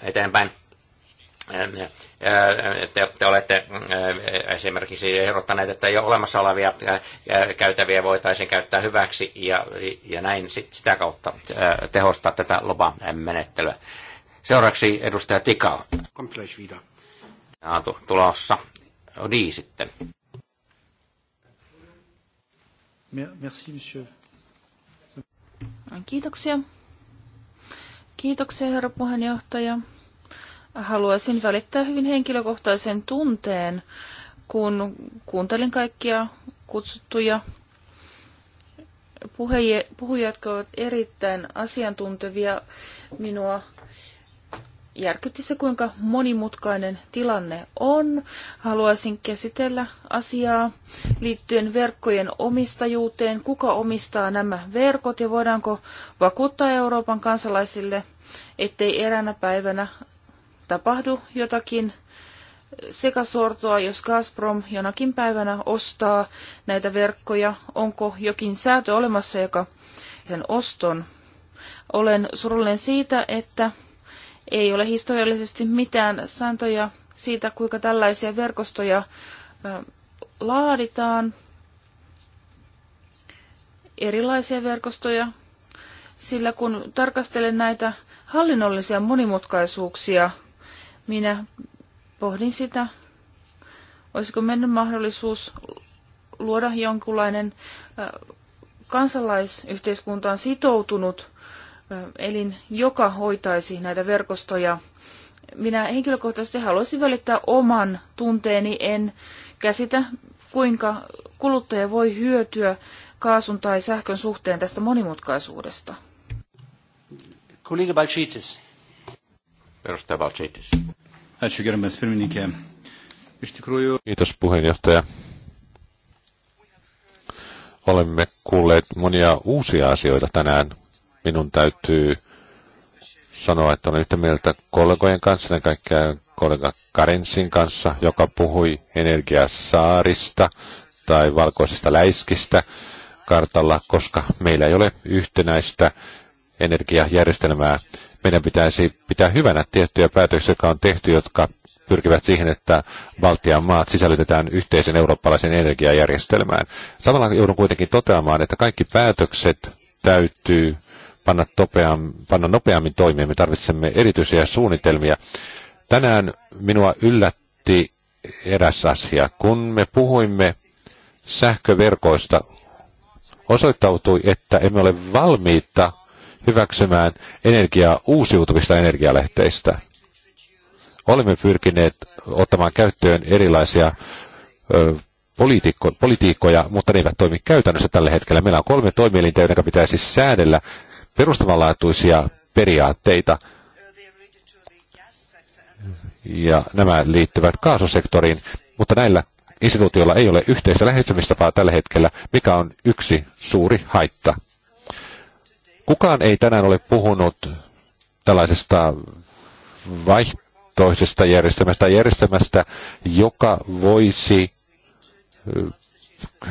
eteenpäin. Ähm, äh, äh, te, te olette äh, esimerkiksi ehdottaneet, että jo olemassa olevia käytäviä voitaisiin käyttää hyväksi ja, ja näin sit sitä kautta tehostaa tätä lupamenettelyä. Seuraavaksi edustaja Tikal. Ja, tulossa. Odi sitten. Merci, monsieur. Kiitoksia. Kiitoksia, herra puheenjohtaja haluaisin välittää hyvin henkilökohtaisen tunteen, kun kuuntelin kaikkia kutsuttuja puhujia, jotka ovat erittäin asiantuntevia. Minua järkytti se, kuinka monimutkainen tilanne on. Haluaisin käsitellä asiaa liittyen verkkojen omistajuuteen, kuka omistaa nämä verkot ja voidaanko vakuuttaa Euroopan kansalaisille, ettei eräänä päivänä tapahdu jotakin sekasortoa, jos Gazprom jonakin päivänä ostaa näitä verkkoja? Onko jokin säätö olemassa, joka sen oston? Olen surullinen siitä, että ei ole historiallisesti mitään sääntöjä siitä, kuinka tällaisia verkostoja laaditaan, erilaisia verkostoja, sillä kun tarkastelen näitä hallinnollisia monimutkaisuuksia, minä pohdin sitä, olisiko mennyt mahdollisuus luoda jonkunlainen kansalaisyhteiskuntaan sitoutunut elin, joka hoitaisi näitä verkostoja. Minä henkilökohtaisesti haluaisin välittää oman tunteeni, en käsitä kuinka kuluttaja voi hyötyä kaasun tai sähkön suhteen tästä monimutkaisuudesta. Kollega Balchitis. Edustaja Valtsiitis. Kiitos puheenjohtaja. Olemme kuulleet monia uusia asioita tänään. Minun täytyy sanoa, että olen yhtä mieltä kollegojen kanssa, ennen kaikkea kollega Karensin kanssa, joka puhui energiasaarista tai valkoisesta läiskistä kartalla, koska meillä ei ole yhtenäistä energiajärjestelmää. Meidän pitäisi pitää hyvänä tiettyjä päätöksiä, jotka on tehty, jotka pyrkivät siihen, että Baltian maat sisällytetään yhteisen eurooppalaisen energiajärjestelmään. Samalla joudun kuitenkin toteamaan, että kaikki päätökset täytyy panna, topeam, panna nopeammin toimia. Me tarvitsemme erityisiä suunnitelmia. Tänään minua yllätti eräs asia. Kun me puhuimme sähköverkoista, osoittautui, että emme ole valmiita hyväksymään energiaa uusiutuvista energialähteistä. Olemme pyrkineet ottamaan käyttöön erilaisia politiikkoja, mutta ne eivät toimi käytännössä tällä hetkellä. Meillä on kolme toimielintä, joiden pitäisi säädellä perustavanlaatuisia periaatteita. Ja nämä liittyvät kaasusektoriin, mutta näillä instituutioilla ei ole yhteistä lähestymistapaa tällä hetkellä, mikä on yksi suuri haitta. Kukaan ei tänään ole puhunut tällaisesta vaihtoisesta järjestelmästä, järjestelmästä, joka voisi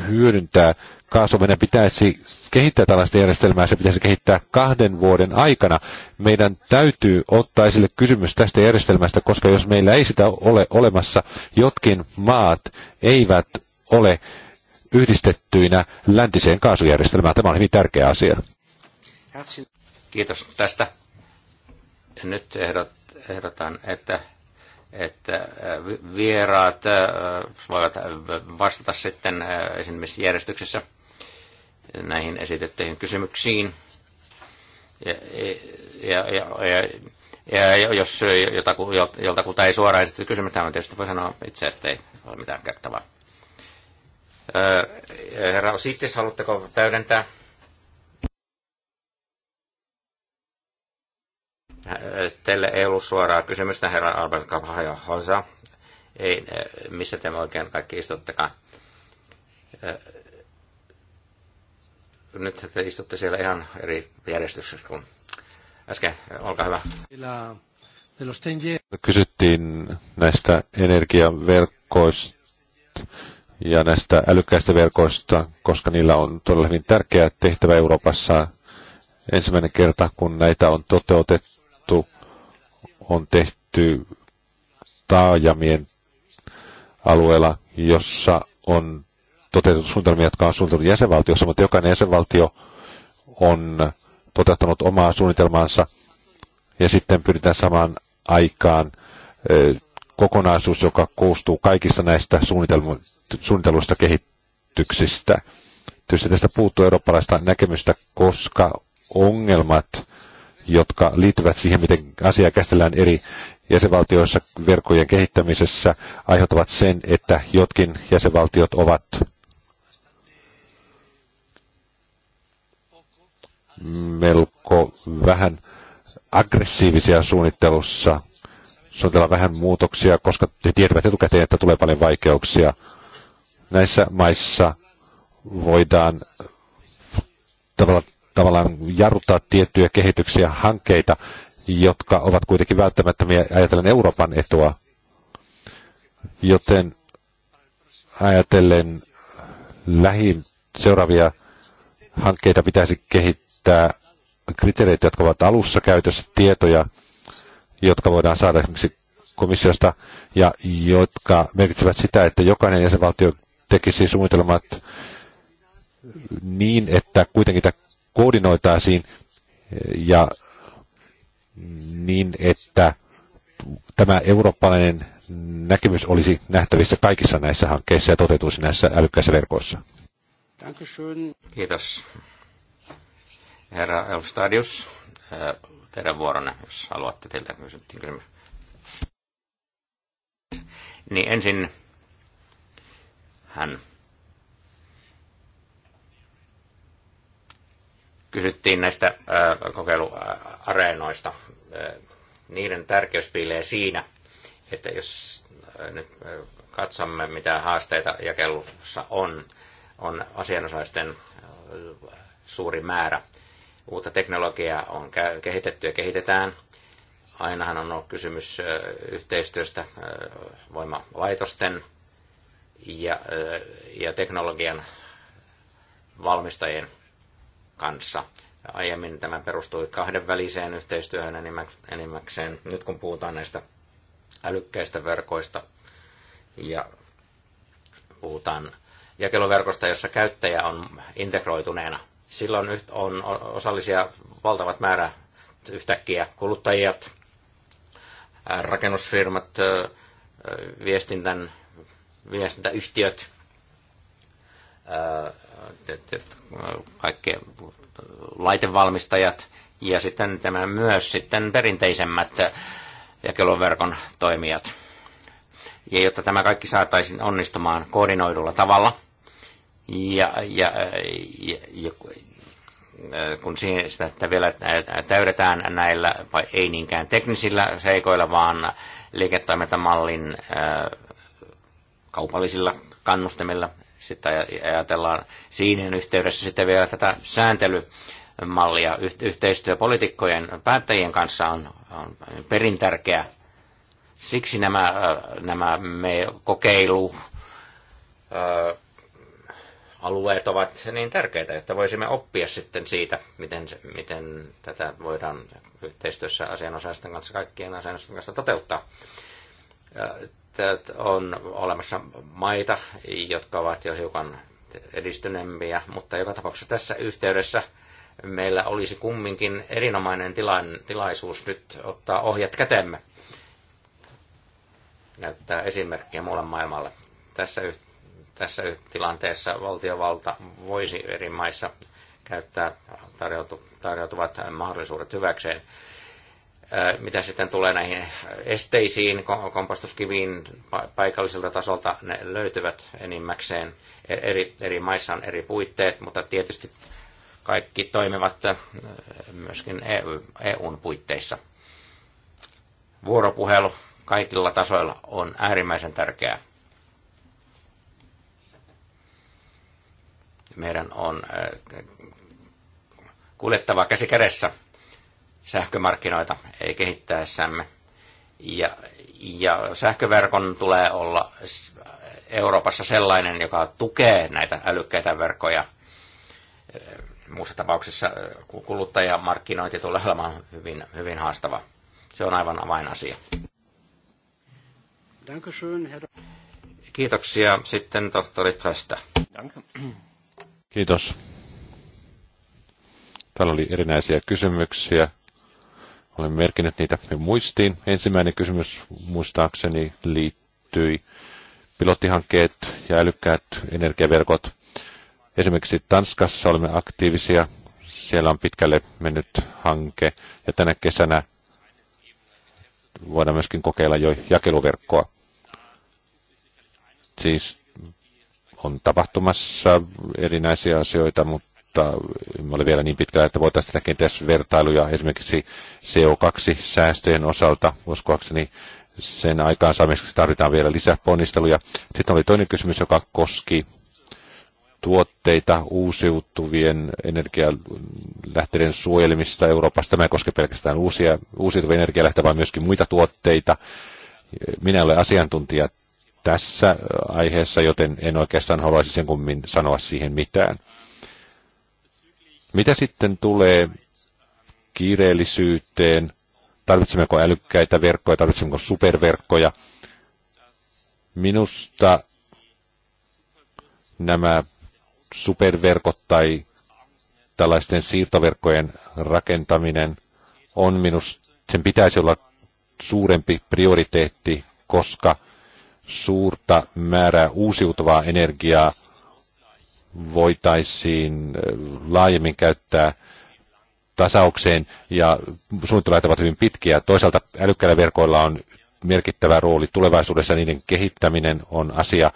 hyödyntää kaasua. Meidän pitäisi kehittää tällaista järjestelmää, se pitäisi kehittää kahden vuoden aikana. Meidän täytyy ottaa esille kysymys tästä järjestelmästä, koska jos meillä ei sitä ole olemassa, jotkin maat eivät ole yhdistettyinä läntiseen kaasujärjestelmään. Tämä on hyvin tärkeä asia. Kiitos tästä. Nyt ehdot, ehdotan, että, että äh, vieraat äh, voivat vastata sitten äh, esimerkiksi järjestyksessä näihin esitettyihin kysymyksiin. Ja, ja, ja, ja, ja jos joltakulta ei suoraan esitetty kysymys, niin tietysti voi sanoa itse, että ei ole mitään kertavaa. Herra Osittis, haluatteko täydentää? Teille ei ollut suoraa kysymystä, herra Albert Hosa. Ei, eh, missä te oikein kaikki istuttekaan? Eh, nyt te istutte siellä ihan eri järjestyksessä kuin äsken. Olkaa hyvä. Kysyttiin näistä energiaverkkoista ja näistä älykkäistä verkoista, koska niillä on todella hyvin tärkeä tehtävä Euroopassa ensimmäinen kerta, kun näitä on toteutettu on tehty taajamien alueella, jossa on toteutettu suunnitelmia, jotka on suunniteltu jäsenvaltiossa, mutta jokainen jäsenvaltio on toteuttanut omaa suunnitelmaansa ja sitten pyritään samaan aikaan kokonaisuus, joka koostuu kaikista näistä suunnitelluista kehityksistä. Tietysti tästä puuttuu eurooppalaista näkemystä, koska ongelmat jotka liittyvät siihen, miten asiaa käsitellään eri jäsenvaltioissa verkkojen kehittämisessä, aiheuttavat sen, että jotkin jäsenvaltiot ovat melko vähän aggressiivisia suunnittelussa. suunnitella vähän muutoksia, koska he tietävät etukäteen, että tulee paljon vaikeuksia. Näissä maissa voidaan tavallaan tavallaan jarruttaa tiettyjä kehityksiä, hankkeita, jotka ovat kuitenkin välttämättömiä ajatellen Euroopan etua. Joten ajatellen lähin seuraavia hankkeita pitäisi kehittää kriteereitä, jotka ovat alussa käytössä, tietoja, jotka voidaan saada esimerkiksi komissiosta, ja jotka merkitsevät sitä, että jokainen jäsenvaltio tekisi suunnitelmat niin, että kuitenkin tämä koordinoitaisiin eh, ja niin, että tämä eurooppalainen näkemys olisi nähtävissä kaikissa näissä hankkeissa ja toteutuisi näissä älykkäissä verkoissa. Kiitos. Herra Elfstadius, eh, teidän vuoronne, jos haluatte teiltä kysymys. Niin ensin hän kysyttiin näistä kokeiluareenoista. Niiden tärkeys piilee siinä, että jos nyt katsomme, mitä haasteita jakelussa on, on asianosaisten suuri määrä. Uutta teknologiaa on kehitetty ja kehitetään. Ainahan on ollut kysymys yhteistyöstä voimalaitosten ja, ja teknologian valmistajien kanssa. Aiemmin tämä perustui kahdenväliseen yhteistyöhön enimmäkseen. Nyt kun puhutaan näistä älykkäistä verkoista ja puhutaan jakeluverkosta, jossa käyttäjä on integroituneena, silloin on osallisia valtavat määrä yhtäkkiä kuluttajat, rakennusfirmat, viestintän, viestintäyhtiöt, kaikki laitevalmistajat ja sitten tämä myös sitten perinteisemmät jakeluverkon toimijat. Ja jotta tämä kaikki saataisiin onnistumaan koordinoidulla tavalla, ja, ja, ja, ja kun sitä että vielä täydetään näillä, vai ei niinkään teknisillä seikoilla, vaan liiketoimintamallin kaupallisilla kannustamilla, sitten ajatellaan siinä yhteydessä sitten vielä tätä sääntelymallia. Yhteistyö poliitikkojen päättäjien kanssa on, on tärkeä. Siksi nämä, nämä me kokeilu, alueet ovat niin tärkeitä, että voisimme oppia sitten siitä, miten, miten tätä voidaan yhteistyössä asianosaisten kanssa, kaikkien asianosaisten kanssa toteuttaa on olemassa maita, jotka ovat jo hiukan edistyneempiä, mutta joka tapauksessa tässä yhteydessä meillä olisi kumminkin erinomainen tilan, tilaisuus nyt ottaa ohjat kätemme. Näyttää esimerkkiä muulle maailmalle. Tässä, tässä tilanteessa valtiovalta voisi eri maissa käyttää tarjoutu, tarjoutuvat mahdollisuudet hyväkseen mitä sitten tulee näihin esteisiin, kompostuskiviin paikalliselta tasolta, ne löytyvät enimmäkseen. E-, eri, eri maissa on eri puitteet, mutta tietysti kaikki toimivat myöskin EU, EUn puitteissa. Vuoropuhelu kaikilla tasoilla on äärimmäisen tärkeää. Meidän on kuljettava käsi kädessä – sähkömarkkinoita kehittäessämme. Ja, ja sähköverkon tulee olla Euroopassa sellainen, joka tukee näitä älykkäitä verkkoja. Muussa tapauksessa kuluttajamarkkinointi tulee olemaan hyvin, hyvin haastava. Se on aivan avainasia. Kiitoksia sitten tohtori tästä. Kiitos. Täällä oli erinäisiä kysymyksiä. Olen merkinnyt niitä muistiin. Ensimmäinen kysymys muistaakseni liittyi pilottihankkeet ja älykkäät energiaverkot. Esimerkiksi Tanskassa olemme aktiivisia. Siellä on pitkälle mennyt hanke ja tänä kesänä voidaan myöskin kokeilla jo jakeluverkkoa. Siis on tapahtumassa erinäisiä asioita, mutta mutta emme ole vielä niin pitkällä, että voitaisiin tehdä kenties vertailuja esimerkiksi CO2-säästöjen osalta. Uskoakseni sen aikaansaamiseksi tarvitaan vielä lisäponnisteluja. Sitten oli toinen kysymys, joka koski tuotteita uusiutuvien energialähteiden suojelemista Euroopassa. Tämä ei koske pelkästään uusia, uusiutuvia energialähteitä, vaan myöskin muita tuotteita. Minä olen asiantuntija tässä aiheessa, joten en oikeastaan haluaisi sen kummin sanoa siihen mitään. Mitä sitten tulee kiireellisyyteen? Tarvitsemmeko älykkäitä verkkoja, tarvitsemmeko superverkkoja? Minusta nämä superverkot tai tällaisten siirtoverkkojen rakentaminen on minusta, sen pitäisi olla suurempi prioriteetti, koska suurta määrää uusiutuvaa energiaa voitaisiin laajemmin käyttää tasaukseen ja suunnittelut ovat hyvin pitkiä. Toisaalta älykkäillä verkoilla on merkittävä rooli tulevaisuudessa. Niiden kehittäminen on asia,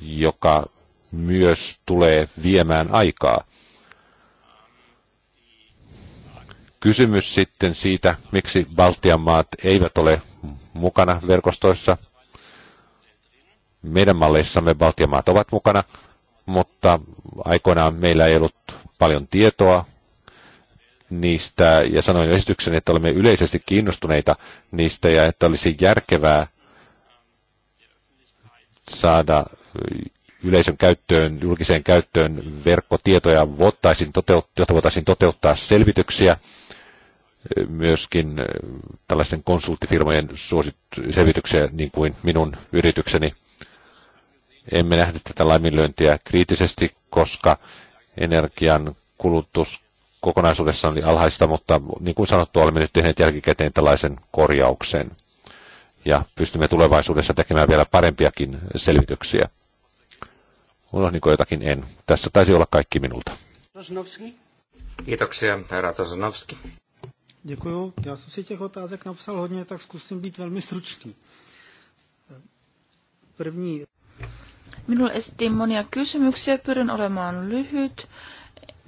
joka myös tulee viemään aikaa. Kysymys sitten siitä, miksi Baltian maat eivät ole mukana verkostoissa. Meidän malleissamme Baltian maat ovat mukana, mutta aikoinaan meillä ei ollut paljon tietoa niistä, ja sanoin jo esityksen, että olemme yleisesti kiinnostuneita niistä, ja että olisi järkevää saada yleisön käyttöön, julkiseen käyttöön verkkotietoja, jotta voitaisiin toteuttaa selvityksiä, myöskin äh, tällaisten konsulttifirmojen suosit- selvityksiä, niin kuin minun yritykseni. Emme nähneet tätä laiminlyöntiä kriittisesti, koska energian kulutus kokonaisuudessaan oli alhaista, mutta niin kuin sanottu, olemme nyt tehneet jälkikäteen tällaisen korjauksen. Ja pystymme tulevaisuudessa tekemään vielä parempiakin selvityksiä. Unohdinko jotakin? En. Tässä taisi olla kaikki minulta. Tosnovski. Kiitoksia, herra Tosanovski. Děkuju. Já jsem si těch otázek napsal hodně, tak zkusím být velmi stručný. První. Minulle esitettiin monia kysymyksiä. Pyrin olemaan lyhyt.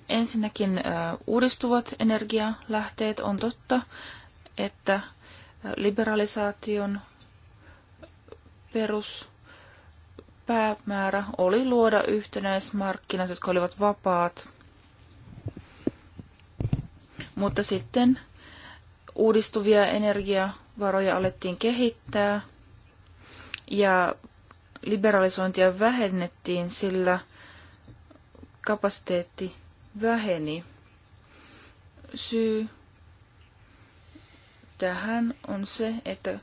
Ensinnäkin uudistuvat energialähteet. On totta, että liberalisaation perus päämäärä oli luoda yhtenäismarkkinat, jotka olivat vapaat. Mutta sitten uudistuvia energiavaroja alettiin kehittää ja liberalisointia vähennettiin, sillä kapasiteetti väheni. Syy tähän on se, että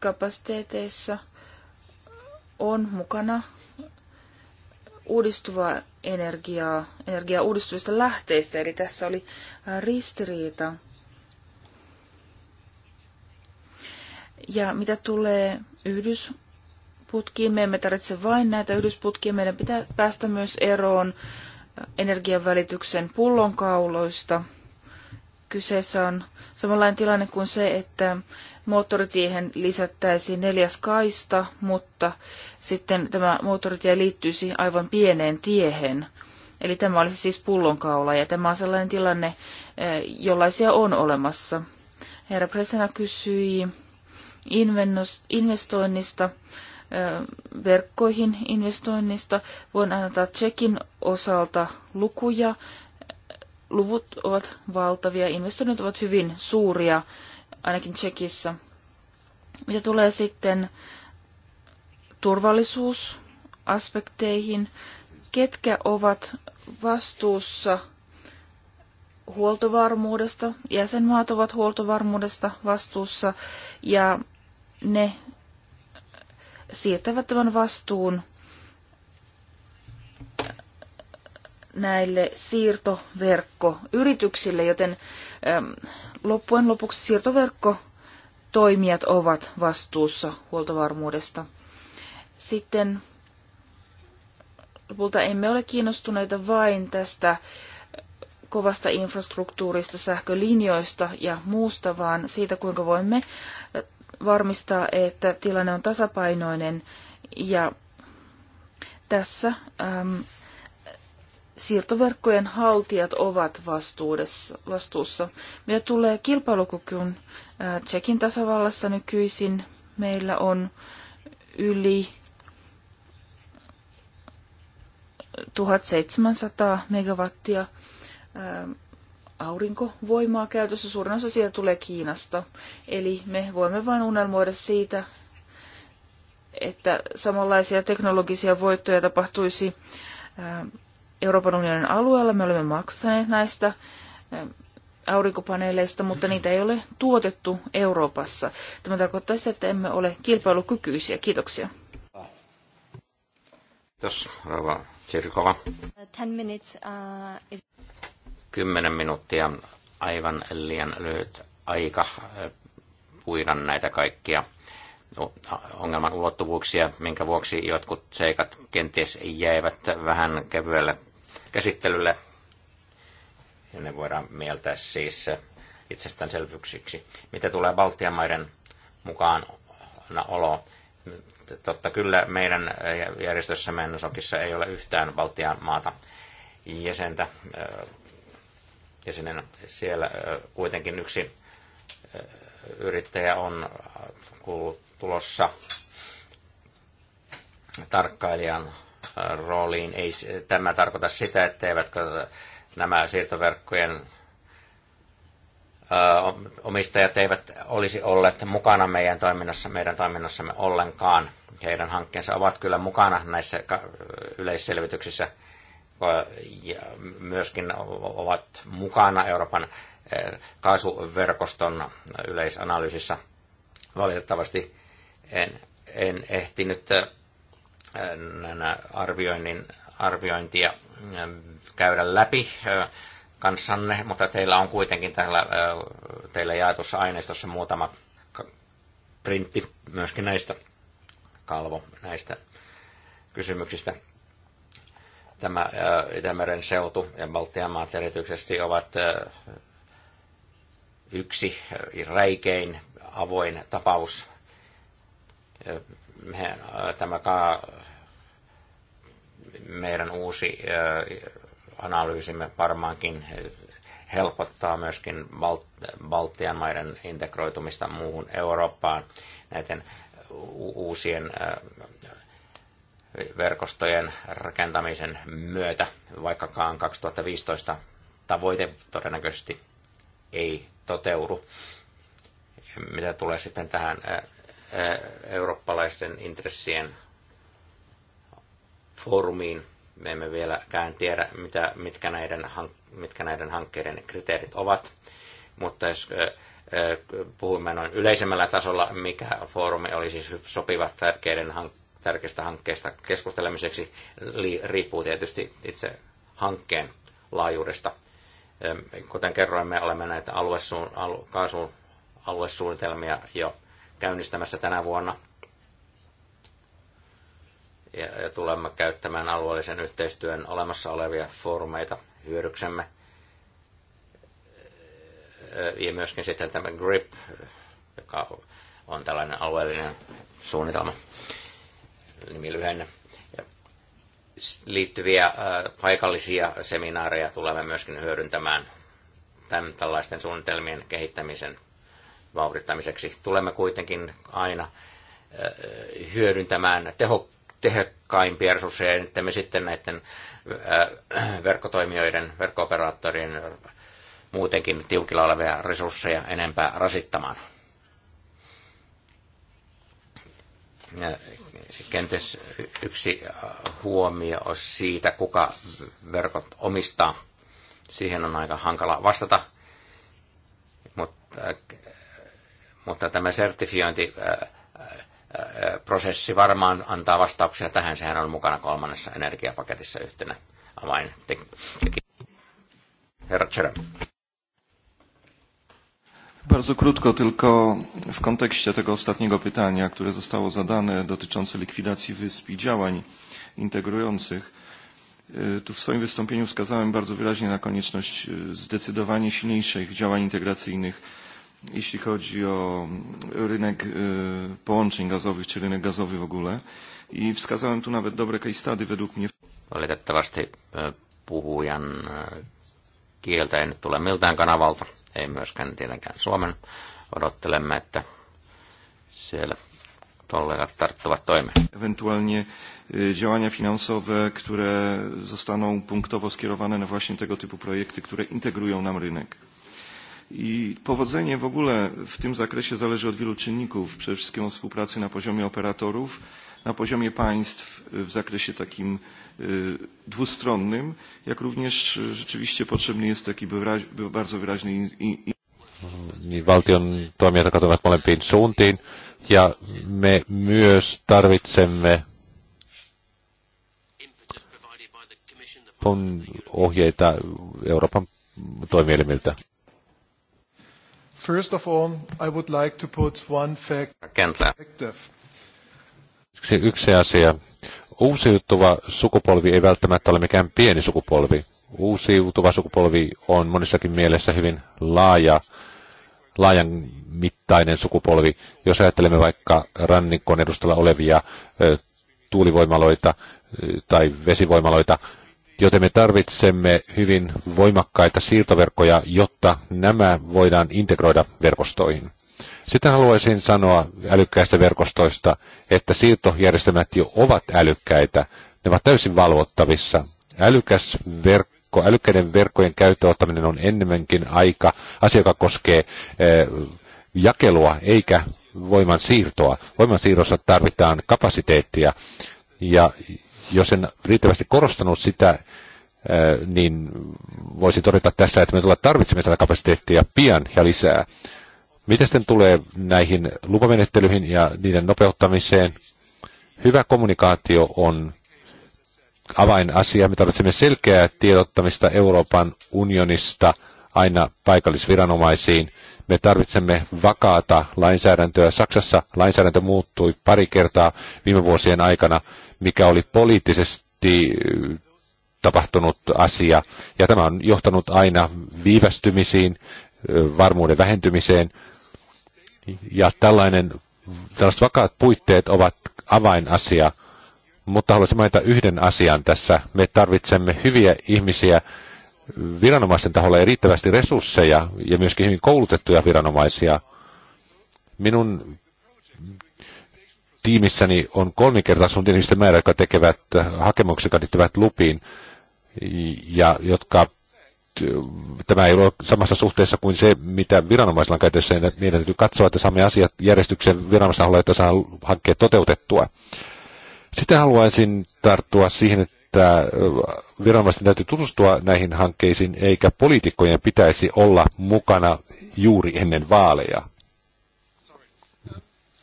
kapasiteeteissa on mukana uudistuvaa energiaa, energiaa uudistuvista lähteistä, eli tässä oli ristiriita. Ja mitä tulee Yhdys putkiin. Me emme tarvitse vain näitä yhdysputkia. Meidän pitää päästä myös eroon energiavälityksen pullonkauloista. Kyseessä on samanlainen tilanne kuin se, että moottoritiehen lisättäisiin neljäs kaista, mutta sitten tämä moottoritie liittyisi aivan pieneen tiehen. Eli tämä olisi siis pullonkaula ja tämä on sellainen tilanne, eh, jollaisia on olemassa. Herra Presena kysyi investoinnista verkkoihin investoinnista. Voin antaa Tsekin osalta lukuja. Luvut ovat valtavia, investoinnit ovat hyvin suuria, ainakin Tsekissä. Mitä tulee sitten turvallisuusaspekteihin, ketkä ovat vastuussa huoltovarmuudesta, jäsenmaat ovat huoltovarmuudesta vastuussa ja ne siirtävät tämän vastuun näille siirtoverkkoyrityksille, joten loppujen lopuksi siirtoverkkotoimijat ovat vastuussa huoltovarmuudesta. Sitten lopulta emme ole kiinnostuneita vain tästä kovasta infrastruktuurista, sähkölinjoista ja muusta, vaan siitä, kuinka voimme varmistaa, että tilanne on tasapainoinen ja tässä äm, siirtoverkkojen haltijat ovat vastuussa. Meillä tulee kilpailukykyyn ää, äh, Tsekin tasavallassa nykyisin, meillä on yli 1700 megawattia ää, ähm, aurinkovoimaa käytössä. Suurin osa siitä tulee Kiinasta. Eli me voimme vain unelmoida siitä, että samanlaisia teknologisia voittoja tapahtuisi äh, Euroopan unionin alueella. Me olemme maksaneet näistä äh, aurinkopaneeleista, mutta niitä ei ole tuotettu Euroopassa. Tämä tarkoittaa sitä, että emme ole kilpailukykyisiä. Kiitoksia. Kiitos, rava, Tsirkova. Uh, ten minutes, uh, is... Kymmenen minuuttia aivan liian lyhyt aika puida näitä kaikkia ongelman ulottuvuuksia, minkä vuoksi jotkut seikat kenties jäivät vähän kevyelle käsittelylle. Ja ne voidaan mieltää siis itsestäänselvyyksiksi. Mitä tulee Baltian maiden mukaan olo, totta kyllä meidän järjestössämme Nosokissa ei ole yhtään Baltian maata jäsentä sinne, Siellä kuitenkin yksi yrittäjä on kuullut tulossa tarkkailijan rooliin. Ei tämä tarkoita sitä, etteivätkö nämä siirtoverkkojen omistajat eivät olisi olleet mukana meidän, toiminnassa, meidän toiminnassamme ollenkaan. Heidän hankkeensa ovat kyllä mukana näissä yleisselvityksissä – ja myöskin ovat mukana Euroopan kaasuverkoston yleisanalyysissä. Valitettavasti en, en ehtinyt arvioinnin, arviointia käydä läpi kanssanne, mutta teillä on kuitenkin täällä, teillä jaetussa aineistossa muutama printti myöskin näistä kalvo näistä kysymyksistä tämä äh, Itämeren seutu ja Baltian maat erityisesti ovat äh, yksi äh, räikein avoin tapaus. tämä ka, meidän uusi analyysimme varmaankin helpottaa myöskin Baltian maiden integroitumista muuhun Eurooppaan näiden uusien verkostojen rakentamisen myötä, vaikkakaan 2015 tavoite todennäköisesti ei toteudu. Mitä tulee sitten tähän eurooppalaisten intressien foorumiin, me emme vieläkään tiedä, mitä, mitkä, näiden, mitkä näiden hankkeiden kriteerit ovat, mutta jos puhumme noin yleisemmällä tasolla, mikä foorumi olisi sopiva tärkeiden hankkeiden tärkeistä hankkeista keskustelemiseksi riippuu tietysti itse hankkeen laajuudesta. Kuten kerroin, me olemme näitä aluesuun, alu, kaasun aluesuunnitelmia jo käynnistämässä tänä vuonna. Ja, ja tulemme käyttämään alueellisen yhteistyön olemassa olevia foorumeita hyödyksemme. Ja myöskin sitten tämä GRIP, joka on tällainen alueellinen suunnitelma nimilyhenne, liittyviä äh, paikallisia seminaareja tulemme myöskin hyödyntämään tämän, tällaisten suunnitelmien kehittämisen vauhdittamiseksi. Tulemme kuitenkin aina äh, hyödyntämään teho, tehokkaimpia resursseja, että me sitten näiden äh, verkkotoimijoiden, verkkooperaattorien muutenkin tiukilla olevia resursseja enempää rasittamaan. kenties yksi huomio on siitä, kuka verkot omistaa. Siihen on aika hankala vastata, mutta, mutta tämä sertifiointiprosessi varmaan antaa vastauksia tähän. Sehän on mukana kolmannessa energiapaketissa yhtenä avain. Herra Tjörä. Bardzo krótko, tylko w kontekście tego ostatniego pytania, które zostało zadane dotyczące likwidacji wysp i działań integrujących. Tu w swoim wystąpieniu wskazałem bardzo wyraźnie na konieczność zdecydowanie silniejszych działań integracyjnych, jeśli chodzi o rynek połączeń gazowych czy rynek gazowy w ogóle. I wskazałem tu nawet dobre case study według mnie. Valitettavasti puhujan kieltä en tule miltään kanavalta ei myöskään tietenkään Suomen. Odottelemme, että siellä kollegat tarttuvat toimeen. Ewentualnie działania finansowe, które zostaną punktowo skierowane na właśnie tego typu projekty, które integrują nam rynek. I powodzenie w ogóle w tym zakresie zależy od wielu czynników, przede wszystkim od współpracy na poziomie operatorów, na poziomie państw w zakresie takim dwustronnym, jak również rzeczywiście potrzebny jest taki bardzo wyraźny... Niin valtion toimijat katovat molempiin suuntiin ja me myös tarvitsemme on ohjeita Euroopan toimielimiltä. First of all, I would like to put one fact perspective yksi asia. Uusiutuva sukupolvi ei välttämättä ole mikään pieni sukupolvi. Uusiutuva sukupolvi on monissakin mielessä hyvin laaja, laajan mittainen sukupolvi. Jos ajattelemme vaikka rannikon edustalla olevia ö, tuulivoimaloita ö, tai vesivoimaloita, joten me tarvitsemme hyvin voimakkaita siirtoverkkoja, jotta nämä voidaan integroida verkostoihin. Sitten haluaisin sanoa älykkäistä verkostoista, että siirtojärjestelmät jo ovat älykkäitä. Ne ovat täysin valvottavissa. Älykäs verkko älykkäiden verkkojen käyttöottaminen on enemmänkin aika, asia, joka koskee eh, jakelua eikä voiman siirtoa. Voiman siirrossa tarvitaan kapasiteettia ja jos en riittävästi korostanut sitä, eh, niin voisin todeta tässä, että me tarvitsemme tätä kapasiteettia pian ja lisää. Mitä sitten tulee näihin lupamenettelyihin ja niiden nopeuttamiseen? Hyvä kommunikaatio on avainasia. Me tarvitsemme selkeää tiedottamista Euroopan unionista aina paikallisviranomaisiin. Me tarvitsemme vakaata lainsäädäntöä. Saksassa lainsäädäntö muuttui pari kertaa viime vuosien aikana, mikä oli poliittisesti äh, tapahtunut asia. Ja tämä on johtanut aina viivästymisiin, äh, varmuuden vähentymiseen – ja tällainen, tällaiset vakaat puitteet ovat avainasia. Mutta haluaisin mainita yhden asian tässä. Me tarvitsemme hyviä ihmisiä. Viranomaisten taholla ja riittävästi resursseja ja myöskin hyvin koulutettuja viranomaisia. Minun tiimissäni on kolminkertaisuuden ihmisten määrä, jotka tekevät hakemuksia, jotka liittyvät lupiin ja jotka tämä ei ole samassa suhteessa kuin se, mitä viranomaisilla on käytössä. Meidän täytyy katsoa, että saamme asiat järjestyksen viranomaisilla, että saa hankkeet toteutettua. Sitten haluaisin tarttua siihen, että viranomaisten täytyy tutustua näihin hankkeisiin, eikä poliitikkojen pitäisi olla mukana juuri ennen vaaleja.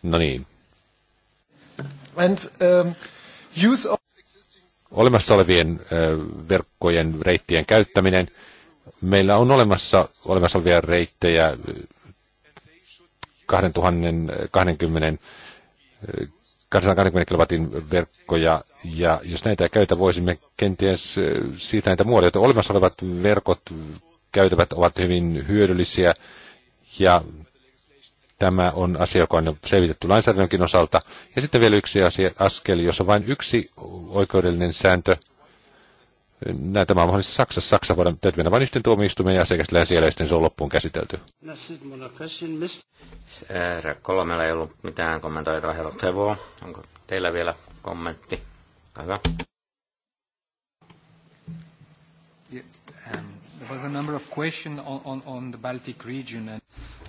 No niin. Um, olemassa olevien verkkojen reittien käyttäminen, Meillä on olemassa, olemassa olevia reittejä 2020 äh, kilowatin verkkoja, ja jos näitä ei käytä, voisimme kenties äh, siitä näitä muodot. Olemassa olevat verkot, käytävät ovat hyvin hyödyllisiä, ja tämä on asia, joka on selvitetty lainsäädännönkin osalta. Ja sitten vielä yksi asia, askel, jossa vain yksi oikeudellinen sääntö näin tämä on mahdollisesti Saksassa. Saksa voidaan täytyy mennä vain yhteen tuomioistuimeen ja asia käsitellään siellä ja sitten se on loppuun käsitelty. Herra Kolmella ei ollut mitään kommentoitavaa. Herra Tevo, onko teillä vielä kommentti? Olkaa hyvä.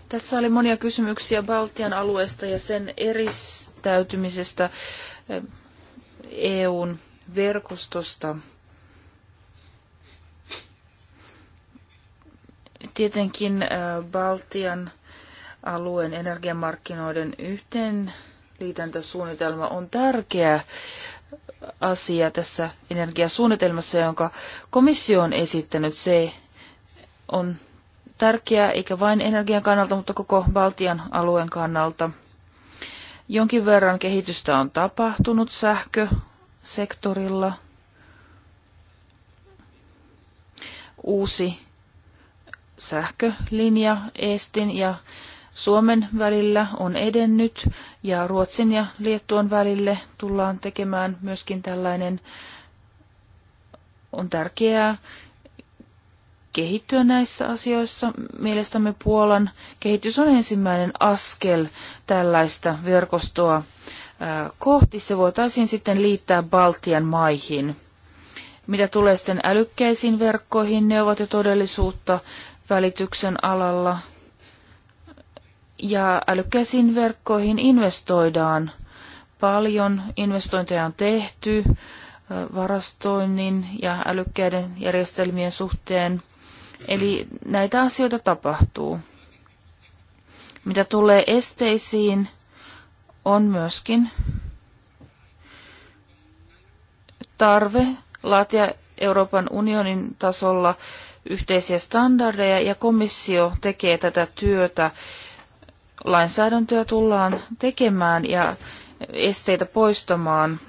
Tässä oli monia kysymyksiä Baltian alueesta ja sen eristäytymisestä eh, EUn verkostosta. Tietenkin äh, Baltian alueen energiamarkkinoiden yhteenliitäntäsuunnitelma on tärkeä asia tässä energiasuunnitelmassa, jonka komissio on esittänyt. Se on tärkeää, eikä vain energian kannalta, mutta koko Baltian alueen kannalta. Jonkin verran kehitystä on tapahtunut sähkösektorilla. Uusi sähkölinja Eestin ja Suomen välillä on edennyt ja Ruotsin ja Liettuan välille tullaan tekemään myöskin tällainen on tärkeää kehittyä näissä asioissa. Mielestämme Puolan kehitys on ensimmäinen askel tällaista verkostoa kohti. Se voitaisiin sitten liittää Baltian maihin. Mitä tulee sitten älykkäisiin verkkoihin, ne ovat jo todellisuutta välityksen alalla ja älykkäisiin verkkoihin investoidaan paljon. Investointeja on tehty varastoinnin ja älykkäiden järjestelmien suhteen. Eli näitä asioita tapahtuu. Mitä tulee esteisiin, on myöskin tarve laatia Euroopan unionin tasolla yhteisiä standardeja ja komissio tekee tätä työtä. Lainsäädäntöä tullaan tekemään ja esteitä poistamaan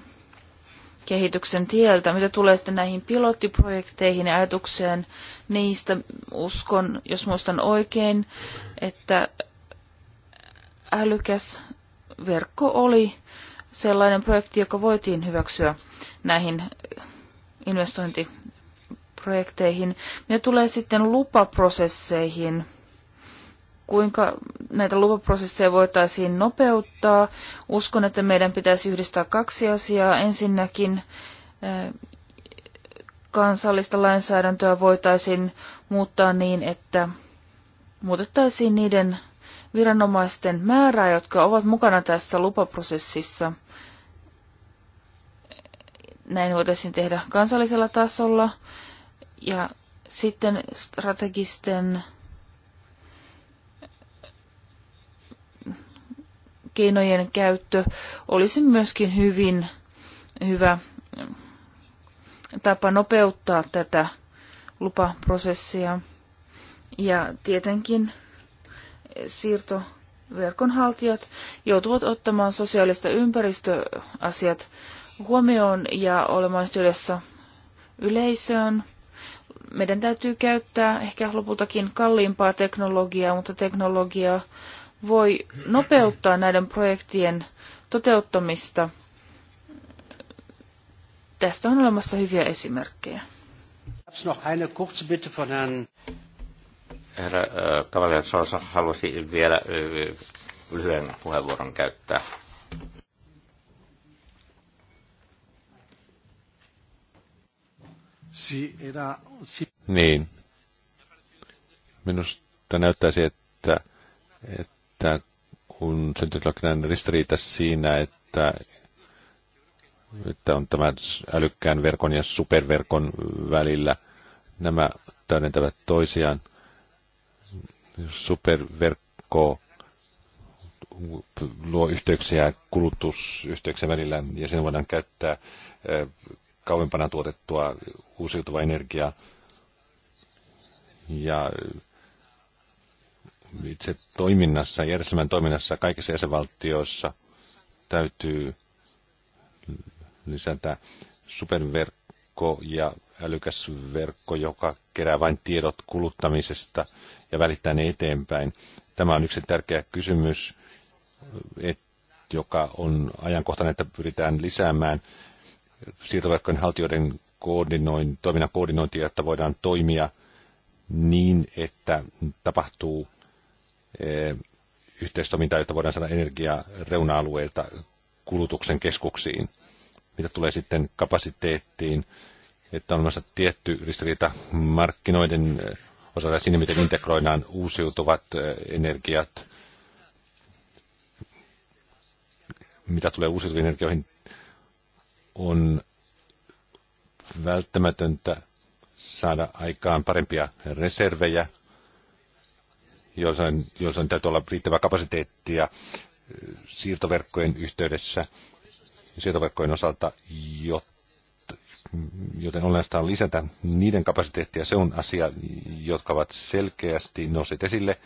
kehityksen tieltä. Mitä tulee sitten näihin pilottiprojekteihin ja ajatukseen niistä, uskon, jos muistan oikein, että älykäs verkko oli sellainen projekti, joka voitiin hyväksyä näihin investointi- projekteihin. Ne tulee sitten lupaprosesseihin. Kuinka näitä lupaprosesseja voitaisiin nopeuttaa? Uskon, että meidän pitäisi yhdistää kaksi asiaa. Ensinnäkin eh, kansallista lainsäädäntöä voitaisiin muuttaa niin, että muutettaisiin niiden viranomaisten määrää, jotka ovat mukana tässä lupaprosessissa. Näin voitaisiin tehdä kansallisella tasolla ja sitten strategisten keinojen käyttö olisi myöskin hyvin hyvä tapa nopeuttaa tätä lupaprosessia. Ja tietenkin siirtoverkon haltijat joutuvat ottamaan sosiaalista ympäristöasiat huomioon ja olemaan yhteydessä yleisöön meidän täytyy käyttää ehkä lopultakin kalliimpaa teknologiaa, mutta teknologia voi nopeuttaa näiden projektien toteuttamista. Tästä on olemassa hyviä esimerkkejä. Herra äh, Kavalian halusi vielä äh, lyhyen puheenvuoron käyttää. Si era, si... Niin. Minusta näyttäisi, että, että kun syntyykään ristiriita siinä, että, että on tämä älykkään verkon ja superverkon välillä, nämä täydentävät toisiaan. Superverkko luo yhteyksiä kulutusyhteyksien välillä ja sen voidaan käyttää kauempana tuotettua uusiutuvaa energiaa. Ja itse toiminnassa, järjestelmän toiminnassa kaikissa jäsenvaltioissa täytyy lisätä superverkko ja älykäs verkko, joka kerää vain tiedot kuluttamisesta ja välittää ne eteenpäin. Tämä on yksi tärkeä kysymys, et, joka on ajankohtainen, että pyritään lisäämään siirtoverkkojen haltijoiden koordinoin, toiminnan koordinointia, että voidaan toimia niin, että tapahtuu e, yhteistoimintaa, jotta voidaan saada energiaa reuna-alueilta kulutuksen keskuksiin. Mitä tulee sitten kapasiteettiin, että on olemassa tietty ristiriita markkinoiden e, osalta siinä, miten integroidaan uusiutuvat e, energiat, mitä tulee uusiutuviin energioihin, on välttämätöntä saada aikaan parempia reservejä, on on täytyy olla riittävä kapasiteettia siirtoverkkojen yhteydessä siirtoverkkojen osalta, joten olennaista on lisätä niiden kapasiteettia. Se on asia, jotka ovat selkeästi nousseet esille.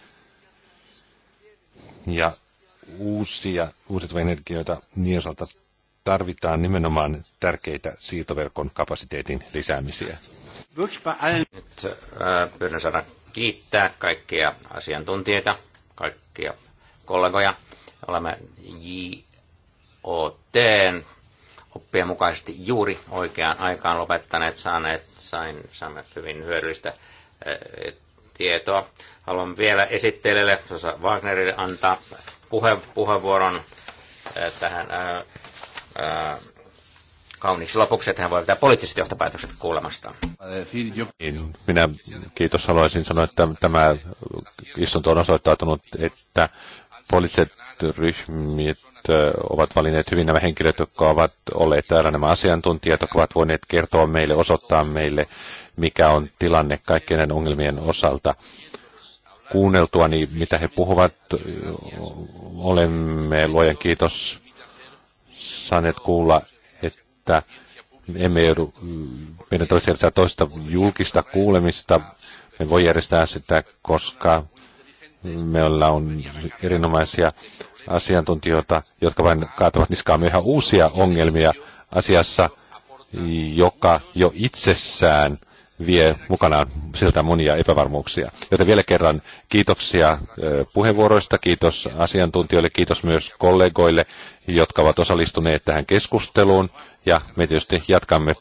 Ja uusia, uusiutuvia energioita, niin osalta tarvitaan nimenomaan tärkeitä siirtoverkon kapasiteetin lisäämisiä. Nyt äh, pyydän saada kiittää kaikkia asiantuntijoita, kaikkia kollegoja. Olemme JOT oppien mukaisesti juuri oikeaan aikaan lopettaneet, saaneet, sain, saamme hyvin hyödyllistä äh, tietoa. Haluan vielä esittelijälle, Sosa Wagnerille, antaa puhe, puheenvuoron äh, tähän kauniiksi lopuksi, että hän voi vetää poliittiset johtopäätökset kuulemastaan. Niin, minä kiitos haluaisin sanoa, että tämä istunto on osoittautunut, että poliittiset ryhmät ovat valinneet hyvin nämä henkilöt, jotka ovat olleet täällä nämä asiantuntijat, jotka ovat voineet kertoa meille, osoittaa meille, mikä on tilanne kaikkien ongelmien osalta. Kuunneltua, niin mitä he puhuvat, olemme luojan kiitos saaneet kuulla, että emme joudu, meidän tulisi järjestää toista julkista kuulemista. Me voi järjestää sitä, koska meillä on erinomaisia asiantuntijoita, jotka vain kaatavat niskaan ihan uusia ongelmia asiassa, joka jo itsessään vie mukanaan siltä monia epävarmuuksia. Joten vielä kerran kiitoksia puheenvuoroista, kiitos asiantuntijoille, kiitos myös kollegoille, jotka ovat osallistuneet tähän keskusteluun. Ja me tietysti jatkamme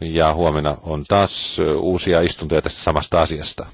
ja huomenna on taas uusia istuntoja tässä samasta asiasta.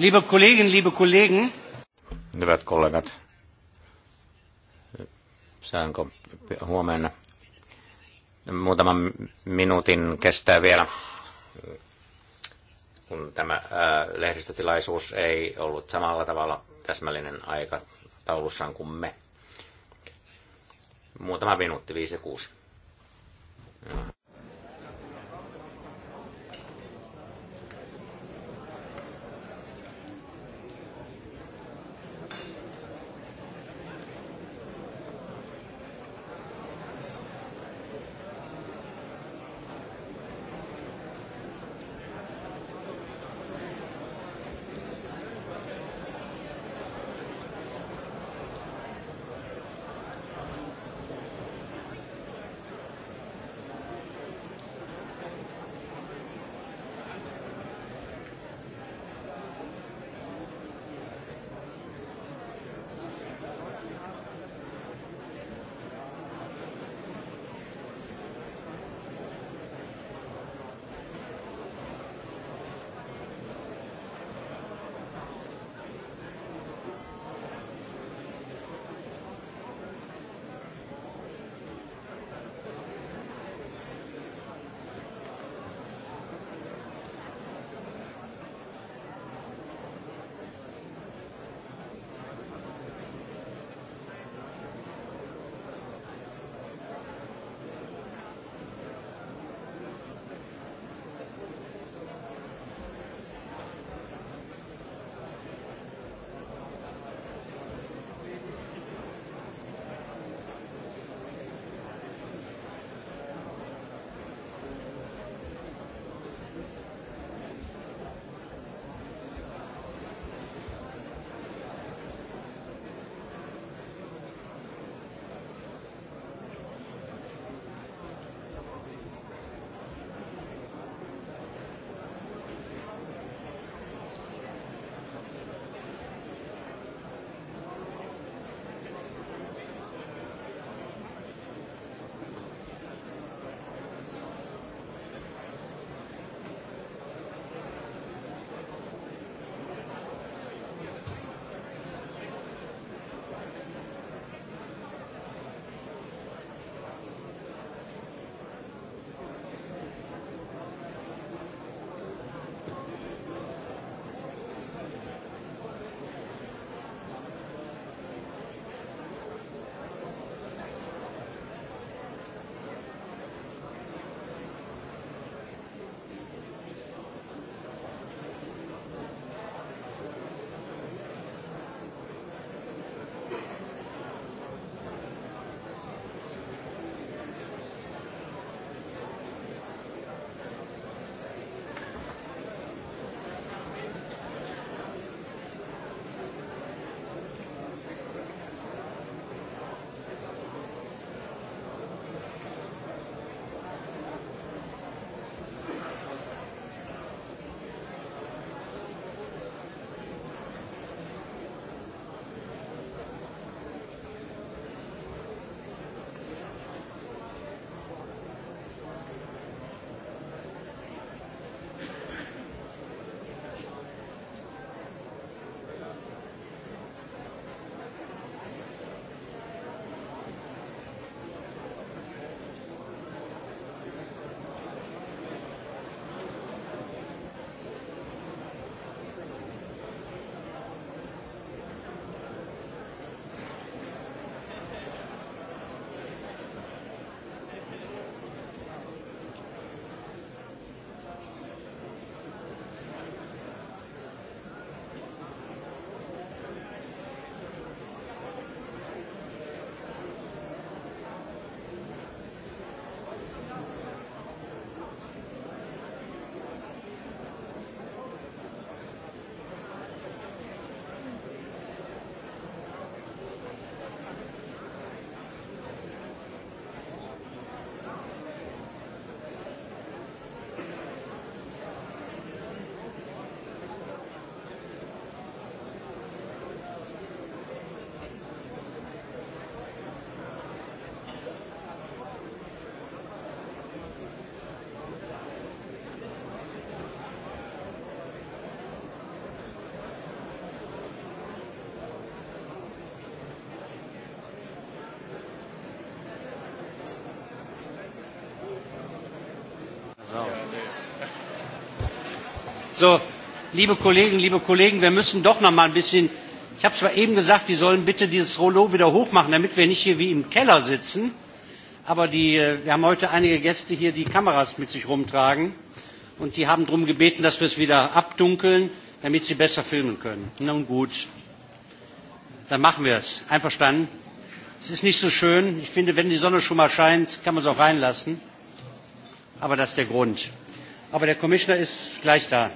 Liebe Kollegen, liebe Kollegen. Hyvät kollegat, saanko huomenna muutaman minuutin kestää vielä, kun tämä lehdistötilaisuus ei ollut samalla tavalla täsmällinen aika taulussaan kuin me. Muutama minuutti, viisi kuusi. So, liebe Kolleginnen, liebe Kollegen, wir müssen doch noch mal ein bisschen. Ich habe zwar eben gesagt, die sollen bitte dieses Rollo wieder hochmachen, damit wir nicht hier wie im Keller sitzen. Aber die, äh, wir haben heute einige Gäste hier, die Kameras mit sich rumtragen. Und die haben darum gebeten, dass wir es wieder abdunkeln, damit sie besser filmen können. Nun gut, dann machen wir es. Einverstanden? Es ist nicht so schön. Ich finde, wenn die Sonne schon mal scheint, kann man es auch reinlassen. Aber das ist der Grund. Aber der Commissioner ist gleich da.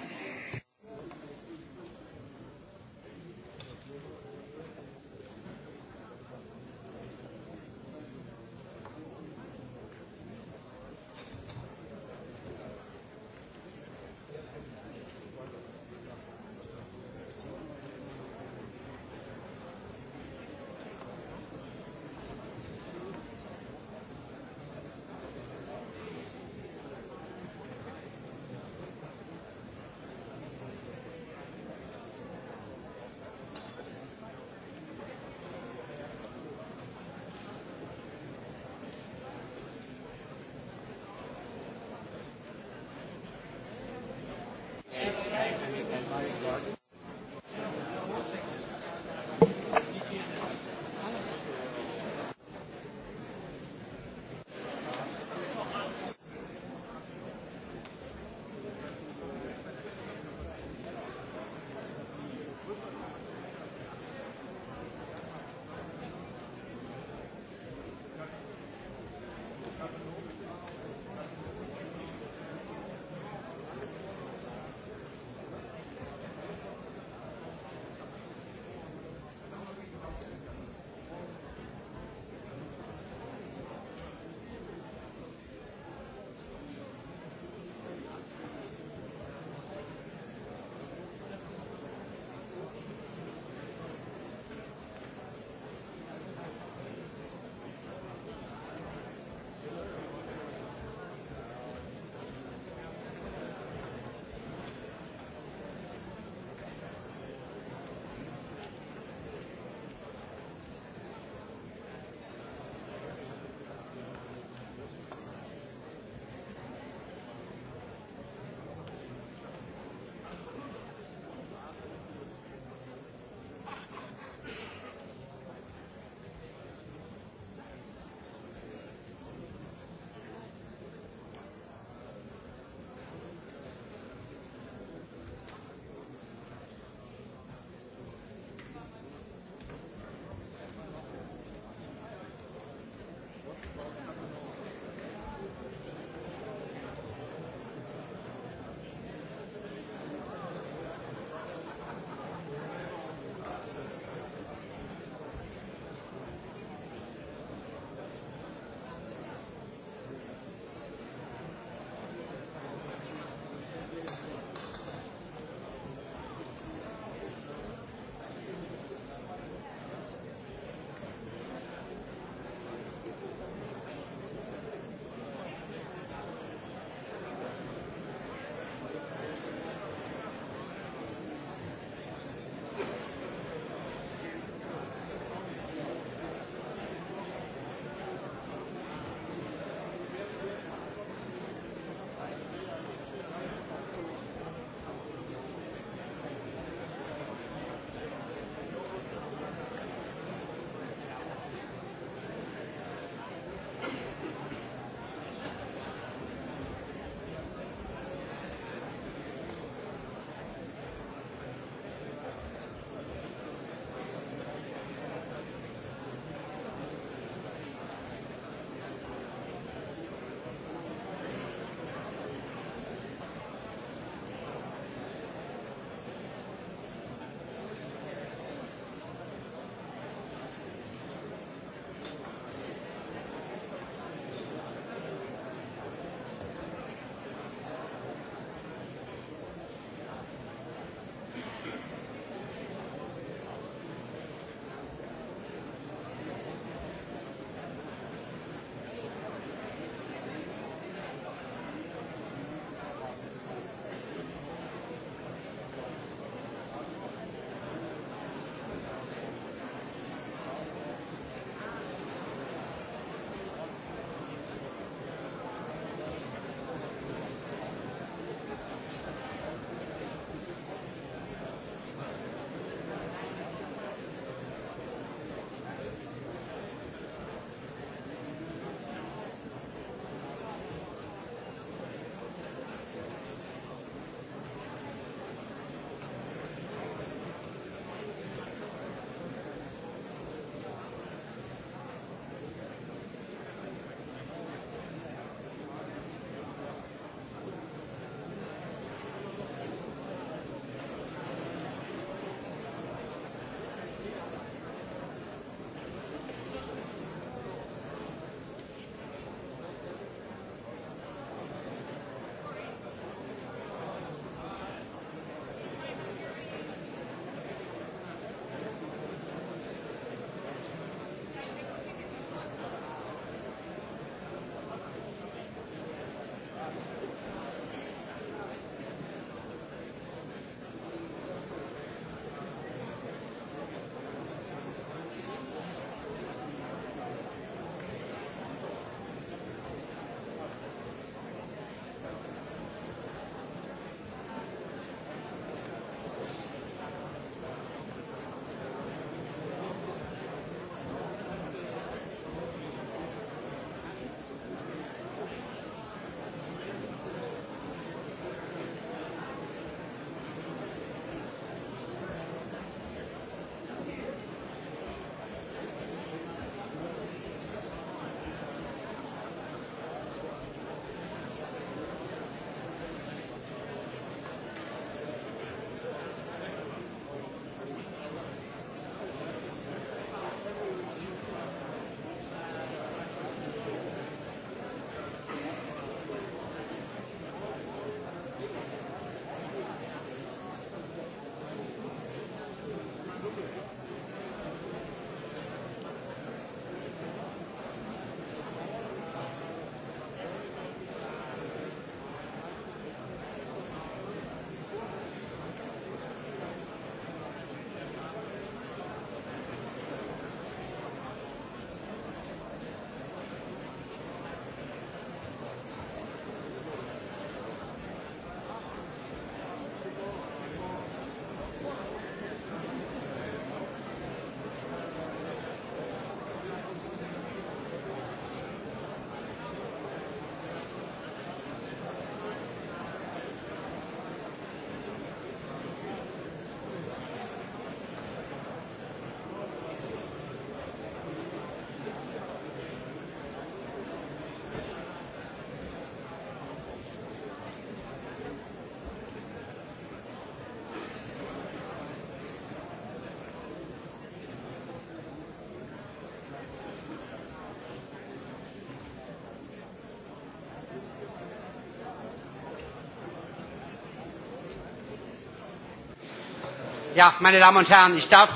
Ja, meine Damen und Herren, ich darf...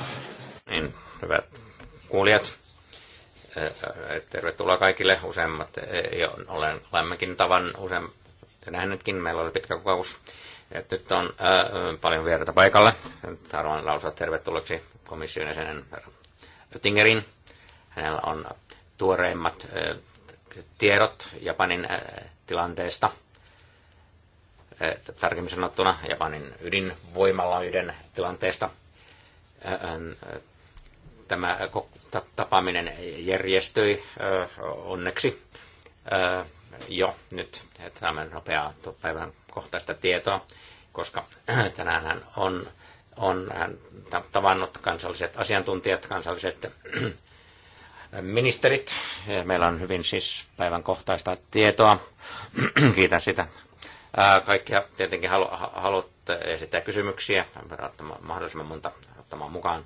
Niin, hyvät kuulijat, eh, eh, tervetuloa kaikille useimmat. Eh, olen, olemmekin tavan usein nähnytkin, meillä oli pitkä kokous. nyt on paljon vieraita paikalle. Haluan lausua tervetulleeksi komission jäsenen Oettingerin. Hänellä on tuoreimmat ää, tiedot Japanin tilanteesta – Eh, tarkemmin sanottuna Japanin ydinvoimaloiden tilanteesta. Eh, eh, tämä tapaaminen järjestyi onneksi jo nyt saamme nopeaa päivän kohtaista tietoa, koska [clears throat] tänään hän on, on hän tavannut kansalliset asiantuntijat, kansalliset [clears throat] ministerit. Meillä on hyvin siis päivän kohtaista tietoa. [clears throat] Kiitän sitä kaikkia tietenkin halu, haluatte esittää kysymyksiä, mahdollisimman monta ottamaan mukaan.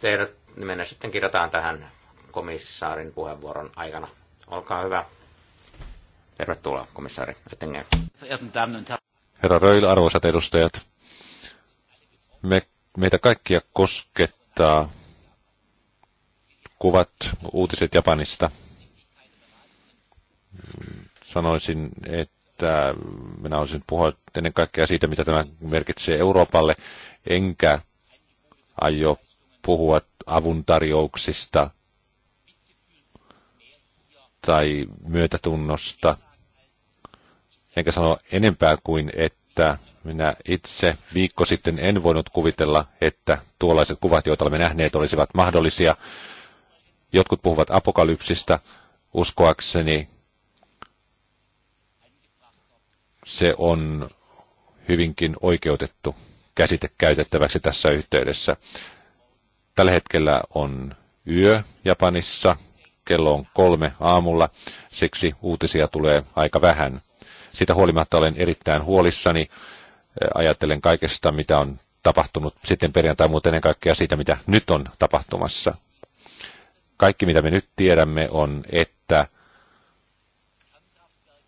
Teidät niin mennään sitten kirjataan tähän komissaarin puheenvuoron aikana. Olkaa hyvä. Tervetuloa, komissaari Rettinger. Herra Röil, arvoisat edustajat. Me, meitä kaikkia koskettaa kuvat, uutiset Japanista. Sanoisin, että että minä olisin puhua ennen kaikkea siitä, mitä tämä merkitsee Euroopalle, enkä aio puhua avun tarjouksista tai myötätunnosta. Enkä sano enempää kuin, että minä itse viikko sitten en voinut kuvitella, että tuollaiset kuvat, joita olemme nähneet, olisivat mahdollisia. Jotkut puhuvat apokalypsista. Uskoakseni se on hyvinkin oikeutettu käsite käytettäväksi tässä yhteydessä. Tällä hetkellä on yö Japanissa, kello on kolme aamulla, siksi uutisia tulee aika vähän. Sitä huolimatta olen erittäin huolissani, eh, ajattelen kaikesta, mitä on tapahtunut sitten perjantai, muuten ennen kaikkea siitä, mitä nyt on tapahtumassa. Kaikki, mitä me nyt tiedämme, on, että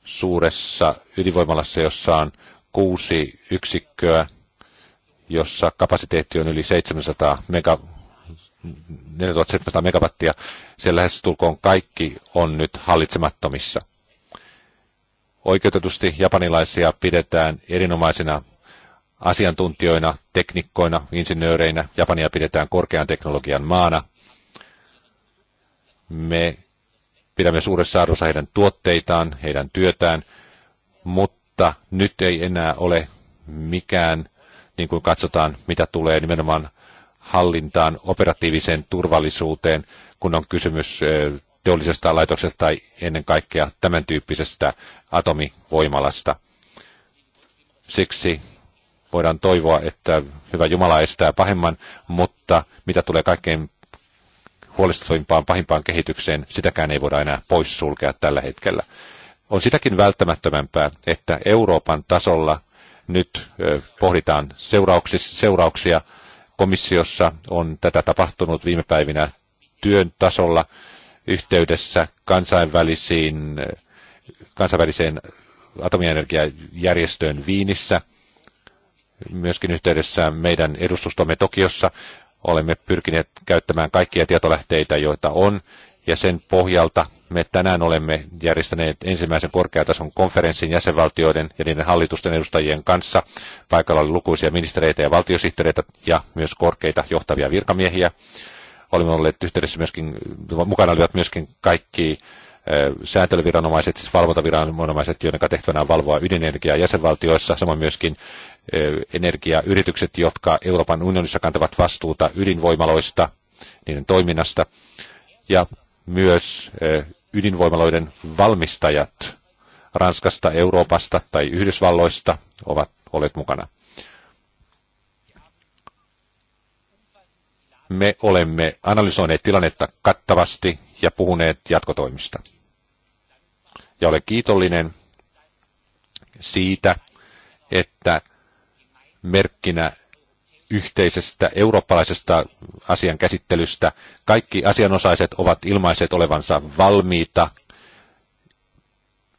suuressa ydinvoimalassa, jossa on kuusi yksikköä, jossa kapasiteetti on yli 700 mega, 4700 megawattia. lähes tulkoon kaikki on nyt hallitsemattomissa. Oikeutetusti japanilaisia pidetään erinomaisina asiantuntijoina, teknikkoina, insinööreinä. Japania pidetään korkean teknologian maana. Me pidämme suuressa arvossa heidän tuotteitaan, heidän työtään, mutta nyt ei enää ole mikään, niin kuin katsotaan, mitä tulee nimenomaan hallintaan, operatiiviseen turvallisuuteen, kun on kysymys teollisesta laitoksesta tai ennen kaikkea tämän tyyppisestä atomivoimalasta. Siksi voidaan toivoa, että hyvä Jumala estää pahemman, mutta mitä tulee kaikkein huolestuttavimpaan pahimpaan kehitykseen, sitäkään ei voida enää poissulkea tällä hetkellä. On sitäkin välttämättömämpää, että Euroopan tasolla nyt pohditaan seurauksia. Komissiossa on tätä tapahtunut viime päivinä työn tasolla yhteydessä kansainvälisiin, kansainväliseen atomienergiajärjestöön Viinissä, myöskin yhteydessä meidän edustustomme Tokiossa. Olemme pyrkineet käyttämään kaikkia tietolähteitä, joita on, ja sen pohjalta me tänään olemme järjestäneet ensimmäisen korkeatason konferenssin jäsenvaltioiden ja niiden hallitusten edustajien kanssa. Paikalla oli lukuisia ministereitä ja valtiosihteereitä ja myös korkeita johtavia virkamiehiä. Olimme olleet yhteydessä myöskin, mukana olivat myöskin kaikki säätelyviranomaiset, siis valvontaviranomaiset, joiden tehtävänä on valvoa ydinenergiaa jäsenvaltioissa, samoin myöskin energiayritykset, jotka Euroopan unionissa kantavat vastuuta ydinvoimaloista, niiden toiminnasta, ja myös ydinvoimaloiden valmistajat Ranskasta, Euroopasta tai Yhdysvalloista ovat olleet mukana. Me olemme analysoineet tilannetta kattavasti ja puhuneet jatkotoimista ja ole kiitollinen siitä, että merkkinä yhteisestä eurooppalaisesta asian käsittelystä kaikki asianosaiset ovat ilmaiset olevansa valmiita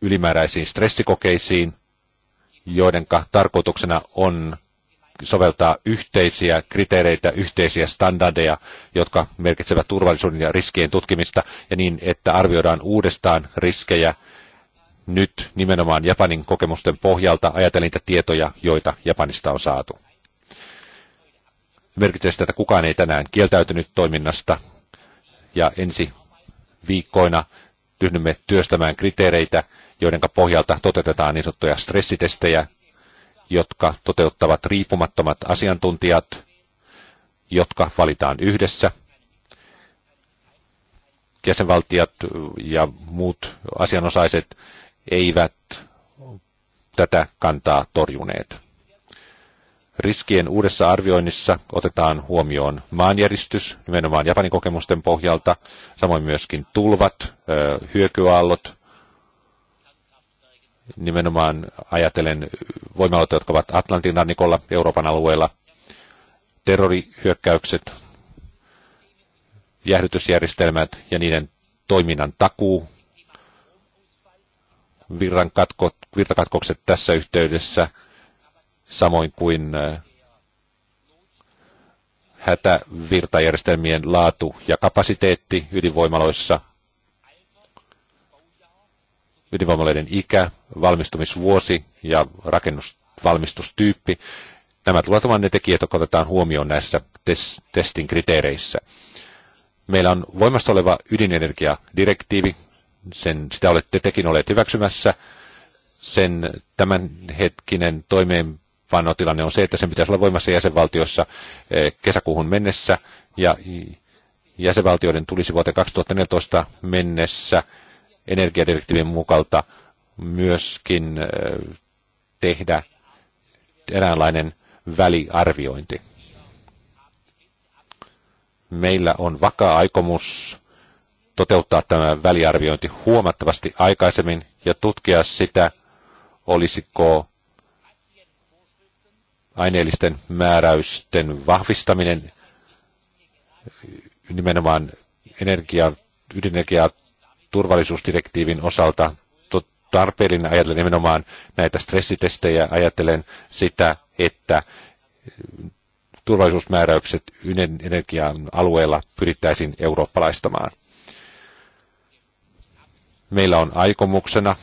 ylimääräisiin stressikokeisiin, joiden tarkoituksena on soveltaa yhteisiä kriteereitä, yhteisiä standardeja, jotka merkitsevät turvallisuuden ja riskien tutkimista, ja niin, että arvioidaan uudestaan riskejä nyt nimenomaan Japanin kokemusten pohjalta ajatellen niitä tietoja, joita Japanista on saatu. Merkitsee sitä, että kukaan ei tänään kieltäytynyt toiminnasta ja ensi viikkoina ryhdymme työstämään kriteereitä, joiden pohjalta toteutetaan niin sanottuja stressitestejä, jotka toteuttavat riippumattomat asiantuntijat, jotka valitaan yhdessä. Jäsenvaltiot ja muut asianosaiset eivät tätä kantaa torjuneet. Riskien uudessa arvioinnissa otetaan huomioon maanjäristys, nimenomaan Japanin kokemusten pohjalta, samoin myöskin tulvat, hyökyaallot, nimenomaan ajatellen voimaloita, jotka ovat Atlantin rannikolla, Euroopan alueella, terrorihyökkäykset, jäähdytysjärjestelmät ja niiden toiminnan takuu, virran katkot, virtakatkokset tässä yhteydessä, samoin kuin äh, hätävirtajärjestelmien laatu ja kapasiteetti ydinvoimaloissa, ydinvoimaloiden ikä, valmistumisvuosi ja rakennusvalmistustyyppi. Nämä tulevat olemaan ne tekijät, jotka otetaan huomioon näissä tes- testin kriteereissä. Meillä on voimassa oleva ydinenergiadirektiivi sen, sitä olette tekin olet hyväksymässä. Sen tämänhetkinen toimeenpanotilanne on se, että sen pitäisi olla voimassa jäsenvaltiossa eh, kesäkuuhun mennessä ja jäsenvaltioiden tulisi vuoteen 2014 mennessä energiadirektiivin mukalta myöskin eh, tehdä eräänlainen väliarviointi. Meillä on vakaa aikomus toteuttaa tämä väliarviointi huomattavasti aikaisemmin ja tutkia sitä, olisiko aineellisten määräysten vahvistaminen nimenomaan energia, ydinenergia turvallisuusdirektiivin osalta tarpeellinen ajatellen nimenomaan näitä stressitestejä, ajatellen sitä, että turvallisuusmääräykset ydinenergian alueella pyrittäisiin eurooppalaistamaan. Meillä on aikomuksena,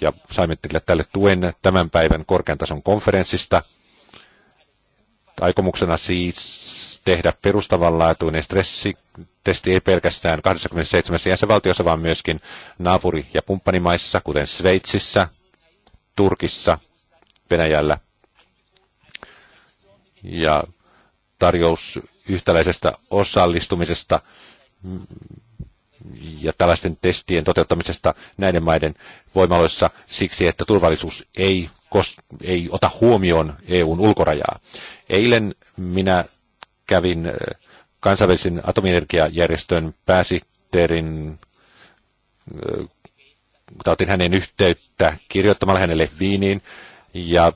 ja saimme tälle tuen tämän päivän korkean tason konferenssista, aikomuksena siis tehdä perustavanlaatuinen stressitesti ei pelkästään 27 jäsenvaltiossa, vaan myöskin naapuri- ja kumppanimaissa, kuten Sveitsissä, Turkissa, Venäjällä. Ja tarjous yhtäläisestä osallistumisesta ja tällaisten testien toteuttamisesta näiden maiden voimaloissa siksi, että turvallisuus ei, kos, ei ota huomioon EUn ulkorajaa. Eilen minä kävin äh, kansainvälisen atomienergiajärjestön pääsihteerin, äh, otin hänen yhteyttä kirjoittamalla hänelle viiniin ja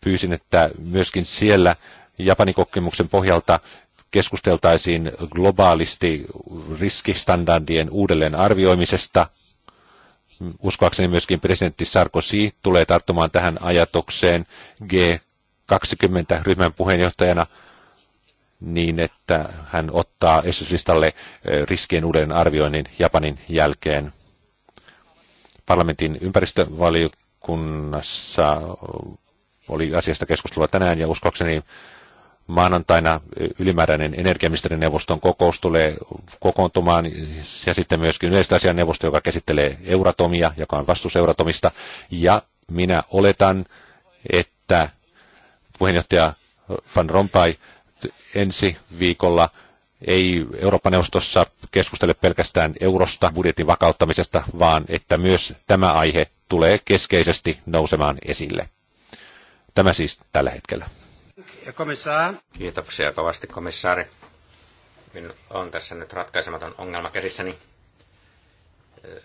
pyysin, että myöskin siellä Japanin kokemuksen pohjalta keskusteltaisiin globaalisti riskistandardien uudelleen arvioimisesta. Uskoakseni myöskin presidentti Sarkozy tulee tarttumaan tähän ajatukseen G20-ryhmän puheenjohtajana niin, että hän ottaa esityslistalle eh, riskien uuden arvioinnin Japanin jälkeen. Parlamentin ympäristövaliokunnassa oli asiasta keskustelua tänään ja uskoakseni maanantaina ylimääräinen energiaministerineuvoston kokous tulee kokoontumaan ja sitten myöskin yleisasian neuvosto, joka käsittelee Euratomia, joka on vastuus Euratomista. Ja minä oletan, että puheenjohtaja Van Rompuy ensi viikolla ei Eurooppa-neuvostossa keskustele pelkästään eurosta, budjetin vakauttamisesta, vaan että myös tämä aihe tulee keskeisesti nousemaan esille. Tämä siis tällä hetkellä komissaari. Kiitoksia kovasti, komissaari. Minulla on tässä nyt ratkaisematon ongelma käsissäni. Öö,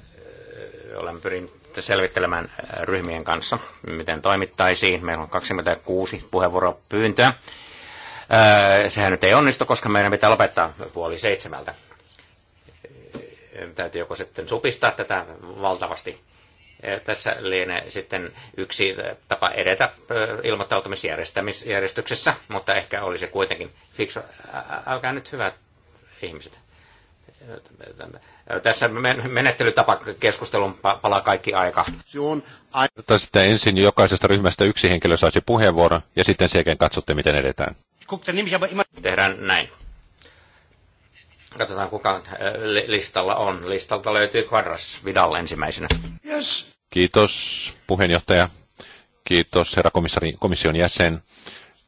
olen pyrin selvittelemään ryhmien kanssa, miten toimittaisiin. Meillä on 26 puheenvuoropyyntöä. Öö, sehän nyt ei onnistu, koska meidän pitää lopettaa puoli seitsemältä. Öö, täytyy joko sitten supistaa tätä valtavasti Eh, tässä lienee sitten yksi tapa edetä eh, ilmoittautumisjärjestyksessä, mutta ehkä olisi kuitenkin fiksu. Älkää nyt hyvät ihmiset. Eh, tässä menettelytapakeskustelun palaa kaikki aika. Mutta sitten ensin jokaisesta ryhmästä yksi henkilö saisi puheenvuoron ja sitten sen katsotte, miten edetään. Tehdään näin. Katsotaan, kuka äh, listalla on. Listalta löytyy Quadras Vidal ensimmäisenä. Yes. Kiitos puheenjohtaja. Kiitos herra komission jäsen.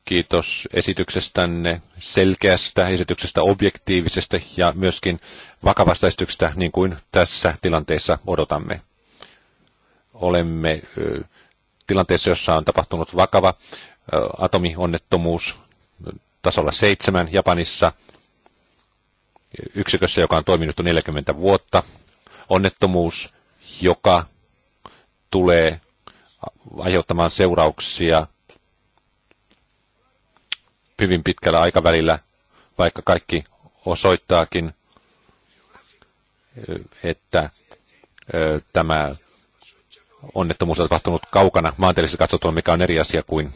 Kiitos esityksestänne, selkeästä esityksestä, objektiivisesta ja myöskin vakavasta esityksestä, niin kuin tässä tilanteessa odotamme. Olemme tilanteessa, jossa on tapahtunut vakava atomionnettomuus tasolla seitsemän Japanissa, yksikössä, joka on toiminut 40 vuotta. Onnettomuus, joka tulee aiheuttamaan seurauksia hyvin pitkällä aikavälillä, vaikka kaikki osoittaakin, että tämä onnettomuus on tapahtunut kaukana maantieteellisesti katsottuna, mikä on eri asia kuin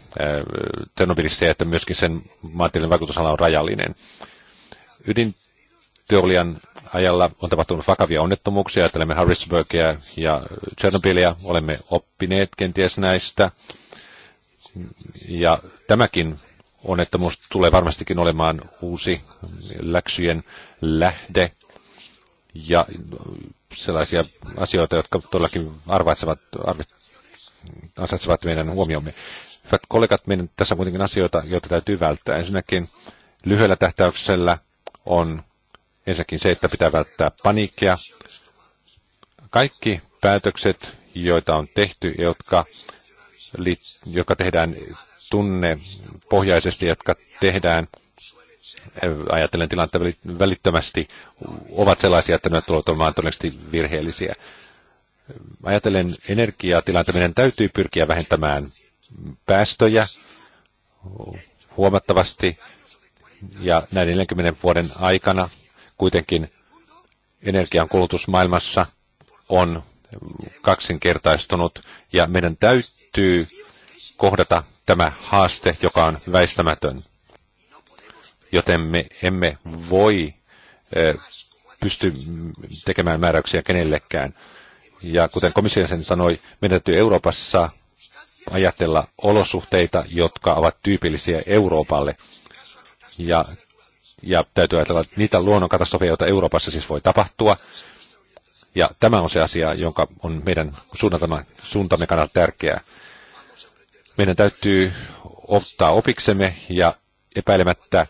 Ternobylissä, että myöskin sen maantieteellinen vaikutusala on rajallinen. Ydin työulian ajalla on tapahtunut vakavia onnettomuuksia. Ajattelemme Harrisburgia ja Chernobylia. Olemme oppineet kenties näistä. Ja tämäkin onnettomuus tulee varmastikin olemaan uusi läksyjen lähde ja sellaisia asioita, jotka todellakin arvaitsevat, arvit, ansaitsevat meidän huomiomme. Hyvät kollegat, meidän tässä on kuitenkin asioita, joita täytyy välttää. Ensinnäkin lyhyellä tähtäyksellä on Ensinnäkin se, että pitää välttää paniikkia. Kaikki päätökset, joita on tehty, jotka, jotka tehdään tunne pohjaisesti, jotka tehdään eh, ajatellen tilannetta välittömästi, ovat sellaisia, että ne tulevat olemaan todennäköisesti virheellisiä. Ajatellen energiaa meidän täytyy pyrkiä vähentämään päästöjä huomattavasti, ja näin 40 vuoden aikana Kuitenkin energian kulutus maailmassa on kaksinkertaistunut ja meidän täytyy kohdata tämä haaste, joka on väistämätön. Joten me emme voi pysty tekemään määräyksiä kenellekään. Ja kuten komission sen sanoi, meidän täytyy Euroopassa ajatella olosuhteita, jotka ovat tyypillisiä Euroopalle. Ja ja täytyy ajatella niitä luonnonkatastrofeja, joita Euroopassa siis voi tapahtua. Ja tämä on se asia, jonka on meidän suuntamme kannalta tärkeää. Meidän täytyy ottaa opiksemme ja epäilemättä,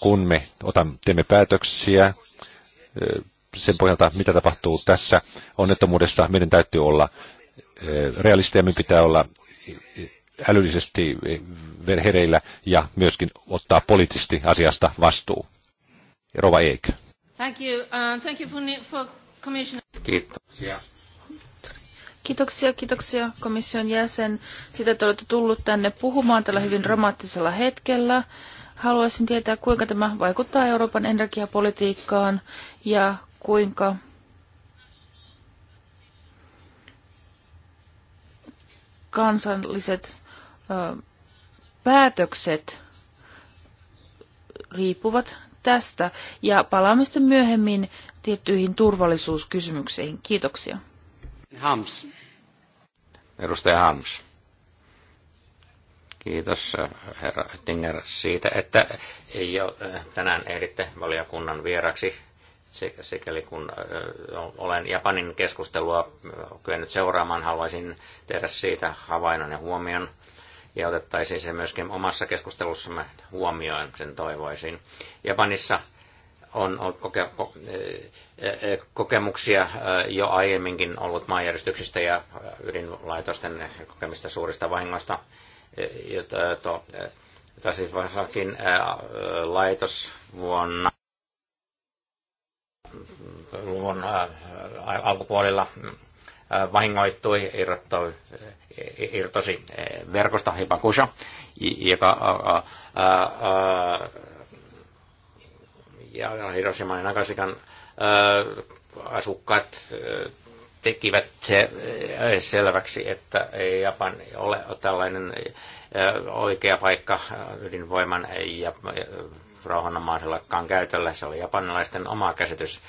kun me otamme, teemme päätöksiä sen pohjalta, mitä tapahtuu tässä onnettomuudessa, meidän täytyy olla realisteja, meidän pitää olla älyllisesti hereillä ja myöskin ottaa poliittisesti asiasta vastuu. Rova Eik. Thank you. Uh, thank you for, for commissioner. Kiitoksia. Kiitoksia, kiitoksia komission jäsen. Sitä, te olette tullut tänne puhumaan tällä hyvin dramaattisella hetkellä. Haluaisin tietää, kuinka tämä vaikuttaa Euroopan energiapolitiikkaan ja kuinka kansalliset päätökset riippuvat tästä. Ja palaamme sitten myöhemmin tiettyihin turvallisuuskysymyksiin. Kiitoksia. Hams. Edustaja Hams. Kiitos herra Oettinger siitä, että ole tänään ehditte valiokunnan vieraksi sikäli kun olen Japanin keskustelua kyennyt seuraamaan, haluaisin tehdä siitä havainnon ja huomion ja otettaisiin se myöskin omassa keskustelussamme huomioon, sen toivoisin. Japanissa on ollut koke- e, e, kokemuksia e, jo aiemminkin ollut maanjäristyksistä ja ydinlaitosten kokemista suurista vahingoista. Tasivassakin siis laitos vuonna luvun alkupuolilla vahingoittui, irrottui, irtosi e, verkosta Hibakusha, joka ja Hiroshima ja Nagasikan asukkaat tekivät se e, selväksi, että Japan ole tällainen e, oikea paikka ydinvoiman ja rauhanomaisellakaan käytöllä. Se oli japanilaisten oma käsitys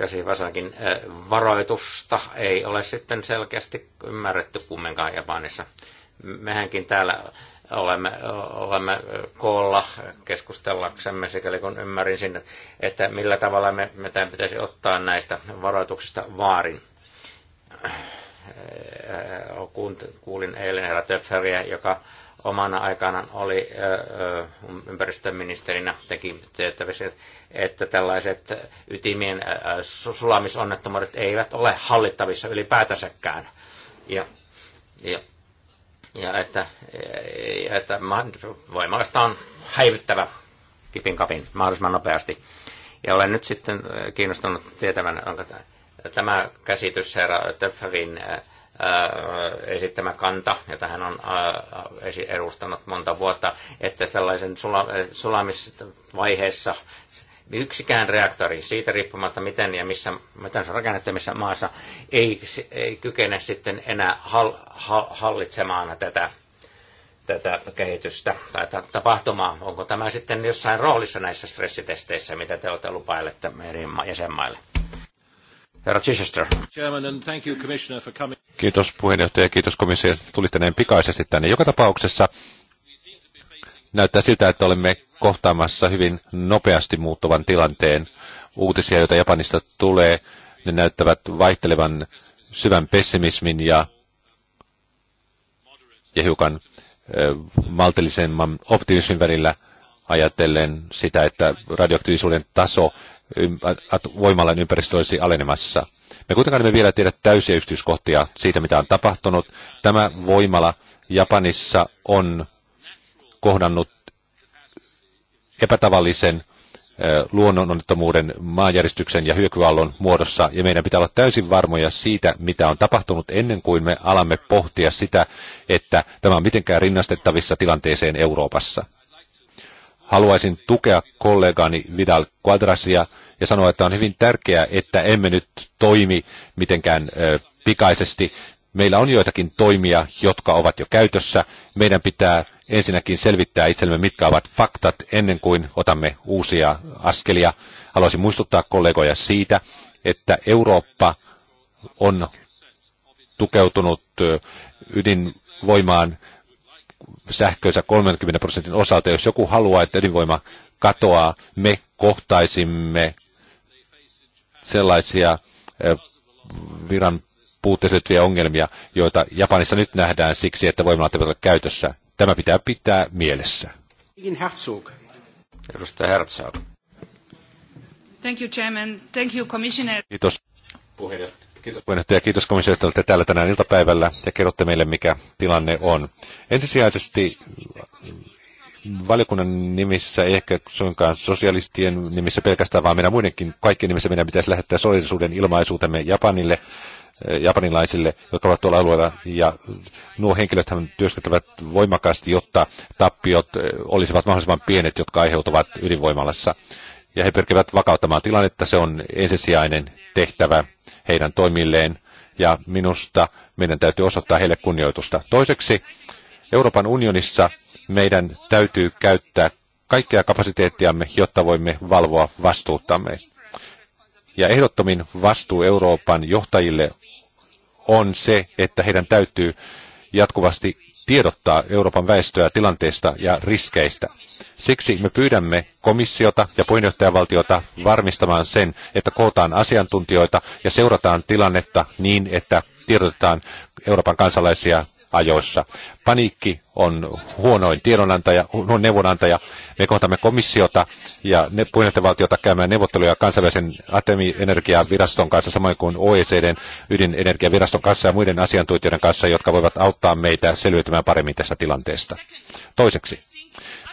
käsivasakin varoitusta ei ole sitten selkeästi ymmärretty kummenkaan Japanissa. Mehänkin täällä olemme, olemme koolla keskustellaksemme, sikäli kun ymmärrin sinne, että millä tavalla me, me tämän pitäisi ottaa näistä varoituksista vaarin. Kuulin eilen herra Töpferiä, joka omana aikanaan oli ympäristöministerinä teki tehtävissä, että tällaiset ytimien sulamisonnettomuudet eivät ole hallittavissa ylipäätänsäkään. Ja, ja, ja että, ja että voimakasta on häivyttävä kipin kapin mahdollisimman nopeasti. Ja olen nyt sitten kiinnostunut tietävän, onko tämä käsitys herra Töpfävin äh, esittämä kanta, jota hän on edustanut monta vuotta, että sellaisen sulamisvaiheessa yksikään reaktori, siitä riippumatta miten ja missä, miten se on rakennettu missä maassa, ei, ei kykene sitten enää hal, hal, hallitsemaan tätä, tätä kehitystä tai tapahtumaa. Onko tämä sitten jossain roolissa näissä stressitesteissä, mitä te olette lupailette eri jäsenmaille? Herra Chichester. Kiitos puheenjohtaja ja kiitos komissio, että tulitte näin pikaisesti tänne. Joka tapauksessa näyttää siltä, että olemme kohtaamassa hyvin nopeasti muuttuvan tilanteen. Uutisia, joita Japanista tulee, ne näyttävät vaihtelevan syvän pessimismin ja, ja hiukan maltillisemman optimismin välillä ajatellen sitä, että radioaktiivisuuden taso voimalan ympäristö olisi alenemassa. Me kuitenkaan emme vielä tiedä täysiä yksityiskohtia siitä, mitä on tapahtunut. Tämä voimala Japanissa on kohdannut epätavallisen luonnononnettomuuden, maanjäristyksen ja hyökyallon muodossa, ja meidän pitää olla täysin varmoja siitä, mitä on tapahtunut ennen kuin me alamme pohtia sitä, että tämä on mitenkään rinnastettavissa tilanteeseen Euroopassa haluaisin tukea kollegani Vidal Quadrasia ja sanoa, että on hyvin tärkeää, että emme nyt toimi mitenkään pikaisesti. Meillä on joitakin toimia, jotka ovat jo käytössä. Meidän pitää ensinnäkin selvittää itsellemme, mitkä ovat faktat ennen kuin otamme uusia askelia. Haluaisin muistuttaa kollegoja siitä, että Eurooppa on tukeutunut ydinvoimaan sähkönsä 30 prosentin osalta. Jos joku haluaa, että ydinvoima katoaa, me kohtaisimme sellaisia viran puutteellisia ongelmia, joita Japanissa nyt nähdään siksi, että voimalat eivät ole käytössä. Tämä pitää pitää mielessä. Herzog. Edustaja Herzog. Thank you, Chairman. Thank you, Commissioner. Kiitos. Puheenjohtaja. Kiitos puheenjohtaja, kiitos komissio, että olette täällä tänään iltapäivällä ja kerrotte meille, mikä tilanne on. Ensisijaisesti valiokunnan nimissä, ei ehkä suinkaan sosialistien nimissä pelkästään, vaan meidän muidenkin kaikkien nimissä meidän pitäisi lähettää solidisuuden ilmaisuutemme Japanille, eh, japanilaisille, jotka ovat tuolla alueella, ja nuo henkilöt työskentelevät voimakkaasti, jotta tappiot eh, olisivat mahdollisimman pienet, jotka aiheutuvat ydinvoimalassa ja he pyrkivät vakauttamaan tilannetta. Se on ensisijainen tehtävä heidän toimilleen ja minusta meidän täytyy osoittaa heille kunnioitusta. Toiseksi Euroopan unionissa meidän täytyy käyttää kaikkea kapasiteettiamme, jotta voimme valvoa vastuuttamme. Ja ehdottomin vastuu Euroopan johtajille on se, että heidän täytyy jatkuvasti tiedottaa Euroopan väestöä tilanteesta ja riskeistä. Siksi me pyydämme komissiota ja puheenjohtajavaltiota varmistamaan sen, että kootaan asiantuntijoita ja seurataan tilannetta niin, että tiedotetaan Euroopan kansalaisia ajoissa. Paniikki on huonoin tiedonantaja, huonoin neuvonantaja. Me kohtamme komissiota ja ne puheenjohtajavaltiota käymään neuvotteluja kansainvälisen atomienergiaviraston kanssa, samoin kuin OECDn ydinenergiaviraston kanssa ja muiden asiantuntijoiden kanssa, jotka voivat auttaa meitä selviytymään paremmin tästä tilanteesta. Toiseksi,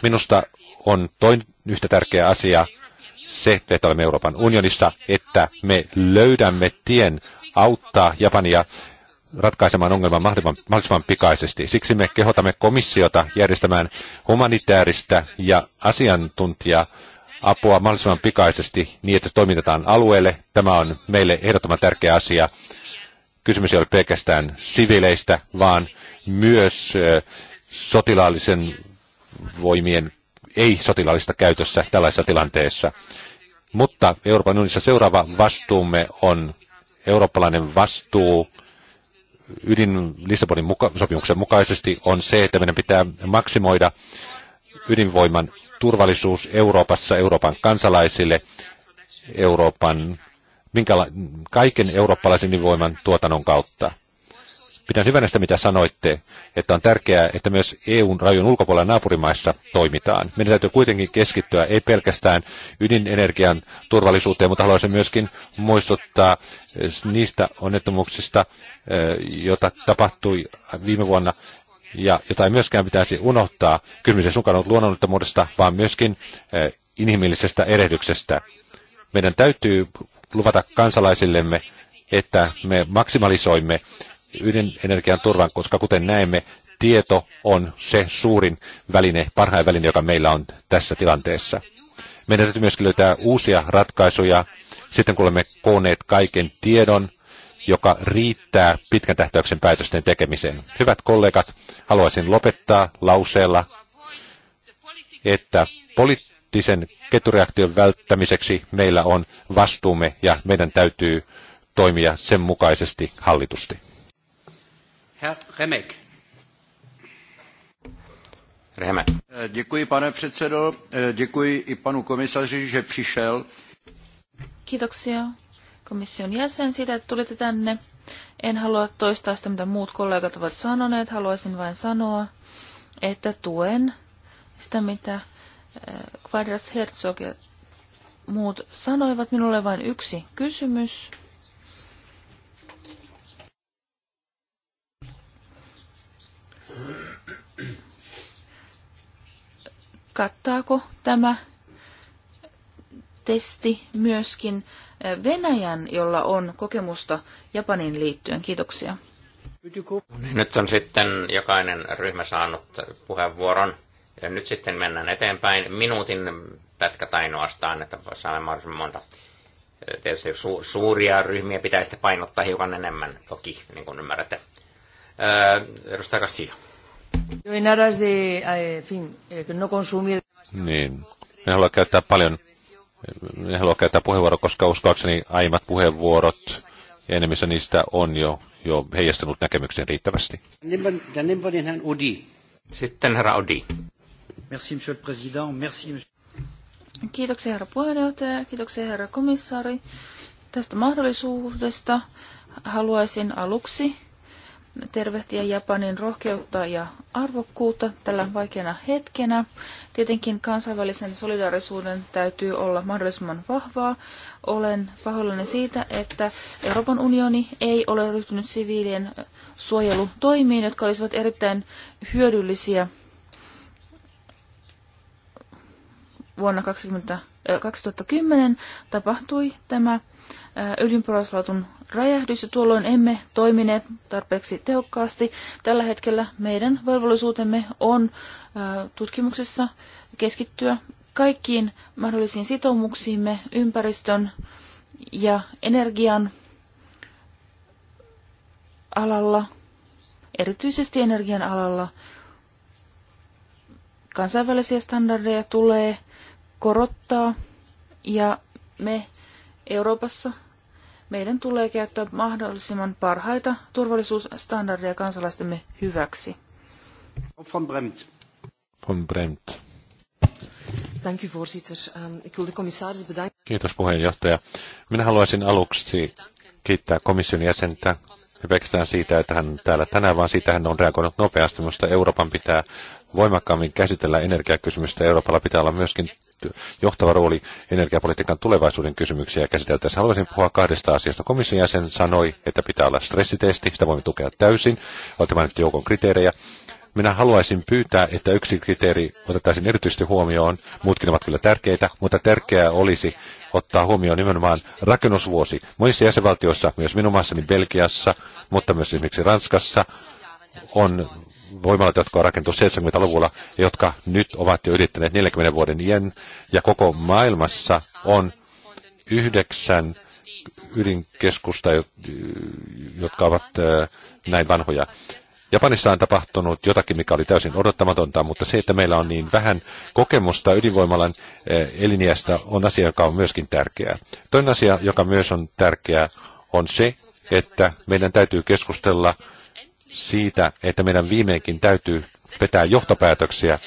minusta on toinen yhtä tärkeä asia se, että olemme Euroopan unionissa, että me löydämme tien auttaa Japania ratkaisemaan ongelman mahdollisimman pikaisesti. Siksi me kehotamme komissiota järjestämään humanitaarista ja asiantuntija apua mahdollisimman pikaisesti niin, että se toimitetaan alueelle. Tämä on meille ehdottoman tärkeä asia. Kysymys ei ole pelkästään sivileistä, vaan myös sotilaallisen voimien ei-sotilaallista käytössä tällaisessa tilanteessa. Mutta Euroopan unionissa seuraava vastuumme on eurooppalainen vastuu ydin Lissabonin muka, sopimuksen mukaisesti on se, että meidän pitää maksimoida ydinvoiman turvallisuus Euroopassa, Euroopan kansalaisille, Euroopan, minkäla- kaiken eurooppalaisen ydinvoiman tuotannon kautta. Pidän hyvänä sitä, mitä sanoitte, että on tärkeää, että myös EUn rajojen ulkopuolella naapurimaissa toimitaan. Meidän täytyy kuitenkin keskittyä ei pelkästään ydinenergian turvallisuuteen, mutta haluaisin myöskin muistuttaa eh, niistä onnettomuuksista, eh, joita tapahtui viime vuonna ja jota ei myöskään pitäisi unohtaa. Kysymys ei suinkaan ollut luonnonottomuudesta, vaan myöskin eh, inhimillisestä erehdyksestä. Meidän täytyy luvata kansalaisillemme, että me maksimalisoimme ydinenergian turvan, koska kuten näemme, tieto on se suurin väline, parhain väline, joka meillä on tässä tilanteessa. Meidän täytyy myöskin löytää uusia ratkaisuja sitten, kun olemme kooneet kaiken tiedon, joka riittää pitkän tähtäyksen päätösten tekemiseen. Hyvät kollegat, haluaisin lopettaa lauseella, että poliittisen ketureaktion välttämiseksi meillä on vastuumme ja meidän täytyy toimia sen mukaisesti hallitusti pane předsedo. Děkuji i panu komisaři, že přišel. Kiitoksia komission jäsen siitä, että tulitte tänne. En halua toistaa sitä, mitä muut kollegat ovat sanoneet. Haluaisin vain sanoa, että tuen sitä, mitä eh, Quadras Herzog ja muut sanoivat. Minulle vain yksi kysymys. Kattaako tämä testi myöskin Venäjän, jolla on kokemusta Japanin liittyen? Kiitoksia. No niin, nyt on sitten jokainen ryhmä saanut puheenvuoron. Ja nyt sitten mennään eteenpäin. Minuutin pätkät ainoastaan, että saamme mahdollisimman monta. Tietysti su- suuria ryhmiä pitäisi painottaa hiukan enemmän, toki, niin kuin ymmärrätte. Ää, edustaja Castillo. Eh, en aras de, fin, eh, no consumir... Niin, en halua käyttää paljon, en halua käyttää puheenvuoroa, koska uskoakseni aiemmat puheenvuorot, ja enemmistö niistä on jo, jo heijastunut näkemyksen riittävästi. Sitten herra Odi. Merci, monsieur le président. Merci, monsieur... Kiitoksia herra puheenjohtaja, kiitoksia herra komissaari tästä mahdollisuudesta. Haluaisin aluksi tervehtiä Japanin rohkeutta ja arvokkuutta tällä vaikeana hetkenä. Tietenkin kansainvälisen solidaarisuuden täytyy olla mahdollisimman vahvaa. Olen pahoillani siitä, että Euroopan unioni ei ole ryhtynyt siviilien suojelutoimiin, jotka olisivat erittäin hyödyllisiä vuonna 20, 2010 äh, tapahtui tämä öljynporauslautun äh, räjähdys ja tuolloin emme toimineet tarpeeksi tehokkaasti. Tällä hetkellä meidän velvollisuutemme on tutkimuksessa keskittyä kaikkiin mahdollisiin sitoumuksiimme ympäristön ja energian alalla, erityisesti energian alalla. Kansainvälisiä standardeja tulee korottaa ja me Euroopassa meidän tulee käyttää mahdollisimman parhaita turvallisuusstandardeja kansalaistemme hyväksi. Von Bremt. Von Bremt. Dank u, voorzitter. Ehm, ik wil de commissaris bedanken. Kiitos puheenjohtaja. Minä haluaisin aluksi kiittää komission jäsentä hyväksytään siitä, että hän täällä tänään, vaan siitä hän on reagoinut nopeasti. mutta Euroopan pitää voimakkaammin käsitellä energiakysymystä. Euroopalla pitää olla myöskin johtava rooli energiapolitiikan tulevaisuuden kysymyksiä käsiteltäessä. Haluaisin puhua kahdesta asiasta. Komission jäsen sanoi, että pitää olla stressitesti, sitä voimme tukea täysin. Olette mainittu joukon kriteerejä. Minä haluaisin pyytää, että yksi kriteeri otettaisiin erityisesti huomioon. Muutkin ovat kyllä tärkeitä, mutta tärkeää olisi ottaa huomioon nimenomaan rakennusvuosi. Monissa jäsenvaltioissa, myös minun maassani Belgiassa, mutta myös esimerkiksi Ranskassa, on voimalat, jotka on rakentu 70-luvulla, jotka nyt ovat jo ylittäneet 40 vuoden iän, ja koko maailmassa on yhdeksän ydinkeskusta, jotka ovat äh, näin vanhoja. Japanissa on tapahtunut jotakin, mikä oli täysin odottamatonta, mutta se, että meillä on niin vähän kokemusta ydinvoimalan eh, eliniästä, on asia, joka on myöskin tärkeää. Toinen asia, joka myös on tärkeää, on se, että meidän täytyy keskustella siitä, että meidän viimeinkin täytyy vetää johtopäätöksiä.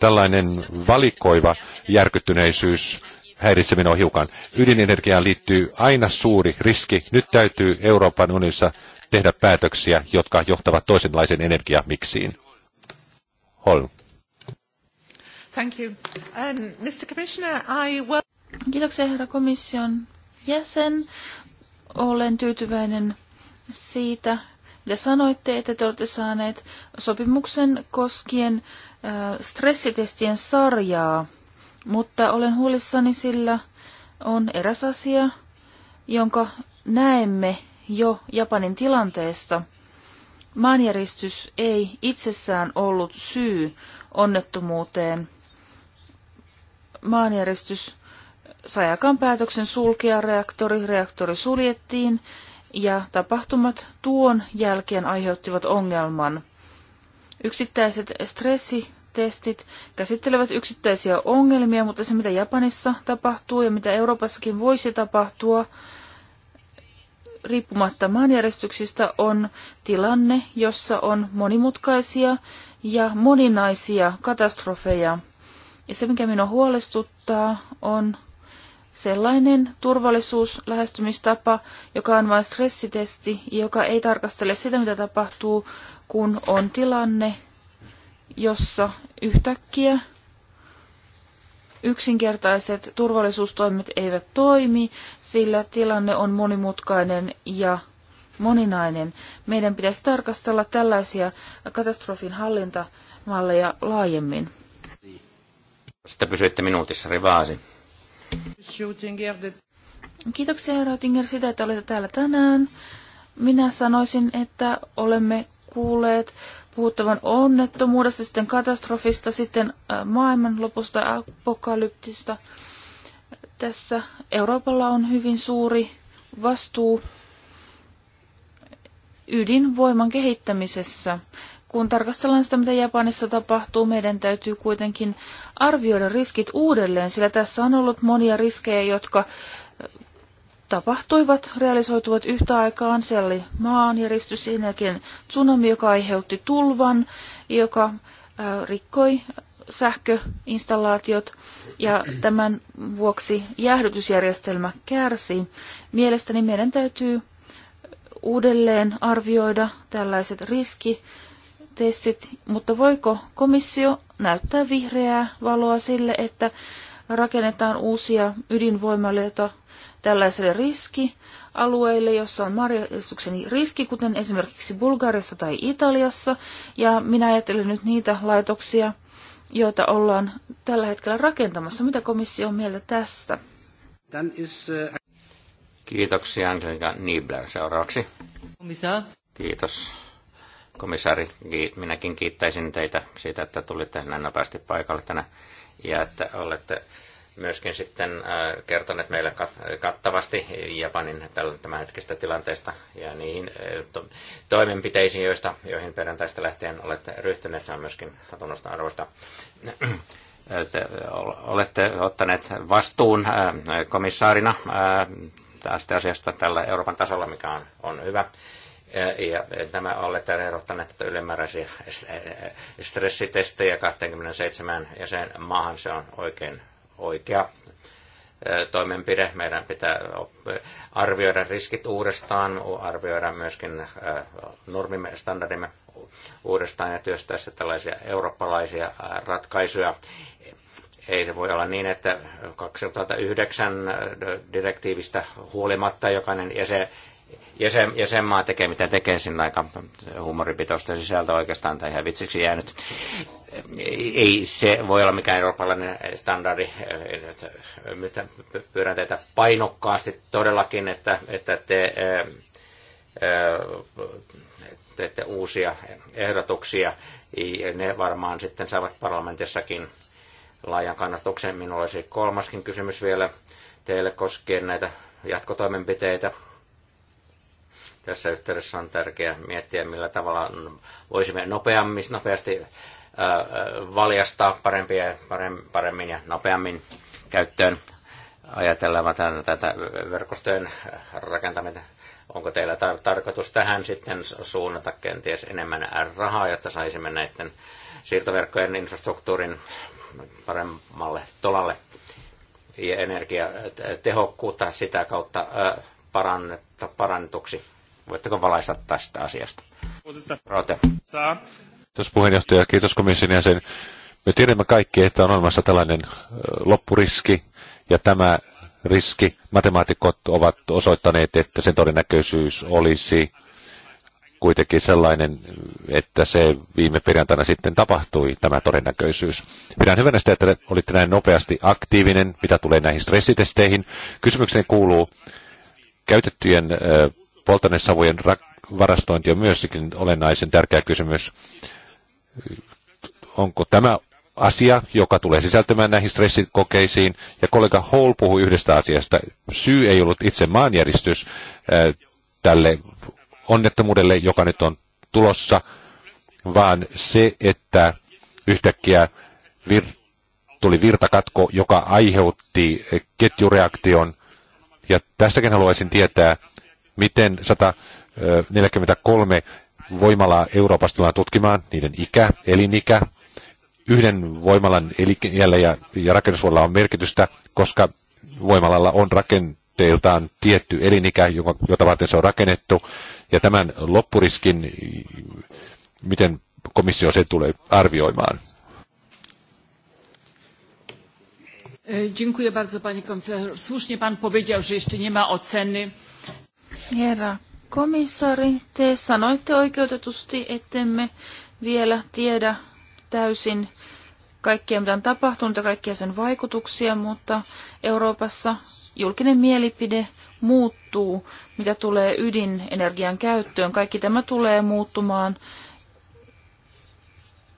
Tällainen valikoiva järkyttyneisyys häiritsee minua hiukan. Ydinenergiaan liittyy aina suuri riski. Nyt täytyy Euroopan unionissa tehdä päätöksiä, jotka johtavat toisenlaiseen energiamiksiin. Holm. Thank you. Um, Mr. Commissioner, I will... Kiitoksia herra komission jäsen. Olen tyytyväinen siitä, mitä sanoitte, että te olette saaneet sopimuksen koskien äh, stressitestien sarjaa, mutta olen huolissani sillä on eräs asia, jonka näemme jo Japanin tilanteesta. Maanjäristys ei itsessään ollut syy onnettomuuteen. Maanjäristys sai aikaan päätöksen sulkea reaktori, reaktori suljettiin ja tapahtumat tuon jälkeen aiheuttivat ongelman. Yksittäiset stressi-testit käsittelevät yksittäisiä ongelmia, mutta se mitä Japanissa tapahtuu ja mitä Euroopassakin voisi tapahtua, riippumatta maanjärjestyksistä on tilanne, jossa on monimutkaisia ja moninaisia katastrofeja. Ja se, mikä minua huolestuttaa, on sellainen turvallisuuslähestymistapa, joka on vain stressitesti, joka ei tarkastele sitä, mitä tapahtuu, kun on tilanne, jossa yhtäkkiä yksinkertaiset turvallisuustoimet eivät toimi, sillä tilanne on monimutkainen ja moninainen. Meidän pitäisi tarkastella tällaisia katastrofin hallintamalleja laajemmin. Sitten pysyitte minuutissa, rivaasi. Kiitoksia, herra Oettinger, sitä, että olette täällä tänään. Minä sanoisin, että olemme kuulleet puhuttavan onnettomuudesta, sitten katastrofista, sitten äh, maailmanlopusta, apokalyptista. Tässä Euroopalla on hyvin suuri vastuu ydinvoiman kehittämisessä. Kun tarkastellaan sitä, mitä Japanissa tapahtuu, meidän täytyy kuitenkin arvioida riskit uudelleen, sillä tässä on ollut monia riskejä, jotka tapahtuivat, realisoituvat yhtä aikaan. Siellä oli maanjäristys, sen jälkeen tsunami, joka aiheutti tulvan, joka äh, rikkoi sähköinstallaatiot ja tämän vuoksi jäähdytysjärjestelmä kärsi. Mielestäni meidän täytyy uudelleen arvioida tällaiset riskitestit, mutta voiko komissio näyttää vihreää valoa sille, että rakennetaan uusia ydinvoimaloita tällaiselle riskialueille, jossa on marjastuksen riski, kuten esimerkiksi Bulgariassa tai Italiassa. Ja minä ajattelen nyt niitä laitoksia, joita ollaan tällä hetkellä rakentamassa. Mitä komissio on mieltä tästä? Äh, Kiitoksia Angelika Niebler seuraavaksi. Komissaar. Kiitos. Komissaari, minäkin kiittäisin teitä siitä, että tulitte näin nopeasti paikalle tänä ja että olette myöskin sitten äh, kertoneet meille kattavasti Japanin tämänhetkistä tilanteesta ja niihin äh, toimenpiteisiin, joista, joihin perjantaista lähtien olette ryhtyneet. Se on myöskin satunnosta arvoista. Äh, te olette ottaneet vastuun komissaarina tästä asiasta tällä Euroopan tasolla, mikä on, on hyvä ja tämä olette ehdottaneet että ylimääräisiä stressitestejä 27 jäsenmaahan. Se on oikein oikea toimenpide. Meidän pitää arvioida riskit uudestaan, arvioida myöskin normimme, standardimme uudestaan ja työstää se tällaisia eurooppalaisia ratkaisuja. Ei se voi olla niin, että 2009 direktiivistä huolimatta jokainen jäsen, jäsen, jäsenmaa tekee mitä tekee, sinne aika huumoripitoista sisältä oikeastaan tai ihan vitsiksi jäänyt ei se voi olla mikään eurooppalainen standardi. Nyt pyydän teitä painokkaasti todellakin, että, että te eh, eh, teette uusia ehdotuksia. Ne varmaan sitten saavat parlamentissakin laajan kannatuksen. Minulla olisi kolmaskin kysymys vielä teille koskien näitä jatkotoimenpiteitä. Tässä yhteydessä on tärkeää miettiä, millä tavalla voisimme nopeammin, nopeasti valjastaa parempia, paremmin ja nopeammin käyttöön ajatellaan tätä verkostojen rakentamista. Onko teillä tar- tarkoitus tähän sitten suunnata kenties enemmän rahaa, jotta saisimme näiden siirtoverkkojen infrastruktuurin paremmalle tolalle ja energiatehokkuutta sitä kautta parannetta, parannetuksi? Voitteko valaista tästä asiasta? Rote. Kiitos puheenjohtaja, kiitos komission jäsen. Me tiedämme kaikki, että on olemassa tällainen loppuriski, ja tämä riski, matemaatikot ovat osoittaneet, että sen todennäköisyys olisi kuitenkin sellainen, että se viime perjantaina sitten tapahtui, tämä todennäköisyys. Pidän hyvänä sitä, että olitte näin nopeasti aktiivinen, mitä tulee näihin stressitesteihin. Kysymykseni kuuluu, käytettyjen polttoainesavujen varastointi on myöskin olennaisen tärkeä kysymys onko tämä asia, joka tulee sisältymään näihin stressikokeisiin. Ja kollega Hall puhui yhdestä asiasta. Syy ei ollut itse maanjäristys äh, tälle onnettomuudelle, joka nyt on tulossa, vaan se, että yhtäkkiä vir- tuli virtakatko, joka aiheutti ketjureaktion. Ja tästäkin haluaisin tietää, miten 143 voimalaa Euroopasta tullaan tutkimaan, niiden ikä, elinikä. Yhden voimalan elinjällä ja, ja rakennusvuorolla on merkitystä, koska voimalalla on rakenteeltaan tietty elinikä, jota varten se on rakennettu. Ja tämän loppuriskin, miten komissio se tulee arvioimaan? E, dziękuję bardzo, panie komisarzu. Słusznie pan powiedział, że jeszcze nie ma oceny. Herra komissaari, te sanoitte oikeutetusti, ettemme vielä tiedä täysin kaikkia, mitä on tapahtunut ja kaikkia sen vaikutuksia, mutta Euroopassa julkinen mielipide muuttuu, mitä tulee ydinenergian käyttöön. Kaikki tämä tulee muuttumaan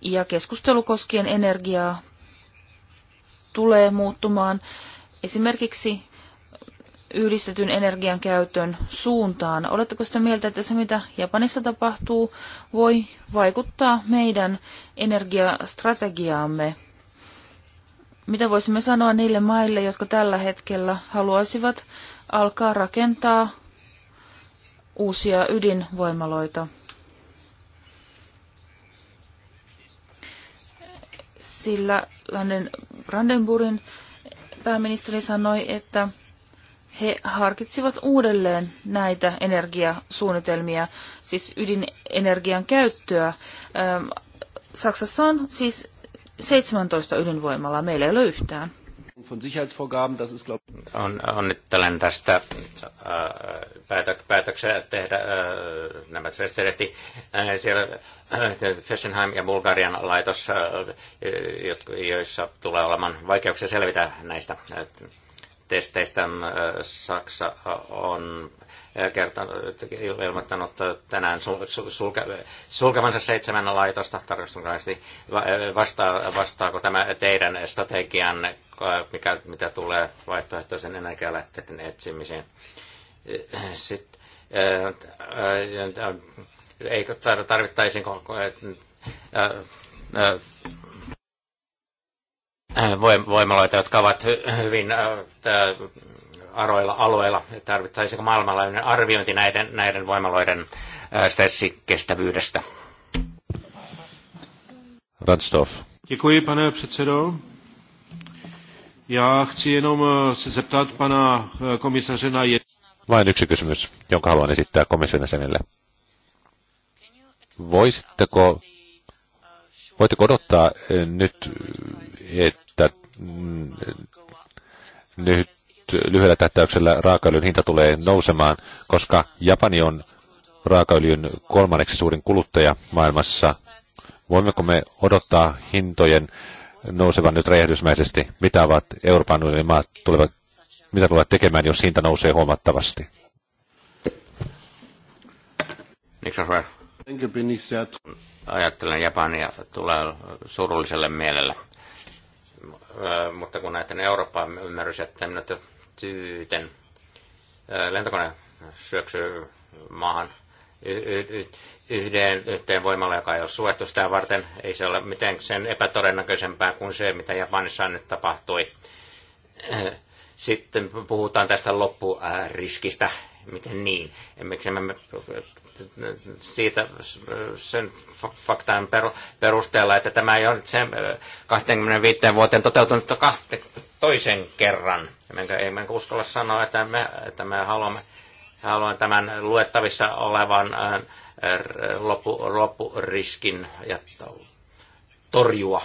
ja keskustelu koskien energiaa tulee muuttumaan. Esimerkiksi yhdistetyn energian käytön suuntaan. Oletteko sitä mieltä, että se mitä Japanissa tapahtuu voi vaikuttaa meidän energiastrategiaamme? Mitä voisimme sanoa niille maille, jotka tällä hetkellä haluaisivat alkaa rakentaa uusia ydinvoimaloita? Sillä Brandenburgin pääministeri sanoi, että he harkitsivat uudelleen näitä energiasuunnitelmia, siis ydinenergian käyttöä. Ähm, Saksassa on siis 17 ydinvoimalaa, meillä ei ole yhtään. On, tällainen tästä äh, päätö, päätöksen tehdä äh, nämä Äh, Siellä äh, Fessenheim ja Bulgarian laitos, ää, äh, joissa tulee olemaan vaikeuksia selvitä näistä äh, testeistä Saksa on kertonut, ilmoittanut tänään sulke, sulkevansa seitsemän laitosta tarkastuksellisesti. Vastaa, vastaako tämä teidän strategian, mikä, mitä tulee vaihtoehtoisen energialähteiden etsimiseen? Sitten, eikö tarvittaisiinko Äh, voimaloita, jotka ovat hyvin äh, aroilla alueilla. Tarvittaisiko maailmanlainen arviointi näiden, näiden voimaloiden äh, stressikestävyydestä? Radstov. Děkuji, pane předsedo. Já chci jenom eh, se zeptat pana eh, komisaře na je... Vain yksi kysymys, jonka haluan esittää komission jäsenelle. Voisitteko Voitteko odottaa eh, nyt, että mm, nyt lyhyellä tähtäyksellä raakaöljyn hinta tulee nousemaan, koska Japani on raakaöljyn kolmanneksi suurin kuluttaja maailmassa. Voimmeko me odottaa hintojen nousevan nyt räjähdysmäisesti? Mitä ovat Euroopan unionin maat tulevat, mitä tulevat tekemään, jos hinta nousee huomattavasti? Miksi on Ajattelen Japania tulee surulliselle mielelle. Mutta kun näiden Eurooppaan ymmärrys, että minut tyyten lentokone syöksyy maahan yhden, yhteen voimalle, joka ei ole suojattu sitä varten. Ei se ole miten sen epätodennäköisempää kuin se, mitä Japanissa nyt tapahtui. Sitten puhutaan tästä loppuriskistä, miten niin? Miksi me siitä sen faktaan perusteella, että tämä ei ole sen äh, 25 vuoteen toteutunut kahte, toisen kerran. Emmekä, emmekä uskalla sanoa, että me, että me haluamme, haluamme tämän luettavissa olevan äh, loppu, loppuriskin ja torjua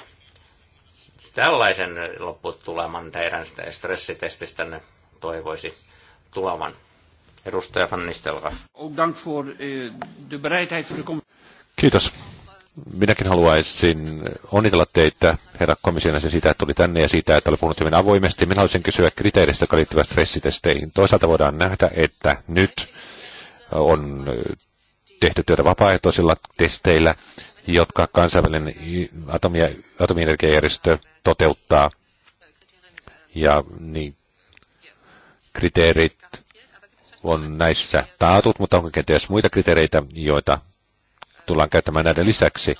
tällaisen lopputuleman teidän stressitestistänne toivoisi tulevan. Edustaja Van eh, Kiitos. Minäkin haluaisin onnitella teitä, herra komission sen siitä, että tuli tänne ja siitä, että oli puhunut hyvin avoimesti. Minä haluaisin kysyä kriteereistä jotka liittyvät stressitesteihin. Toisaalta voidaan nähdä, että nyt on tehty työtä vapaaehtoisilla testeillä, jotka kansainvälinen atomi- atomienergiajärjestö toteuttaa. Ja niin, kriteerit on näissä taatut, mutta onko kenties muita kriteereitä, joita tullaan käyttämään näiden lisäksi?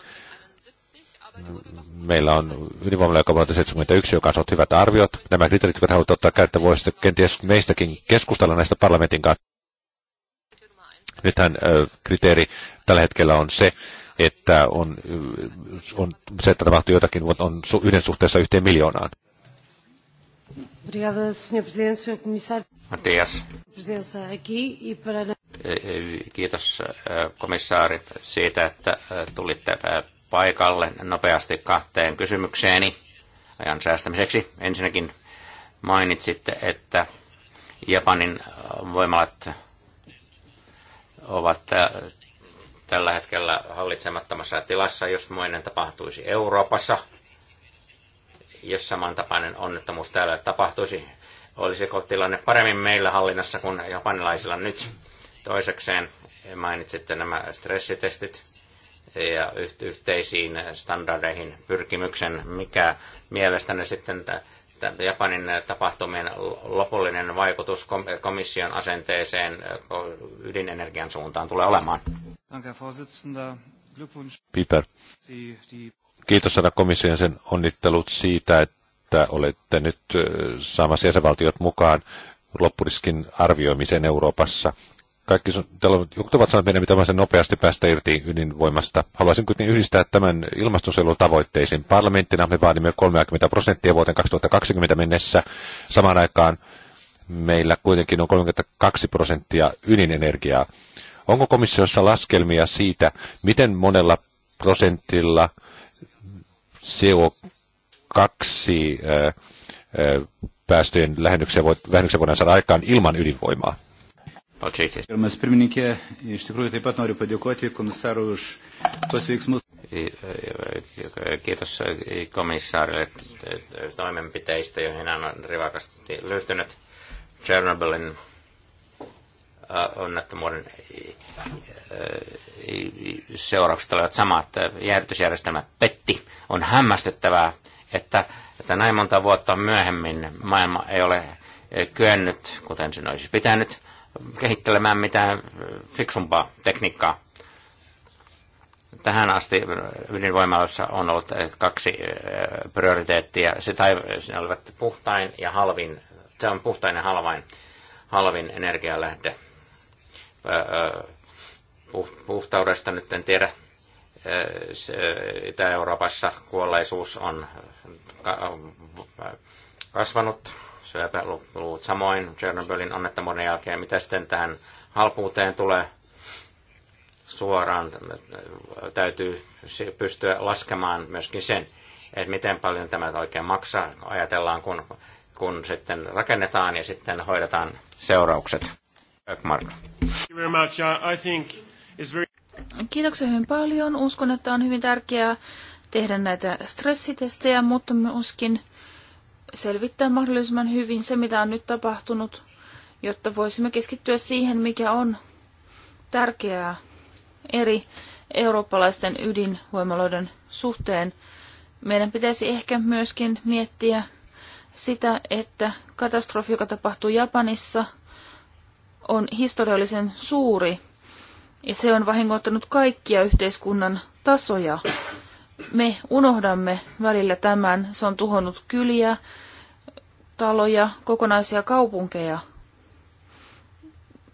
Meillä on ydinvoimalla joka vuonna 71, joka on saanut hyvät arviot. Nämä kriteerit, jotka haluat ottaa käyttöön, voisitte kenties meistäkin keskustella näistä parlamentin kanssa. Nythän kriteeri tällä hetkellä on se, että on, on se, että tapahtuu jotakin, on yhden suhteessa yhteen miljoonaan. Obrigada, Presidente, Comissário. Matias. Kiitos äh, komissaari siitä, että äh, tulitte äh, paikalle nopeasti kahteen kysymykseeni ajan säästämiseksi. Ensinnäkin mainitsitte, että Japanin voimalat ovat tällä hetkellä hallitsemattomassa tilassa, jos muinen tapahtuisi Euroopassa. Jos samantapainen onnettomuus täällä tapahtuisi, Olisiko tilanne paremmin meillä hallinnassa kuin japanilaisilla nyt? Toisekseen mainitsitte nämä stressitestit ja yhteisiin standardeihin pyrkimyksen, mikä mielestäni sitten Japanin tapahtumien lopullinen vaikutus komission asenteeseen ydinenergian suuntaan tulee olemaan. Piper. Kiitos herra komission sen onnittelut siitä, että että olette nyt saamassa jäsenvaltiot mukaan loppuriskin arvioimiseen Euroopassa. Kaikki jotkut ovat sanoneet, että meidän pitää nopeasti päästä irti ydinvoimasta. Haluaisin kuitenkin yhdistää tämän tavoitteisiin. Parlamenttina me vaadimme 30 prosenttia vuoteen 2020 mennessä. Samaan aikaan meillä kuitenkin on 32 prosenttia ydinenergiaa. Onko komissiossa laskelmia siitä, miten monella prosentilla CO2 kaksi päästöjen lähennyksiä, vähennyksiä voidaan saada aikaan ilman ydinvoimaa. Kiitos e, komissaarille e, e, toimenpiteistä, joihin hän on rivakasti lyhtynyt. Chernobylin onnettomuuden seuraukset olivat samat. Jäädytysjärjestelmä petti. On hämmästyttävää, että, että näin monta vuotta myöhemmin maailma ei ole kyennyt, kuten sen olisi pitänyt, kehittelemään mitään fiksumpaa tekniikkaa. Tähän asti ydinvoimalassa on ollut kaksi eh, prioriteettia. Se ne olivat puhtain ja halvin. Se on puhtain ja halvain, halvin energialähde. Eh, eh, puhtaudesta nyt en tiedä. Itä-Euroopassa kuolleisuus on kasvanut, syöpäluvut samoin Chernobylin onnettomuuden jälkeen. Mitä sitten tähän halpuuteen tulee suoraan, täytyy pystyä laskemaan myöskin sen, että miten paljon tämä oikein maksaa, ajatellaan kun, kun sitten rakennetaan ja sitten hoidetaan seuraukset. Kiitoksia hyvin paljon. Uskon, että on hyvin tärkeää tehdä näitä stressitestejä, mutta myöskin selvittää mahdollisimman hyvin se, mitä on nyt tapahtunut, jotta voisimme keskittyä siihen, mikä on tärkeää eri eurooppalaisten ydinvoimaloiden suhteen. Meidän pitäisi ehkä myöskin miettiä sitä, että katastrofi, joka tapahtuu Japanissa, on historiallisen suuri ja se on vahingoittanut kaikkia yhteiskunnan tasoja me unohdamme välillä tämän. Se on tuhonnut kyliä, taloja, kokonaisia kaupunkeja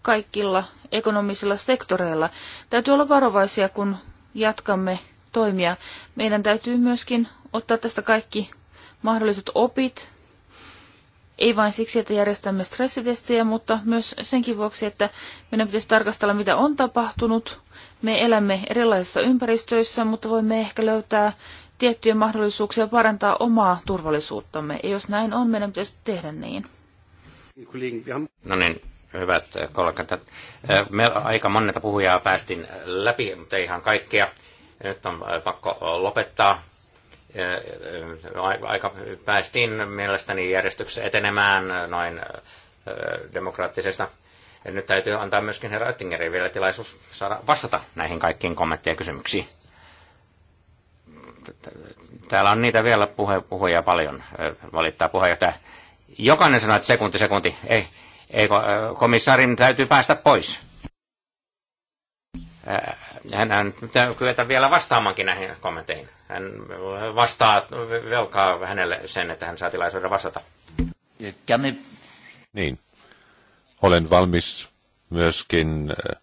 kaikilla ekonomisilla sektoreilla. Täytyy olla varovaisia, kun jatkamme toimia. Meidän täytyy myöskin ottaa tästä kaikki mahdolliset opit, ei vain siksi, että järjestämme stressitestejä, mutta myös senkin vuoksi, että meidän pitäisi tarkastella, mitä on tapahtunut, me elämme erilaisissa ympäristöissä, mutta voimme ehkä löytää tiettyjä mahdollisuuksia parantaa omaa turvallisuuttamme. Ja jos näin on, meidän pitäisi tehdä niin. No niin, hyvät kollegat. Äh, me aika monneta puhujaa päästin läpi, mutta ei ihan kaikkea. Nyt on äh, pakko lopettaa. Äh, aika päästiin mielestäni järjestyksessä etenemään noin demokraattisesta ja nyt täytyy antaa myöskin herra Oettingerin vielä tilaisuus saada vastata näihin kaikkiin kommentteihin ja kysymyksiin. Täällä on niitä vielä puhe, puhuja paljon, valittaa puheenjohtaja. Jokainen sanoo, että sekunti, sekunti. Ei, ei komissaarin täytyy päästä pois. Hän, hän pitää kyetä vielä vastaamankin näihin kommentteihin. Hän vastaa, velkaa hänelle sen, että hän saa tilaisuuden vastata. Niin, olen valmis myöskin äh,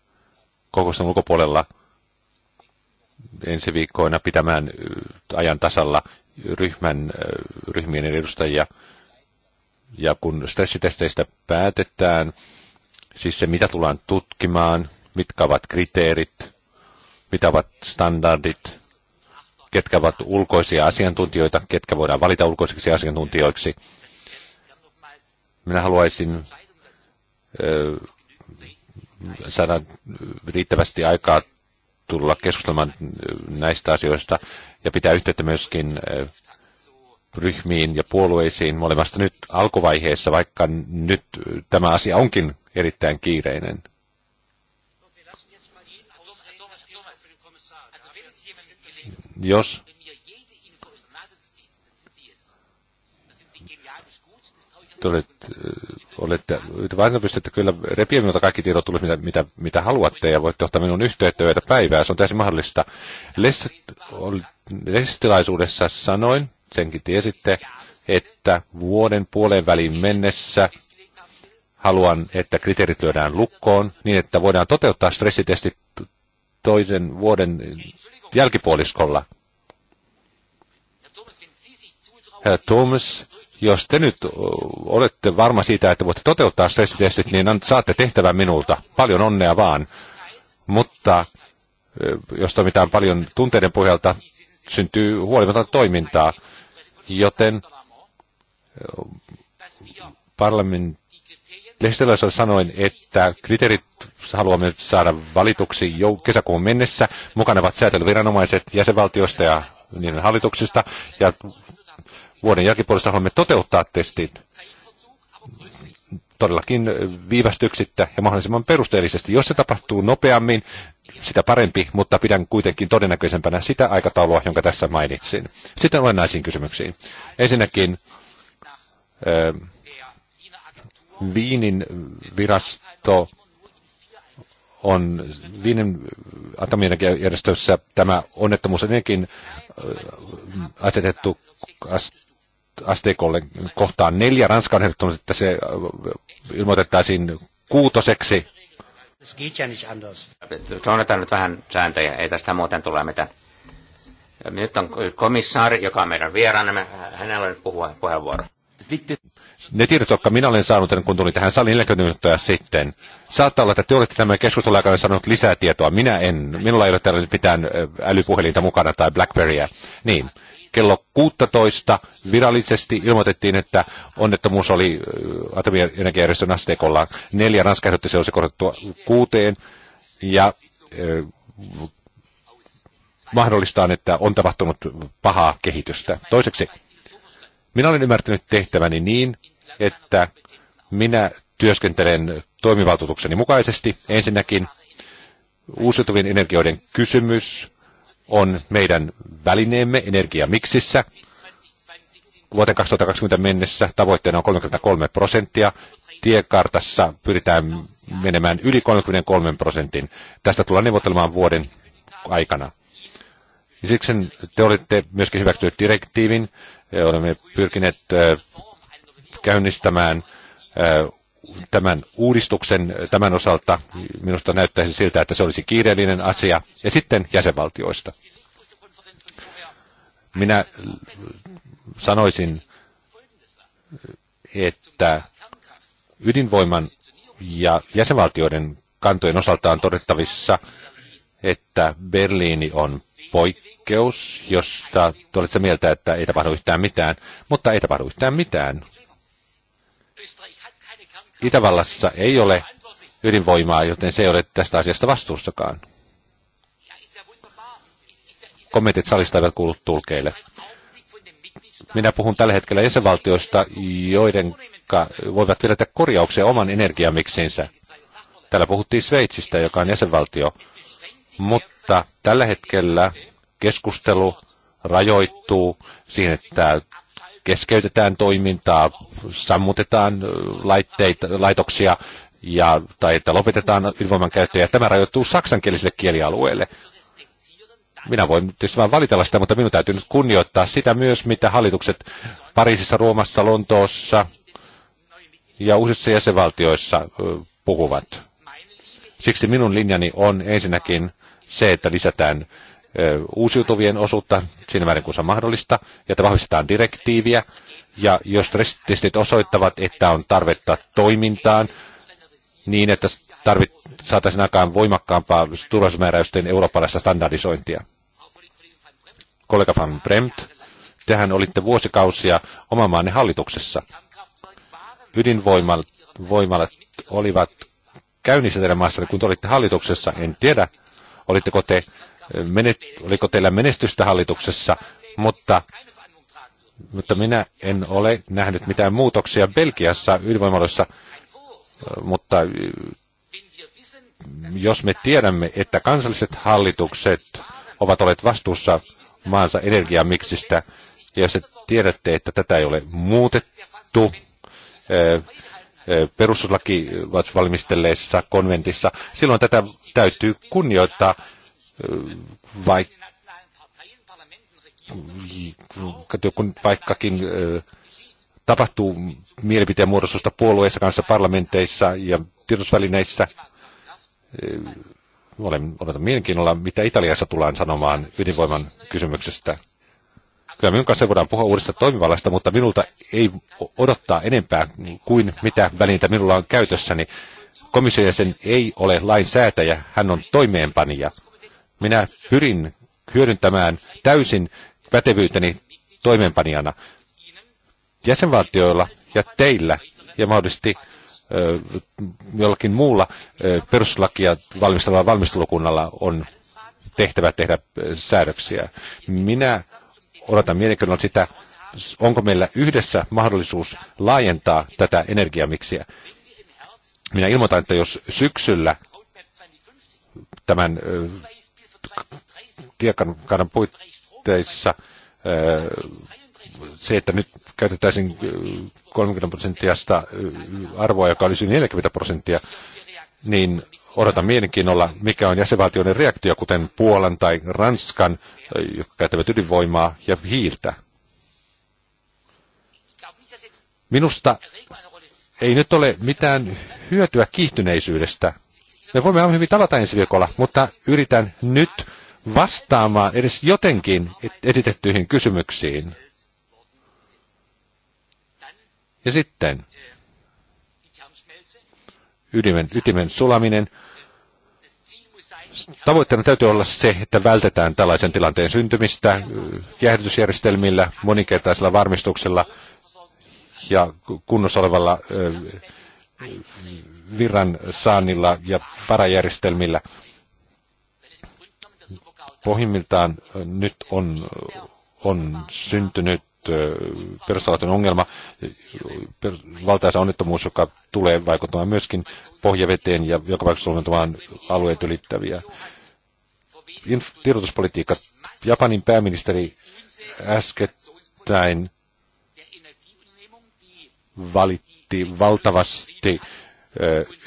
kokousten ulkopuolella ensi viikkoina pitämään äh, ajan tasalla ryhmän, äh, ryhmien edustajia. Ja kun stressitesteistä päätetään, siis se mitä tullaan tutkimaan, mitkä ovat kriteerit, mitä ovat standardit, ketkä ovat ulkoisia asiantuntijoita, ketkä voidaan valita ulkoisiksi asiantuntijoiksi. Minä haluaisin saada riittävästi aikaa tulla keskustelemaan näistä asioista ja pitää yhteyttä myöskin ryhmiin ja puolueisiin. Me vasta nyt alkuvaiheessa, vaikka nyt tämä asia onkin erittäin kiireinen. Jos olet olette, vain pystytte kyllä repiä minulta kaikki tiedot tulisi, mitä, mitä, mitä haluatte, ja voitte ottaa minun yhteyttä yötä päivää. Se on täysin mahdollista. Lestilaisuudessa sanoin, senkin tiesitte, että vuoden puolen väliin mennessä haluan, että kriteerit lyödään lukkoon niin, että voidaan toteuttaa stressitesti toisen vuoden jälkipuoliskolla. Herra Thomas, jos te nyt olette varma siitä, että voitte toteuttaa stressitestit, niin saatte tehtävän minulta. Paljon onnea vaan. Mutta jos toimitaan paljon tunteiden pohjalta, syntyy huolimatonta toimintaa. Joten parlamentin sanoin, että kriteerit haluamme saada valituksi jo kesäkuun mennessä. Mukana ovat säätelyviranomaiset jäsenvaltioista ja niiden hallituksista. Ja vuoden jälkipuolesta haluamme toteuttaa testit todellakin viivästyksittä ja mahdollisimman perusteellisesti. Jos se tapahtuu nopeammin, sitä parempi, mutta pidän kuitenkin todennäköisempänä sitä aikataulua, jonka tässä mainitsin. Sitten olennaisiin kysymyksiin. Ensinnäkin äh, Viinin virasto on viinen atomienergiajärjestössä tämä onnettomuus ennenkin äh, asetettu asteikolle kohtaan neljä. Ranska on ehdottanut, että se äh, ilmoitettaisiin kuutoseksi. Suunnataan nyt vähän sääntöjä, ei tästä muuten tule mitään. Nyt on komissaari, joka on meidän vieraanamme, hänellä on nyt puhua, puheenvuoro. Ne tiedot, jotka minä olen saanut, kun tuli tähän saliin 40 minuuttia sitten, saattaa olla, että te olette tämän keskustelun aikana saanut lisää tietoa. Minä en. Minulla ei ole täällä nyt mitään älypuhelinta mukana tai Blackberryä. Niin. Kello 16 virallisesti ilmoitettiin, että onnettomuus oli atomienergiajärjestön asteikolla. Neljä Ranska ehdotti se olisi korotettu kuuteen. Ja mahdollistaan, että on tapahtunut pahaa kehitystä. Toiseksi minä olen ymmärtänyt tehtäväni niin, että minä työskentelen toimivaltuutukseni mukaisesti. Ensinnäkin uusiutuvien energioiden kysymys on meidän välineemme energiamiksissä. Vuoteen 2020 mennessä tavoitteena on 33 prosenttia. Tiekartassa pyritään menemään yli 33 prosentin. Tästä tullaan neuvottelemaan vuoden aikana. Siksi te olette myöskin hyväksyneet direktiivin, Olemme pyrkineet käynnistämään tämän uudistuksen tämän osalta. Minusta näyttäisi siltä, että se olisi kiireellinen asia. Ja sitten jäsenvaltioista. Minä sanoisin, että ydinvoiman ja jäsenvaltioiden kantojen osalta on todettavissa, että Berliini on poik- poikkeus, josta olet sitä mieltä, että ei tapahdu yhtään mitään, mutta ei tapahdu yhtään mitään. Itävallassa ei ole ydinvoimaa, joten se ei ole tästä asiasta vastuussakaan. Kommentit salista eivät kuulu tulkeille. Minä puhun tällä hetkellä jäsenvaltioista, joiden voivat viedä korjauksia oman energiamiksinsä. Täällä puhuttiin Sveitsistä, joka on jäsenvaltio, mutta tällä hetkellä keskustelu rajoittuu siihen, että keskeytetään toimintaa, sammutetaan laitteita, laitoksia ja, tai että lopetetaan ydinvoiman käyttö, ja tämä rajoittuu saksankieliselle kielialueelle. Minä voin tietysti vain valitella sitä, mutta minun täytyy nyt kunnioittaa sitä myös, mitä hallitukset Pariisissa, Ruomassa, Lontoossa ja uusissa jäsenvaltioissa puhuvat. Siksi minun linjani on ensinnäkin se, että lisätään uusiutuvien osuutta siinä määrin kuin se on mahdollista, ja että vahvistetaan direktiiviä, ja jos stressitestit osoittavat, että on tarvetta toimintaan, niin että tarvit, saataisiin aikaan voimakkaampaa turvallisuusmääräysten eurooppalaista standardisointia. Kollega Van Bremt, tehän olitte vuosikausia oman maanne hallituksessa. Ydinvoimalat olivat käynnissä teidän maassa, kun te olitte hallituksessa. En tiedä, olitteko te menet, oliko teillä menestystä hallituksessa, mutta, mutta minä en ole nähnyt mitään muutoksia Belgiassa ydinvoimaloissa, mutta jos me tiedämme, että kansalliset hallitukset ovat olleet vastuussa maansa energiamiksistä, ja jos tiedätte, että tätä ei ole muutettu valmistelleessa konventissa, silloin tätä täytyy kunnioittaa vaikka vaikkakin tapahtuu mielipiteen muodostusta puolueissa kanssa, parlamenteissa ja tiedotusvälineissä. Olen, odotan mielenkiinnolla, mitä Italiassa tullaan sanomaan ydinvoiman kysymyksestä. Kyllä minun kanssa voidaan puhua uudesta toimivallasta, mutta minulta ei odottaa enempää kuin mitä välintä minulla on käytössäni. Komission jäsen ei ole lainsäätäjä, hän on toimeenpanija. Minä pyrin hyödyntämään täysin pätevyyteni toimeenpanijana jäsenvaltioilla ja teillä ja mahdollisesti ö, jollakin muulla ö, perustuslakia valmistavalla valmistelukunnalla on tehtävä tehdä säädöksiä. Minä odotan mielenkiinnolla sitä, onko meillä yhdessä mahdollisuus laajentaa tätä energiamiksiä. Minä ilmoitan, että jos syksyllä tämän tiekannan puitteissa äh, se, että nyt käytettäisiin 30 äh, prosenttia äh, arvoa, joka olisi 40 prosenttia, niin odotan mielenkiinnolla, mikä on jäsenvaltioiden reaktio, kuten Puolan tai Ranskan, jotka käyttävät ydinvoimaa ja hiiltä. Minusta ei nyt ole mitään hyötyä kiihtyneisyydestä, me voimme aivan hyvin tavata ensi viikolla, mutta yritän nyt vastaamaan edes jotenkin esitettyihin kysymyksiin. Ja sitten ytimen, ytimen sulaminen. Tavoitteena täytyy olla se, että vältetään tällaisen tilanteen syntymistä äh, jäähdytysjärjestelmillä, moninkertaisella varmistuksella ja kunnossa olevalla äh, virran saannilla ja parajärjestelmillä. Pohjimmiltaan nyt on, on syntynyt perustavallinen ongelma, valtaisa onnettomuus, joka tulee vaikuttamaan myöskin pohjaveteen ja joka vaikuttaa alueet ylittäviä. Tiedotuspolitiikka. Japanin pääministeri äskettäin valitti valtavasti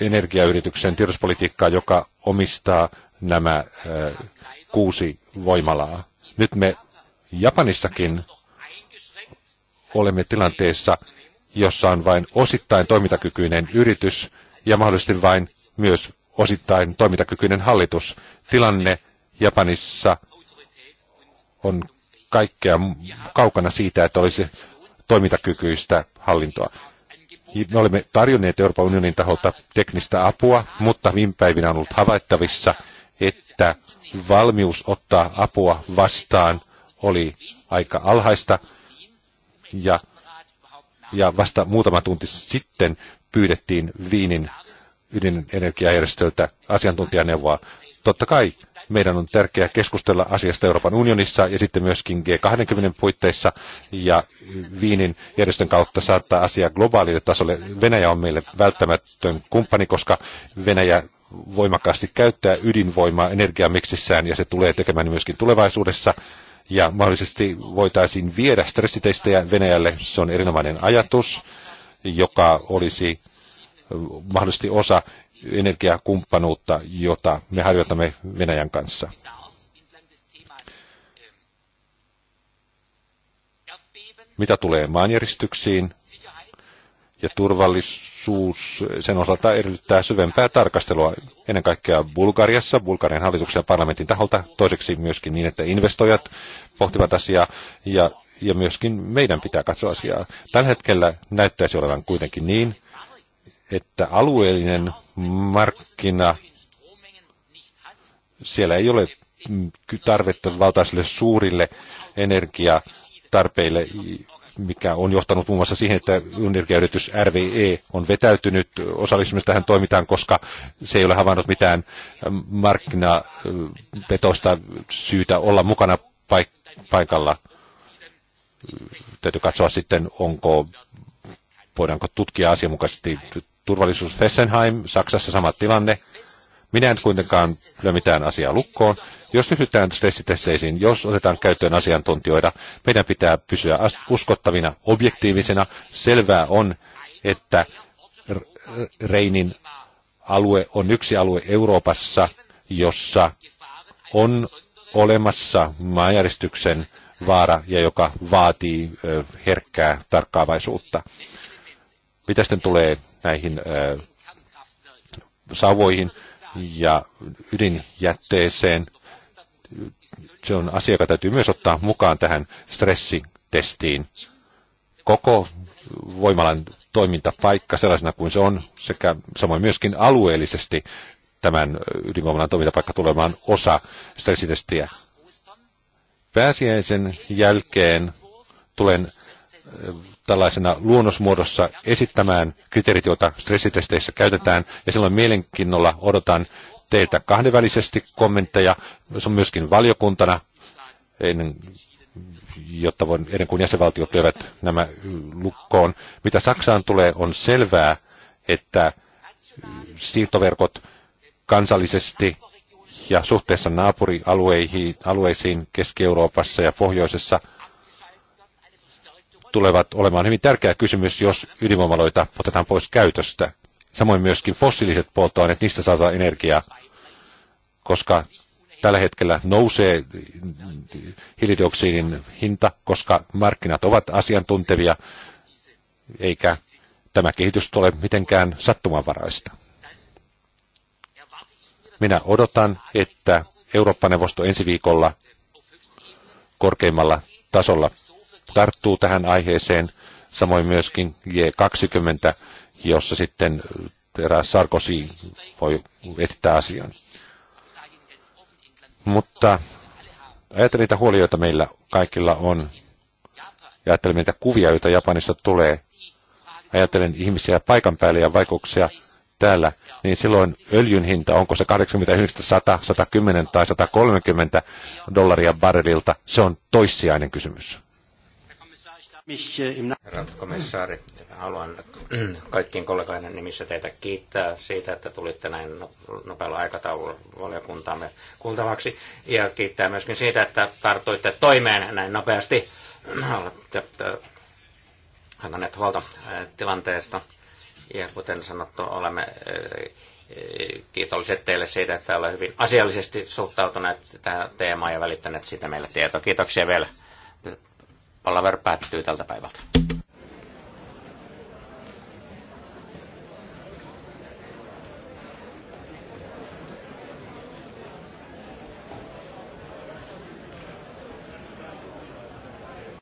energiayrityksen tiedospolitiikkaa, joka omistaa nämä kuusi voimalaa. Nyt me Japanissakin olemme tilanteessa, jossa on vain osittain toimintakykyinen yritys ja mahdollisesti vain myös osittain toimintakykyinen hallitus. Tilanne Japanissa on kaikkea kaukana siitä, että olisi toimintakykyistä hallintoa. Me olemme tarjonneet Euroopan unionin taholta teknistä apua, mutta viime päivinä on ollut havaittavissa, että valmius ottaa apua vastaan oli aika alhaista. Ja, ja vasta muutama tunti sitten pyydettiin Viinin ydinenergiajärjestöltä asiantuntijaneuvoa Totta kai meidän on tärkeää keskustella asiasta Euroopan unionissa ja sitten myöskin G20 puitteissa ja Viinin järjestön kautta saattaa asia globaalille tasolle. Venäjä on meille välttämätön kumppani, koska Venäjä voimakkaasti käyttää ydinvoimaa energiamiksissään ja se tulee tekemään myöskin tulevaisuudessa. Ja mahdollisesti voitaisiin viedä stressitestejä Venäjälle. Se on erinomainen ajatus, joka olisi mahdollisesti osa energiakumppanuutta, jota me harjoitamme Venäjän kanssa. Mitä tulee maanjäristyksiin ja turvallisuus, sen osalta edellyttää syvempää tarkastelua ennen kaikkea Bulgariassa, Bulgarian hallituksen ja parlamentin taholta, toiseksi myöskin niin, että investoijat pohtivat asiaa ja, ja myöskin meidän pitää katsoa asiaa. Tällä hetkellä näyttäisi olevan kuitenkin niin, että alueellinen markkina, siellä ei ole tarvetta valtaisille suurille energiatarpeille, mikä on johtanut muun muassa siihen, että energiayritys RVE on vetäytynyt osallistumista tähän toimintaan, koska se ei ole havainnut mitään markkinapetoista syytä olla mukana paik- paikalla. Täytyy katsoa sitten, onko, voidaanko tutkia asianmukaisesti turvallisuus Fessenheim, Saksassa sama tilanne. Minä en kuitenkaan löy mitään asiaa lukkoon. Jos ryhdytään stressitesteisiin, jos otetaan käyttöön asiantuntijoita, meidän pitää pysyä uskottavina, objektiivisena. Selvää on, että Reinin alue on yksi alue Euroopassa, jossa on olemassa maanjäristyksen vaara ja joka vaatii herkkää tarkkaavaisuutta. Mitä sitten tulee näihin savoihin ja ydinjätteeseen? Se on asia, joka täytyy myös ottaa mukaan tähän stressitestiin. Koko voimalan toimintapaikka sellaisena kuin se on, sekä samoin myöskin alueellisesti tämän ydinvoimalan toimintapaikka tulemaan osa stressitestiä. Pääsiäisen jälkeen tulen tällaisena luonnosmuodossa esittämään kriteerit, joita stressitesteissä käytetään, ja silloin mielenkiinnolla odotan teiltä kahdenvälisesti kommentteja, se on myöskin valiokuntana, ennen, jotta voin, ennen kuin jäsenvaltiot löyvät nämä lukkoon. Mitä Saksaan tulee, on selvää, että siirtoverkot kansallisesti ja suhteessa naapurialueisiin Keski-Euroopassa ja Pohjoisessa – tulevat olemaan hyvin tärkeä kysymys, jos ydinvoimaloita otetaan pois käytöstä. Samoin myöskin fossiiliset polttoaineet, niistä saadaan energiaa, koska tällä hetkellä nousee hiilidioksidin hinta, koska markkinat ovat asiantuntevia, eikä tämä kehitys ole mitenkään sattumanvaraista. Minä odotan, että Eurooppa-neuvosto ensi viikolla korkeimmalla tasolla tarttuu tähän aiheeseen, samoin myöskin G20, jossa sitten eräs Sarkozy voi esittää asian. Mutta ajattelin niitä huolia, joita meillä kaikilla on, ja ajattelin niitä kuvia, joita Japanista tulee. Ajattelen ihmisiä paikan päälle ja vaikutuksia täällä, niin silloin öljyn hinta, onko se 89, 100, 110 tai 130 dollaria barrelilta, se on toissijainen kysymys. Herra komissaari, haluan [clears throat] kaikkien kollegoiden nimissä teitä kiittää siitä, että tulitte näin no-, nopealla aikataululla valiokuntaamme kuultavaksi. Ja kiittää myöskin siitä, että tartuitte toimeen näin nopeasti. [clears throat] Olette antaneet huolta eh, tilanteesta. Ja kuten sanottu, olemme eh, kiitolliset teille siitä, että olette hyvin asiallisesti suhtautuneet tähän teemaan ja välittäneet siitä meille tietoa. Kiitoksia vielä Palaver päättyy tältä päivältä.